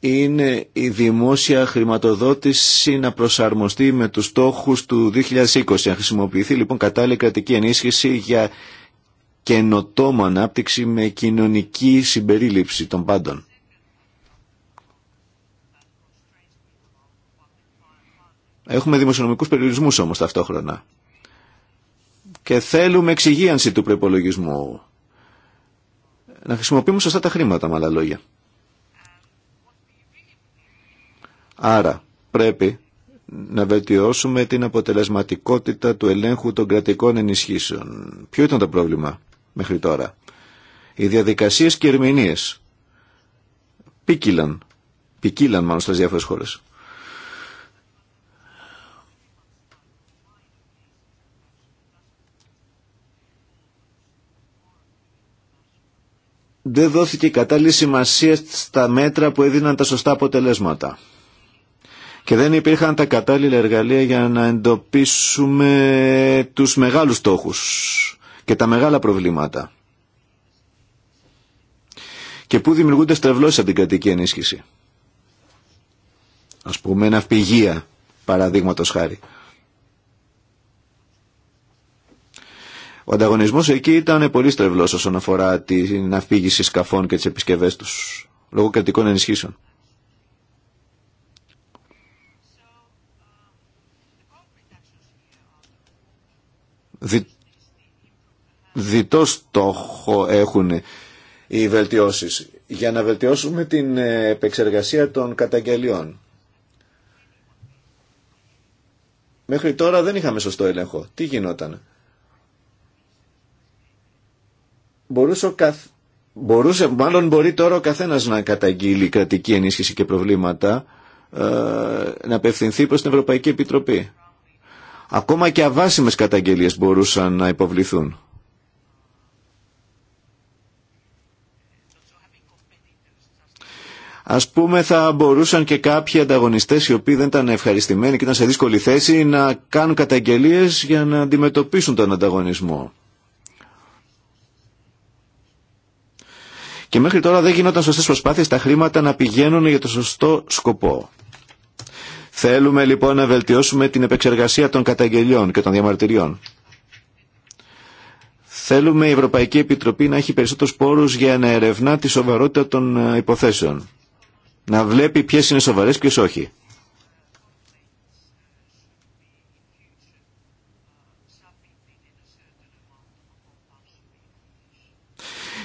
είναι η δημόσια χρηματοδότηση να προσαρμοστεί με τους στόχους του 2020. Να χρησιμοποιηθεί λοιπόν κατάλληλη κρατική ενίσχυση για καινοτόμο ανάπτυξη με κοινωνική συμπερίληψη των πάντων. Έχουμε δημοσιονομικούς περιορισμούς όμως ταυτόχρονα. Και θέλουμε εξυγίανση του προπολογισμού. Να χρησιμοποιούμε σωστά τα χρήματα με άλλα λόγια. Άρα πρέπει να βελτιώσουμε την αποτελεσματικότητα του ελέγχου των κρατικών ενισχύσεων. Ποιο ήταν το πρόβλημα μέχρι τώρα. Οι διαδικασίες και ερμηνείες πίκυλαν, πικίλαν μάλλον στις διάφορες χώρες. Δεν δόθηκε κατάλληλη σημασία στα μέτρα που έδιναν τα σωστά αποτελέσματα και δεν υπήρχαν τα κατάλληλα εργαλεία για να εντοπίσουμε τους μεγάλους στόχους και τα μεγάλα προβλήματα και πού δημιουργούνται στρεβλώσεις από την κρατική ενίσχυση. Ας πούμε ναυπηγεία παραδείγματος χάρη. Ο ανταγωνισμό εκεί ήταν πολύ στρεβλό όσον αφορά την αφήγηση σκαφών και τι επισκευέ του, λόγω κρατικών ενισχύσεων. δι, διτό στόχο έχουν οι βελτιώσεις για να βελτιώσουμε την επεξεργασία των καταγγελιών. Μέχρι τώρα δεν είχαμε σωστό έλεγχο. Τι γινόταν. Μπορούσε, καθ... μάλλον μπορεί τώρα ο καθένας να καταγγείλει κρατική ενίσχυση και προβλήματα, ε, να απευθυνθεί προς την Ευρωπαϊκή Επιτροπή. Ακόμα και αβάσιμες καταγγελίες μπορούσαν να υποβληθούν. Ας πούμε θα μπορούσαν και κάποιοι ανταγωνιστές οι οποίοι δεν ήταν ευχαριστημένοι και ήταν σε δύσκολη θέση να κάνουν καταγγελίες για να αντιμετωπίσουν τον ανταγωνισμό. Και μέχρι τώρα δεν γινόταν σωστές προσπάθειες τα χρήματα να πηγαίνουν για το σωστό σκοπό. Θέλουμε λοιπόν να βελτιώσουμε την επεξεργασία των καταγγελιών και των διαμαρτυριών. Θέλουμε η Ευρωπαϊκή Επιτροπή να έχει περισσότερους πόρους για να ερευνά τη σοβαρότητα των ε, υποθέσεων. Να βλέπει ποιε είναι σοβαρές και ποιες όχι.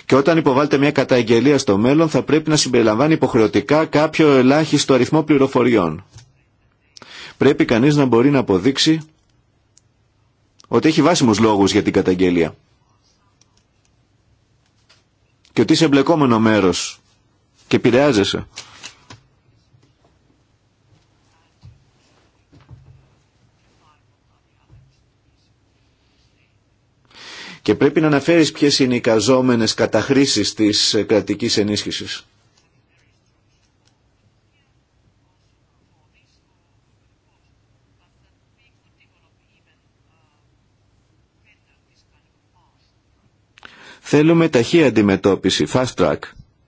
Και όταν υποβάλλεται μια καταγγελία στο μέλλον θα πρέπει να συμπεριλαμβάνει υποχρεωτικά κάποιο ελάχιστο αριθμό πληροφοριών πρέπει κανείς να μπορεί να αποδείξει ότι έχει βάσιμους λόγους για την καταγγελία και ότι είσαι εμπλεκόμενο μέρος και επηρεάζεσαι. Και πρέπει να αναφέρεις ποιες είναι οι καζόμενες καταχρήσεις της κρατικής ενίσχυσης. Θέλουμε ταχεία αντιμετώπιση, fast track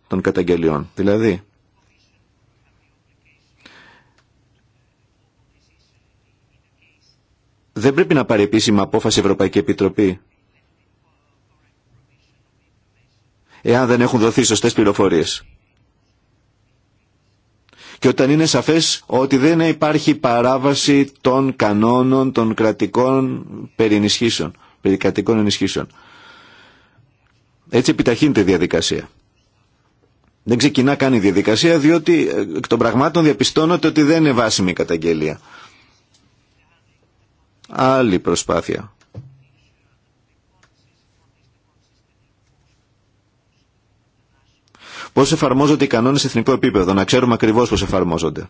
των καταγγελιών. Δηλαδή, δεν πρέπει να πάρει επίσημα απόφαση η Ευρωπαϊκή Επιτροπή εάν δεν έχουν δοθεί σωστές πληροφορίες. Και όταν είναι σαφές ότι δεν υπάρχει παράβαση των κανόνων των κρατικών περιενισχύσεων. περί ενισχύσεων. Έτσι επιταχύνεται η διαδικασία. Δεν ξεκινά καν η διαδικασία διότι ε, εκ των πραγμάτων διαπιστώνεται ότι δεν είναι βάσιμη η καταγγελία. Άλλη προσπάθεια. Πώς εφαρμόζονται οι κανόνες σε εθνικό επίπεδο, να ξέρουμε ακριβώς πώς εφαρμόζονται.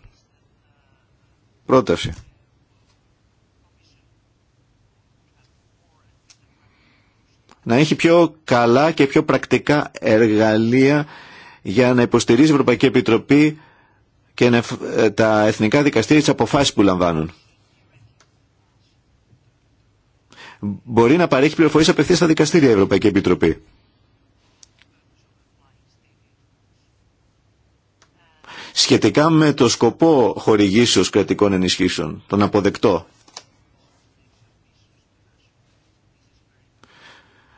Πρόταση. να έχει πιο καλά και πιο πρακτικά εργαλεία για να υποστηρίζει η Ευρωπαϊκή Επιτροπή και ε, τα εθνικά δικαστήρια τις αποφάσεις που λαμβάνουν. Μπορεί να παρέχει πληροφορίες απευθείας στα δικαστήρια η Ευρωπαϊκή Επιτροπή. Σχετικά με το σκοπό χορηγήσεως κρατικών ενισχύσεων, τον αποδεκτό,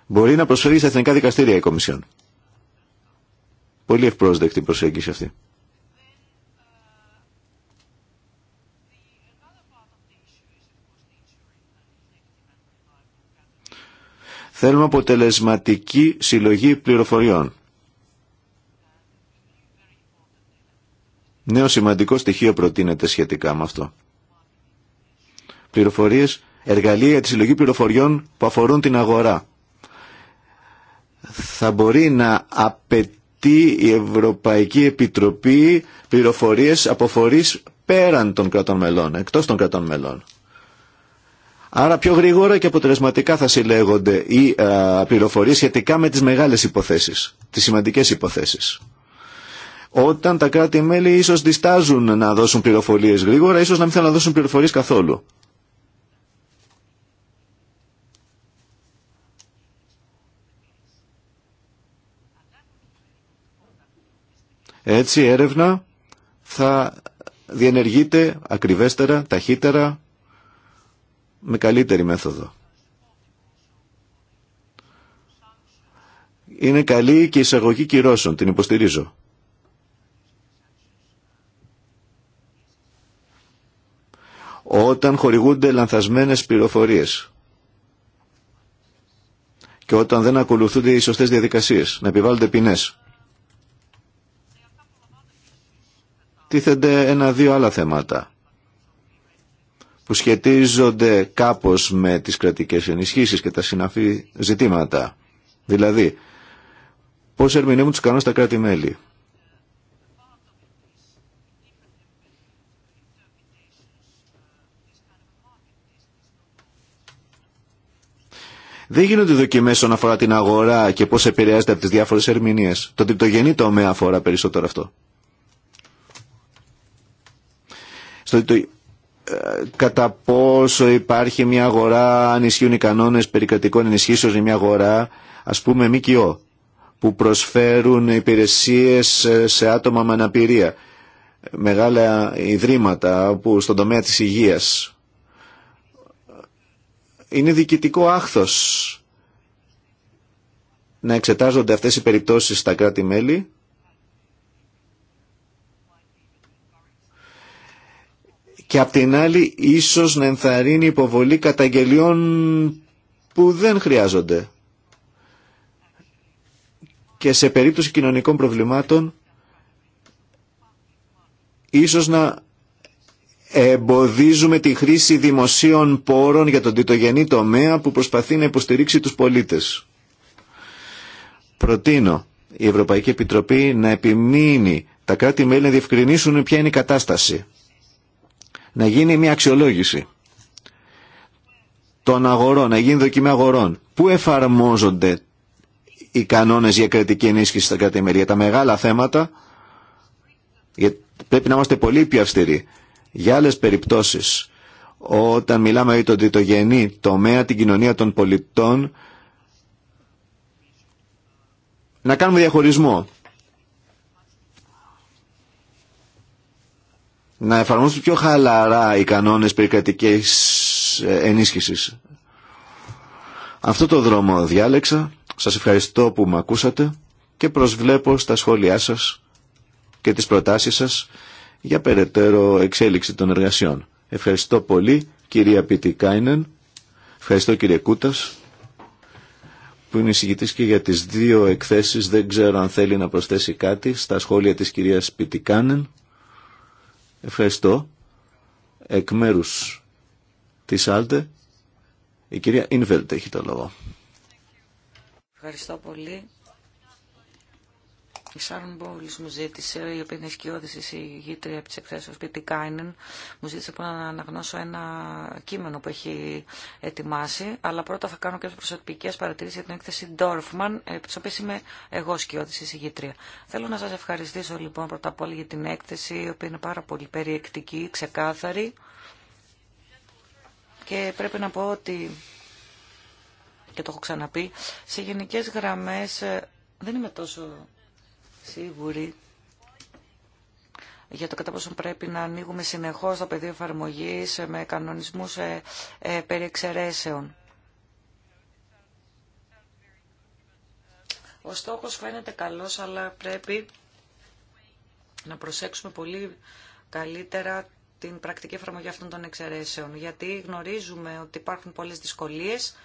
μπορεί να προσφέρει στα εθνικά δικαστήρια η Κομισιόν. Πολύ ευπρόσδεκτη προσέγγιση αυτή. Θέλουμε αποτελεσματική συλλογή πληροφοριών. Νέο σημαντικό στοιχείο προτείνεται σχετικά με αυτό. Πληροφορίες, εργαλεία για τη συλλογή πληροφοριών που αφορούν την αγορά θα μπορεί να απαιτεί η Ευρωπαϊκή Επιτροπή πληροφορίες από φορείς πέραν των κρατών μελών, εκτός των κρατών μελών. Άρα πιο γρήγορα και αποτελεσματικά θα συλλέγονται οι πληροφορίες σχετικά με τις μεγάλες υποθέσεις, τις σημαντικές υποθέσεις. Όταν τα κράτη-μέλη ίσως διστάζουν να δώσουν πληροφορίες γρήγορα, ίσως να μην θέλουν να δώσουν πληροφορίες καθόλου. Έτσι η έρευνα θα διενεργείται ακριβέστερα, ταχύτερα, με καλύτερη μέθοδο. Είναι καλή και η εισαγωγή κυρώσεων, την υποστηρίζω. Όταν χορηγούνται λανθασμένες πληροφορίες και όταν δεν ακολουθούνται οι σωστές διαδικασίες, να επιβάλλονται ποινές. τίθενται ένα-δύο άλλα θέματα που σχετίζονται κάπως με τις κρατικές ενισχύσεις και τα συναφή ζητήματα. Δηλαδή, πώς ερμηνεύουν τους κανόνες τα κράτη-μέλη. Δεν γίνονται δοκιμέ όσον αφορά την αγορά και πώ επηρεάζεται από τι διάφορε ερμηνείε. Το τυπτογενή τομέα αφορά περισσότερο αυτό. στο ε, κατά πόσο υπάρχει μια αγορά, αν ισχύουν οι κανόνες περικρατικών μια αγορά, ας πούμε ΜΚΟ, που προσφέρουν υπηρεσίες σε άτομα με αναπηρία, μεγάλα ιδρύματα που στον τομέα της υγείας. Είναι διοικητικό άχθος να εξετάζονται αυτές οι περιπτώσεις στα κράτη-μέλη και απ' την άλλη ίσως να ενθαρρύνει υποβολή καταγγελιών που δεν χρειάζονται. Και σε περίπτωση κοινωνικών προβλημάτων ίσως να εμποδίζουμε τη χρήση δημοσίων πόρων για τον τιτογενή τομέα που προσπαθεί να υποστηρίξει τους πολίτες. Προτείνω η Ευρωπαϊκή Επιτροπή να επιμείνει τα κράτη-μέλη να διευκρινίσουν ποια είναι η κατάσταση να γίνει μια αξιολόγηση των αγορών, να γίνει δοκιμή αγορών. Πού εφαρμόζονται οι κανόνες για κρατική ενίσχυση στα κρατη τα μεγάλα θέματα πρέπει να είμαστε πολύ πιο αυστηροί. Για άλλε περιπτώσεις, όταν μιλάμε για τον τριτογενή τομέα, την κοινωνία των πολιτών, να κάνουμε διαχωρισμό να εφαρμόσουν πιο χαλαρά οι κανόνες περικρατικής ε, ενίσχυσης. Αυτό το δρόμο διάλεξα. Σας ευχαριστώ που με ακούσατε και προσβλέπω στα σχόλιά σας και τις προτάσεις σας για περαιτέρω εξέλιξη των εργασιών. Ευχαριστώ πολύ κυρία Πίτη ευχαριστώ κύριε Κούτας που είναι εισηγητής και για τις δύο εκθέσεις. Δεν ξέρω αν θέλει να προσθέσει κάτι στα σχόλια της κυρίας Πιτικάνεν. Ευχαριστώ. Εκ μέρου τη Άλτε, η κυρία Ινβέλτ έχει το λόγο. Ευχαριστώ πολύ. Η Σάρων Μπόλη μου ζήτησε, η οποία είναι σκιώδη γήτρια από τι εκθέσει Κάινεν, μου ζήτησε να αναγνώσω ένα κείμενο που έχει ετοιμάσει. Αλλά πρώτα θα κάνω και προσωπικέ παρατηρήσει για την έκθεση Dorfman, τη οποία είμαι εγώ σκιώδη εισηγήτρια. Θέλω να σα ευχαριστήσω λοιπόν πρώτα απ' όλα για την έκθεση, η οποία είναι πάρα πολύ περιεκτική, ξεκάθαρη. Και πρέπει να πω ότι και το έχω ξαναπεί, σε γενικέ γραμμέ ε, δεν είμαι τόσο σίγουροι για το κατά πόσο πρέπει να ανοίγουμε συνεχώς το πεδίο εφαρμογή με κανονισμούς ε, ε, περί εξαιρέσεων. Ο στόχος φαίνεται καλός, αλλά πρέπει να προσέξουμε πολύ καλύτερα την πρακτική εφαρμογή αυτών των εξαιρέσεων, γιατί γνωρίζουμε ότι υπάρχουν πολλές δυσκολίες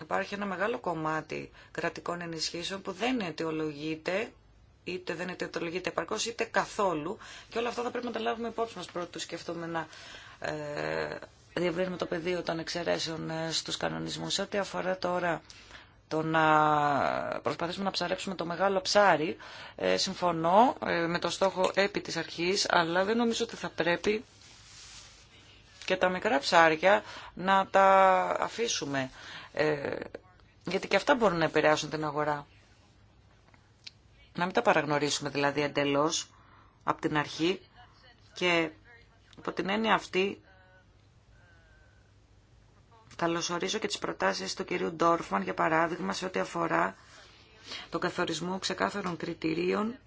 Υπάρχει ένα μεγάλο κομμάτι κρατικών ενισχύσεων που δεν αιτιολογείται, είτε δεν αιτιολογείται επαρκώ, είτε καθόλου. Και όλα αυτά θα πρέπει να τα λάβουμε υπόψη μα πρώτου σκεφτούμε να ε, διευρύνουμε το πεδίο των εξαιρέσεων ε, στους κανονισμούς. ό,τι αφορά τώρα το να προσπαθήσουμε να ψαρέψουμε το μεγάλο ψάρι, ε, συμφωνώ ε, με το στόχο επί της αρχής, αλλά δεν νομίζω ότι θα πρέπει και τα μικρά ψάρια να τα αφήσουμε ε, γιατί και αυτά μπορούν να επηρεάσουν την αγορά. Να μην τα παραγνωρίσουμε δηλαδή εντελώς από την αρχή και από την έννοια αυτή καλωσορίζω και τις προτάσεις του κυρίου Ντόρφμαν για παράδειγμα σε ό,τι αφορά το καθορισμό ξεκάθαρων κριτηρίων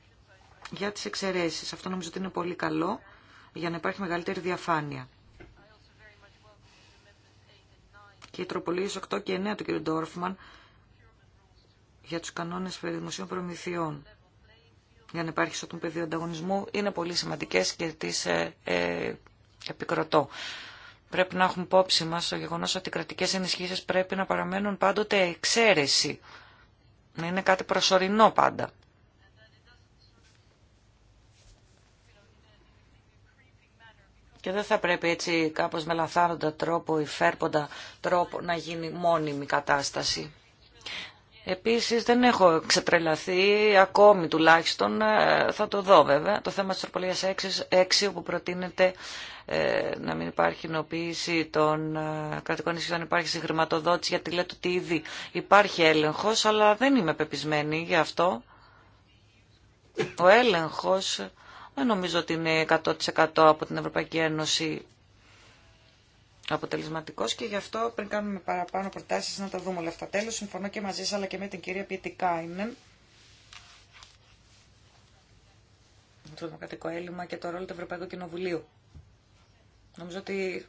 για τις εξαιρέσεις. Αυτό νομίζω ότι είναι πολύ καλό για να υπάρχει μεγαλύτερη διαφάνεια. και οι τροπολογίες 8 και 9 του κ. Ντόρφμαν για του κανόνες περί δημοσίων προμηθειών για να υπάρχει ισότιμο πεδίο ανταγωνισμού είναι πολύ σημαντικές και τι ε, ε, επικροτώ. Πρέπει να έχουμε υπόψη μας το γεγονό ότι οι κρατικές ενισχύσει πρέπει να παραμένουν πάντοτε εξαίρεση, να είναι κάτι προσωρινό πάντα. Και δεν θα πρέπει έτσι κάπως με λαθάνοντα τρόπο ή φέρποντα τρόπο να γίνει μόνιμη κατάσταση. Επίσης δεν έχω ξετρελαθεί, ακόμη τουλάχιστον, ε, θα το δω βέβαια, το θέμα της τροπολίας 6, 6 όπου προτείνεται ε, να μην υπάρχει νοποίηση των ε, κρατικών ισχυρών, υπάρχει συγχρηματοδότηση, γιατί λέτε ότι ήδη υπάρχει έλεγχος, αλλά δεν είμαι πεπισμένη γι' αυτό. Ο έλεγχος δεν νομίζω ότι είναι 100% από την Ευρωπαϊκή Ένωση αποτελεσματικός και γι' αυτό πριν κάνουμε παραπάνω προτάσεις να τα δούμε όλα αυτά. Τέλος, συμφωνώ και μαζί σας αλλά και με την κυρία Πιετικά είναι το δημοκρατικό έλλειμμα και το ρόλο του Ευρωπαϊκού Κοινοβουλίου. Νομίζω ότι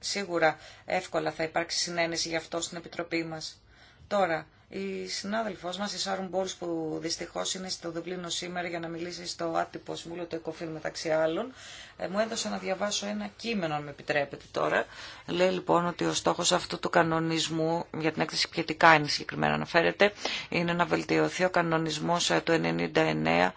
σίγουρα εύκολα θα υπάρξει συνένεση γι' αυτό στην Επιτροπή μας. Τώρα, η συνάδελφός μας, η Σάρουν που δυστυχώς είναι στο Δουβλίνο σήμερα για να μιλήσει στο άτυπο συμβούλιο του ΕΚΟΦΗΝ μεταξύ άλλων, ε, μου έδωσε να διαβάσω ένα κείμενο, αν με επιτρέπετε τώρα. Λέει λοιπόν ότι ο στόχος αυτού του κανονισμού για την έκθεση ποιητικά είναι συγκεκριμένα αναφέρεται, είναι να βελτιωθεί ο κανονισμός ε, του 99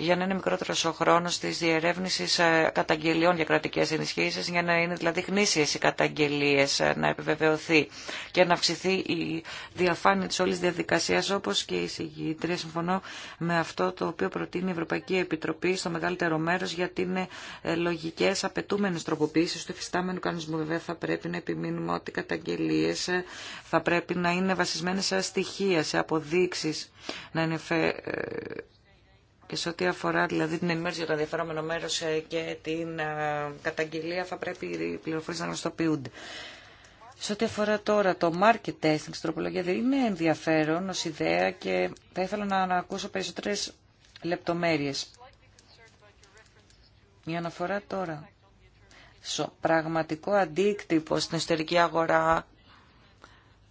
για να είναι μικρότερο ο χρόνο τη διερεύνηση ε, καταγγελιών για κρατικέ ενισχύσει, για να είναι δηλαδή γνήσιε οι καταγγελίε, ε, να επιβεβαιωθεί και να αυξηθεί η διαφάνεια τη όλη διαδικασία, όπω και η συγγήτρια. Συμφωνώ με αυτό το οποίο προτείνει η Ευρωπαϊκή Επιτροπή στο μεγαλύτερο μέρο, γιατί είναι ε, λογικέ απαιτούμενε τροποποίησει του εφιστάμενου κανονισμού. Βέβαια, θα πρέπει να επιμείνουμε ότι οι καταγγελίε θα πρέπει να είναι βασισμένε σε στοιχεία, σε αποδείξει, να και σε ό,τι αφορά δηλαδή την ενημέρωση για το ενδιαφερόμενο μέρο ε, και την ε, καταγγελία θα πρέπει οι πληροφορίε να γνωστοποιούνται. Σε ό,τι αφορά τώρα το market testing στην τροπολογία, δεν είναι ενδιαφέρον ω ιδέα και θα ήθελα να ακούσω περισσότερε λεπτομέρειε. Η αναφορά τώρα στο πραγματικό αντίκτυπο στην εσωτερική αγορά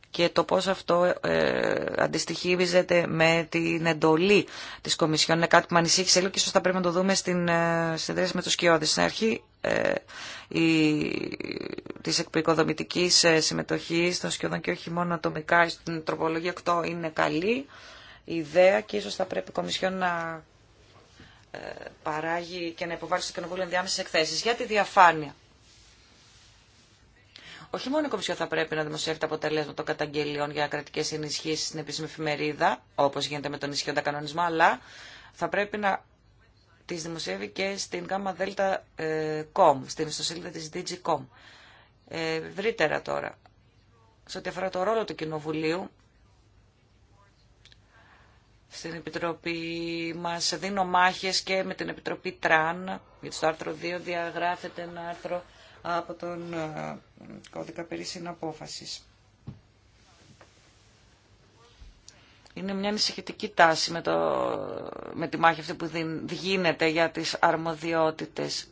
και το πώς αυτό ε, αντιστοιχίζεται με την εντολή της Κομισιόν. Είναι κάτι που με ανησύχησε λίγο και ίσως θα πρέπει να το δούμε στην ε, με τους Σκιώδη. Στην αρχή ε, η, της εκπαικοδομητικής ε, συμμετοχής των Σκιώδων και όχι μόνο ατομικά στην τροπολογία 8 είναι καλή ιδέα και ίσως θα πρέπει η Κομισιόν να ε, παράγει και να υποβάλει στο Κοινοβούλιο ενδιάμεσες εκθέσεις. Για τη διαφάνεια όχι μόνο η Κομισιό θα πρέπει να δημοσιεύει τα αποτελέσματα των καταγγελιών για κρατικέ ενισχύσει στην επίσημη εφημερίδα, όπω γίνεται με τον ισχύοντα κανονισμό, αλλά θα πρέπει να τι δημοσιεύει και στην gmail.com, ε, στην ιστοσελίδα τη DigiCom. Βρύτερα ε, τώρα, σε ό,τι αφορά το ρόλο του Κοινοβουλίου, στην Επιτροπή μας δίνω μάχες και με την Επιτροπή Τραν, γιατί στο άρθρο 2 διαγράφεται ένα άρθρο από τον ε, κώδικα περί συναπόφασης. Είναι μια ανησυχητική τάση με, το, με τη μάχη αυτή που γίνεται για τις αρμοδιότητες.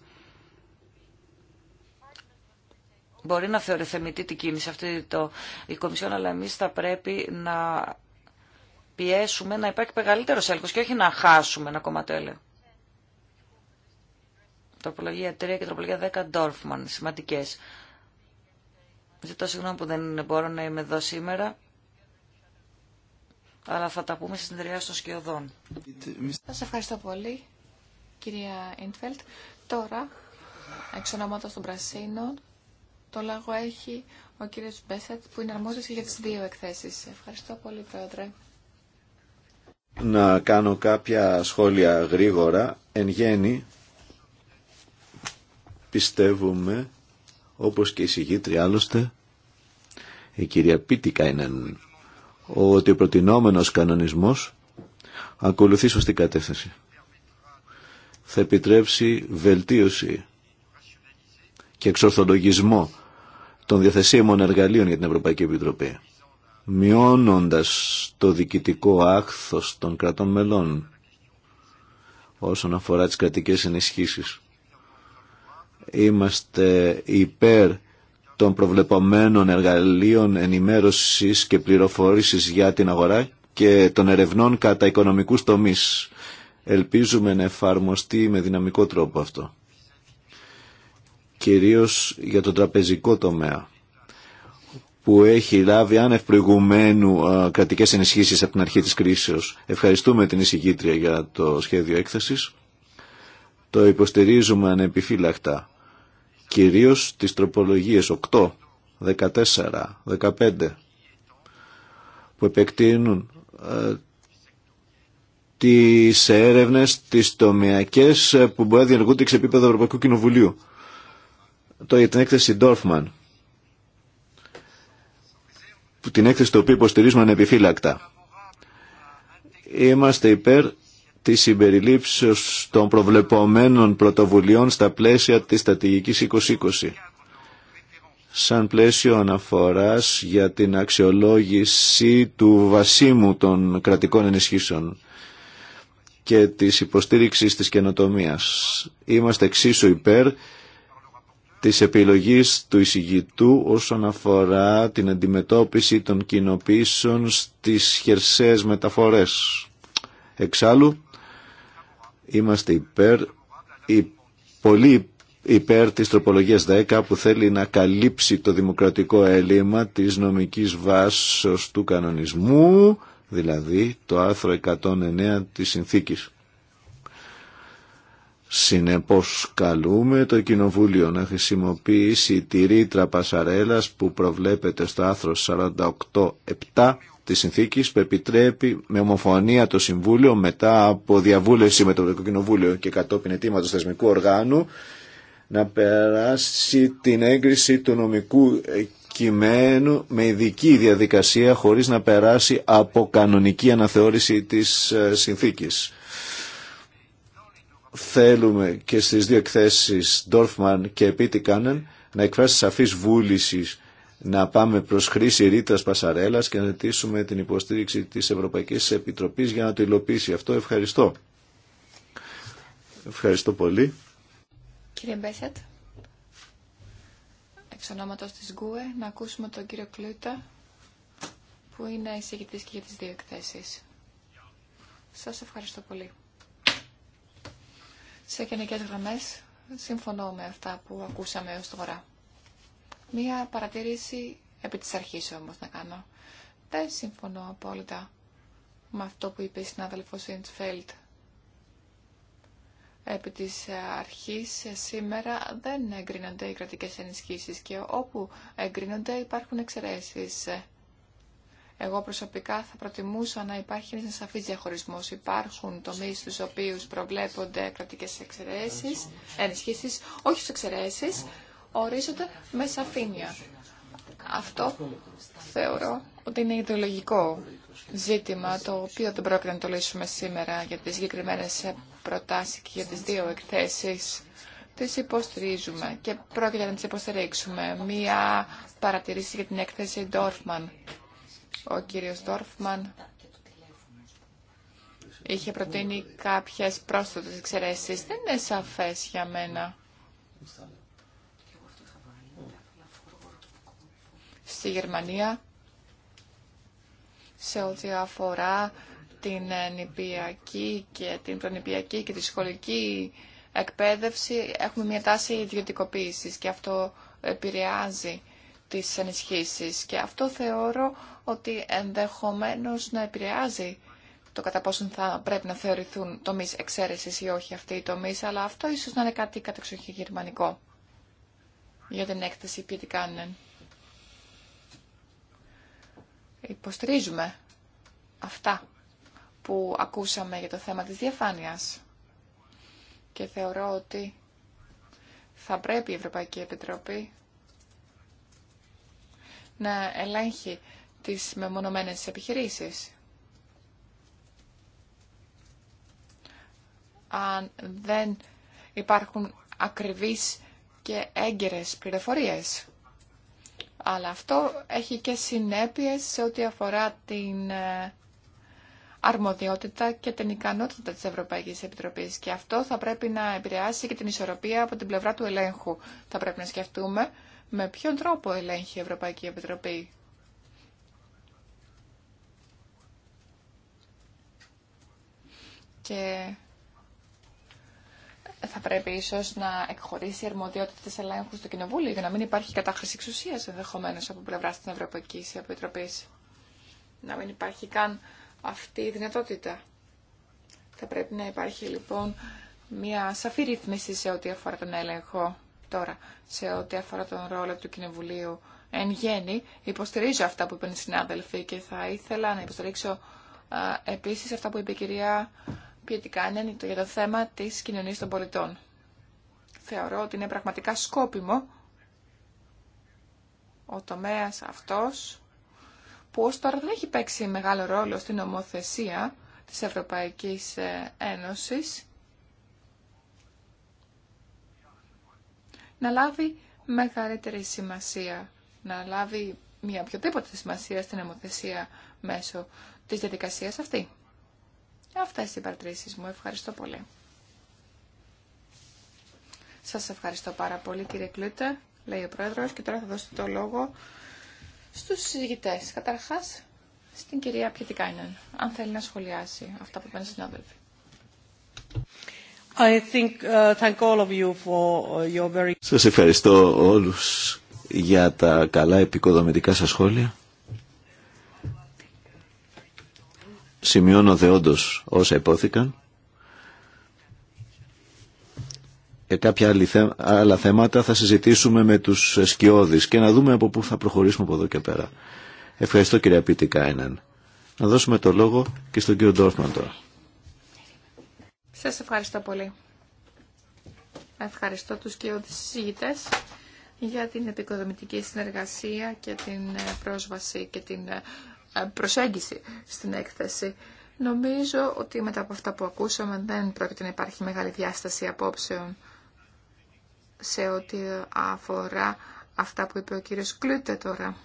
Μπορεί να θεωρεί θεμητή την κίνηση αυτή το, η Κομισιόν, αλλά εμεί θα πρέπει να πιέσουμε να υπάρχει μεγαλύτερο έλεγχος και όχι να χάσουμε ένα κομμάτι Τροπολογία 3 και τροπολογία 10 Ντόρφμαν. Σημαντικές. Ζητώ συγγνώμη που δεν μπορώ να είμαι εδώ σήμερα. Αλλά θα τα πούμε στην συνεδρία των σκιωδών. Σα ευχαριστώ πολύ, κυρία Ίντφελτ. Τώρα, εξ ονομάτων των Πρασίνων, το λόγο έχει ο κύριος Μπέσετ που είναι αρμόδιος για τις δύο εκθέσεις. Ευχαριστώ πολύ, Πρόεδρε. Να κάνω κάποια σχόλια γρήγορα. Εν γέννη, πιστεύουμε, όπως και η συγγήτρια άλλωστε, η κυρία Πίτη ότι ο προτινόμενος κανονισμός ακολουθεί σωστή κατεύθυνση. Θα επιτρέψει βελτίωση και εξορθολογισμό των διαθεσίμων εργαλείων για την Ευρωπαϊκή Επιτροπή, μειώνοντας το διοικητικό άχθος των κρατών μελών όσον αφορά τις κρατικές ενισχύσεις. Είμαστε υπέρ των προβλεπωμένων εργαλείων ενημέρωσης και πληροφόρησης για την αγορά και των ερευνών κατά οικονομικούς τομείς. Ελπίζουμε να εφαρμοστεί με δυναμικό τρόπο αυτό. Κυρίως για τον τραπεζικό τομέα που έχει λάβει άνευ προηγουμένου κρατικές ενισχύσεις από την αρχή της κρίσεως. Ευχαριστούμε την εισηγήτρια για το σχέδιο έκθεσης. Το υποστηρίζουμε ανεπιφύλακτα κυρίως τις τροπολογίες 8, 14, 15 που επεκτείνουν τι ε, τις έρευνες, τις ε, που μπορεί να διενεργούνται σε επίπεδο Ευρωπαϊκού Κοινοβουλίου. Το για την έκθεση Dorfman που την έκθεση το οποίο υποστηρίζουμε ανεπιφύλακτα. Είμαστε υπέρ τη συμπεριλήψεως των προβλεπωμένων πρωτοβουλειών στα πλαίσια της στρατηγικής 2020 σαν πλαίσιο αναφοράς για την αξιολόγηση του βασίμου των κρατικών ενισχύσεων και της υποστήριξης της καινοτομίας. Είμαστε εξίσου υπέρ της επιλογής του εισηγητού όσον αφορά την αντιμετώπιση των κοινοποίησεων στις χερσαίες μεταφορές. Εξάλλου, Είμαστε υπέρ, πολύ υπέρ της τροπολογίας 10 που θέλει να καλύψει το δημοκρατικό έλλειμμα της νομικής βάσης του κανονισμού, δηλαδή το άρθρο 109 της συνθήκης. Συνεπώς καλούμε το Κοινοβούλιο να χρησιμοποιήσει τη ρήτρα πασαρέλας που προβλέπεται στο άρθρο 48.7 της συνθήκης που επιτρέπει με ομοφωνία το Συμβούλιο μετά από διαβούλευση με το Ευρωπαϊκό Κοινοβούλιο και κατόπιν αιτήματος θεσμικού οργάνου να περάσει την έγκριση του νομικού κειμένου με ειδική διαδικασία χωρίς να περάσει από κανονική αναθεώρηση της ε, συνθήκης. Θέλουμε και στις δύο εκθέσεις Dorfman και Επίτη Κάνεν να εκφράσει σαφής βούλησης να πάμε προς χρήση ρήτρας πασαρέλας και να ζητήσουμε την υποστήριξη της Ευρωπαϊκής Επιτροπής για να το υλοποιήσει. Αυτό ευχαριστώ. Ευχαριστώ πολύ. Κύριε Μπέσετ, εξ ονόματος της ΓΚΟΕ, να ακούσουμε τον κύριο Κλούτα, που είναι εισηγητής και για τις δύο εκθέσεις. Σας ευχαριστώ πολύ. Σε γενικές γραμμές, συμφωνώ με αυτά που ακούσαμε έως τώρα. Μία παρατηρήση επί της αρχής όμως να κάνω. Δεν συμφωνώ απόλυτα με αυτό που είπε η συνάδελφος Ιντσφέλτ. Επί της αρχής σήμερα δεν εγκρίνονται οι κρατικές ενισχύσεις και όπου εγκρίνονται υπάρχουν εξαιρέσεις. Εγώ προσωπικά θα προτιμούσα να υπάρχει ένα σαφή διαχωρισμό. Υπάρχουν τομεί στου οποίου προβλέπονται κρατικέ ενισχύσει, όχι εξαιρέσει, ορίζονται με σαφήνεια. Αυτό θεωρώ ότι είναι ιδεολογικό ζήτημα το οποίο δεν πρόκειται να το λύσουμε σήμερα για τις συγκεκριμένε προτάσεις και για τις δύο εκθέσεις. Τις υποστηρίζουμε και πρόκειται να τις υποστηρίξουμε. Μία παρατηρήση για την έκθεση Dorfman. Ο κύριος Dorfman είχε προτείνει κάποιες πρόσθετες εξαιρέσεις. Δεν είναι σαφές για μένα στη Γερμανία σε ό,τι αφορά την νηπιακή και την προνηπιακή και τη σχολική εκπαίδευση έχουμε μια τάση ιδιωτικοποίηση και αυτό επηρεάζει τις ενισχύσεις και αυτό θεωρώ ότι ενδεχομένως να επηρεάζει το κατά πόσον θα πρέπει να θεωρηθούν τομείς εξαίρεσης ή όχι αυτοί οι τομείς, αλλά αυτό ίσως να είναι κάτι κατεξοχή γερμανικό για την έκθεση τι ναι. Υποστηρίζουμε αυτά που ακούσαμε για το θέμα της διαφάνειας και θεωρώ ότι θα πρέπει η Ευρωπαϊκή Επιτροπή να ελέγχει τις μεμονωμένες επιχειρήσεις. Αν δεν υπάρχουν ακριβείς και έγκαιρες πληροφορίες. Αλλά αυτό έχει και συνέπειες σε ό,τι αφορά την ε, αρμοδιότητα και την ικανότητα της Ευρωπαϊκής Επιτροπής. Και αυτό θα πρέπει να επηρεάσει και την ισορροπία από την πλευρά του ελέγχου. Θα πρέπει να σκεφτούμε με ποιον τρόπο ελέγχει η Ευρωπαϊκή Επιτροπή. Και θα πρέπει ίσω να εκχωρήσει αρμοδιότητε ελέγχου στο Κοινοβούλιο για να μην υπάρχει κατάχρηση εξουσία ενδεχομένω από πλευρά τη Ευρωπαϊκή Επιτροπή. Να μην υπάρχει καν αυτή η δυνατότητα. Θα πρέπει να υπάρχει λοιπόν μια σαφή ρύθμιση σε ό,τι αφορά τον έλεγχο τώρα, σε ό,τι αφορά τον ρόλο του Κοινοβουλίου. Εν γέννη, υποστηρίζω αυτά που είπαν οι συνάδελφοι και θα ήθελα να υποστηρίξω επίσης αυτά που είπε η κυρία ποιοτικά είναι για το θέμα της κοινωνίας των πολιτών. Θεωρώ ότι είναι πραγματικά σκόπιμο ο τομέας αυτός που ως τώρα δεν έχει παίξει μεγάλο ρόλο στην ομοθεσία της Ευρωπαϊκής ε, Ένωσης να λάβει μεγαλύτερη σημασία, να λάβει μια οποιοδήποτε σημασία στην ομοθεσία μέσω της διαδικασίας αυτή. Αυτές οι παρτρήσεις μου. Ευχαριστώ πολύ. Σας ευχαριστώ πάρα πολύ κύριε Κλούτε, λέει ο Πρόεδρος και τώρα θα δώσω το λόγο στους συζητητές. Καταρχάς, στην κυρία Πιετικάινεν, αν θέλει να σχολιάσει αυτά που πάνε συνάδελφοι. I think, uh, thank all of you for uh, your very... Σας ευχαριστώ όλους για τα καλά επικοδομητικά σας σχόλια. Σημειώνω όντως όσα υπόθηκαν. και ε, κάποια άλλα θέματα θα συζητήσουμε με τους σκιώδεις και να δούμε από πού θα προχωρήσουμε από εδώ και πέρα. Ευχαριστώ κύριε Πίτη Κάιναν. Να δώσουμε το λόγο και στον κύριο Ντόρφμαν τώρα. Σας ευχαριστώ πολύ. Ευχαριστώ τους και συζητητές για την επικοδομητική συνεργασία και την πρόσβαση και την ε, ε, προσέγγιση στην έκθεση. Νομίζω ότι μετά από αυτά που ακούσαμε δεν πρόκειται να υπάρχει μεγάλη διάσταση απόψεων σε ό,τι αφορά αυτά που είπε ο κύριος Κλούτε τώρα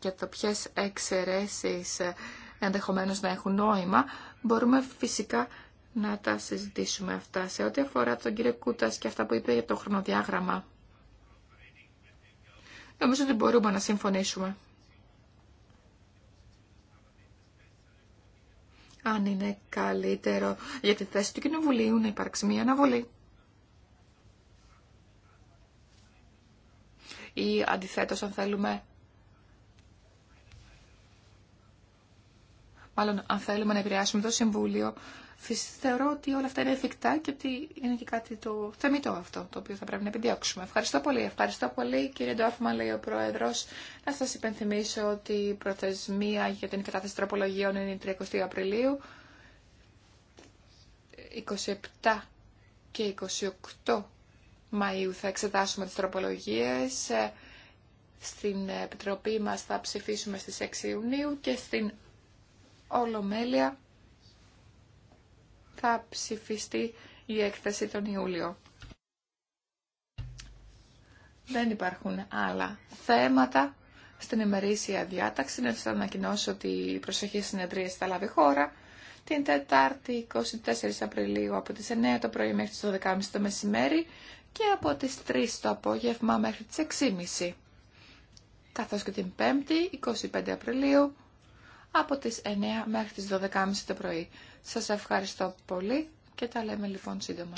για το ποιε εξαιρέσεις ε, ενδεχομένως να έχουν νόημα, μπορούμε φυσικά να τα συζητήσουμε αυτά. Σε ό,τι αφορά τον κύριο Κούτας και αυτά που είπε για το χρονοδιάγραμμα, νομίζω ότι μπορούμε να συμφωνήσουμε. αν είναι καλύτερο για τη θέση του Κοινοβουλίου να υπάρξει μια αναβολή. Ή αντιθέτως αν θέλουμε... Μάλλον αν θέλουμε να επηρεάσουμε το Συμβούλιο θεωρώ ότι όλα αυτά είναι εφικτά και ότι είναι και κάτι το θεμητό αυτό το οποίο θα πρέπει να επιδιώξουμε. Ευχαριστώ πολύ. Ευχαριστώ πολύ κύριε Ντόφμα, λέει ο Πρόεδρος. Να σας υπενθυμίσω ότι η προθεσμία για την κατάθεση τροπολογίων είναι η 30 Απριλίου. 27 και 28 Μαΐου θα εξετάσουμε τις τροπολογίες. Στην Επιτροπή μας θα ψηφίσουμε στις 6 Ιουνίου και στην Ολομέλεια θα ψηφιστεί η έκθεση τον Ιούλιο. Δεν υπάρχουν άλλα θέματα στην ημερήσια διάταξη. Να σας ανακοινώσω ότι η προσοχή συνεδρίαση θα λάβει χώρα την Τετάρτη 24 Απριλίου από τις 9 το πρωί μέχρι τις 12.30 το μεσημέρι και από τις 3 το απόγευμα μέχρι τις 6.30. Καθώς και την 5η 25 Απριλίου από τις 9 μέχρι τις 12.30 το πρωί. Σας ευχαριστώ πολύ και τα λέμε λοιπόν σύντομα.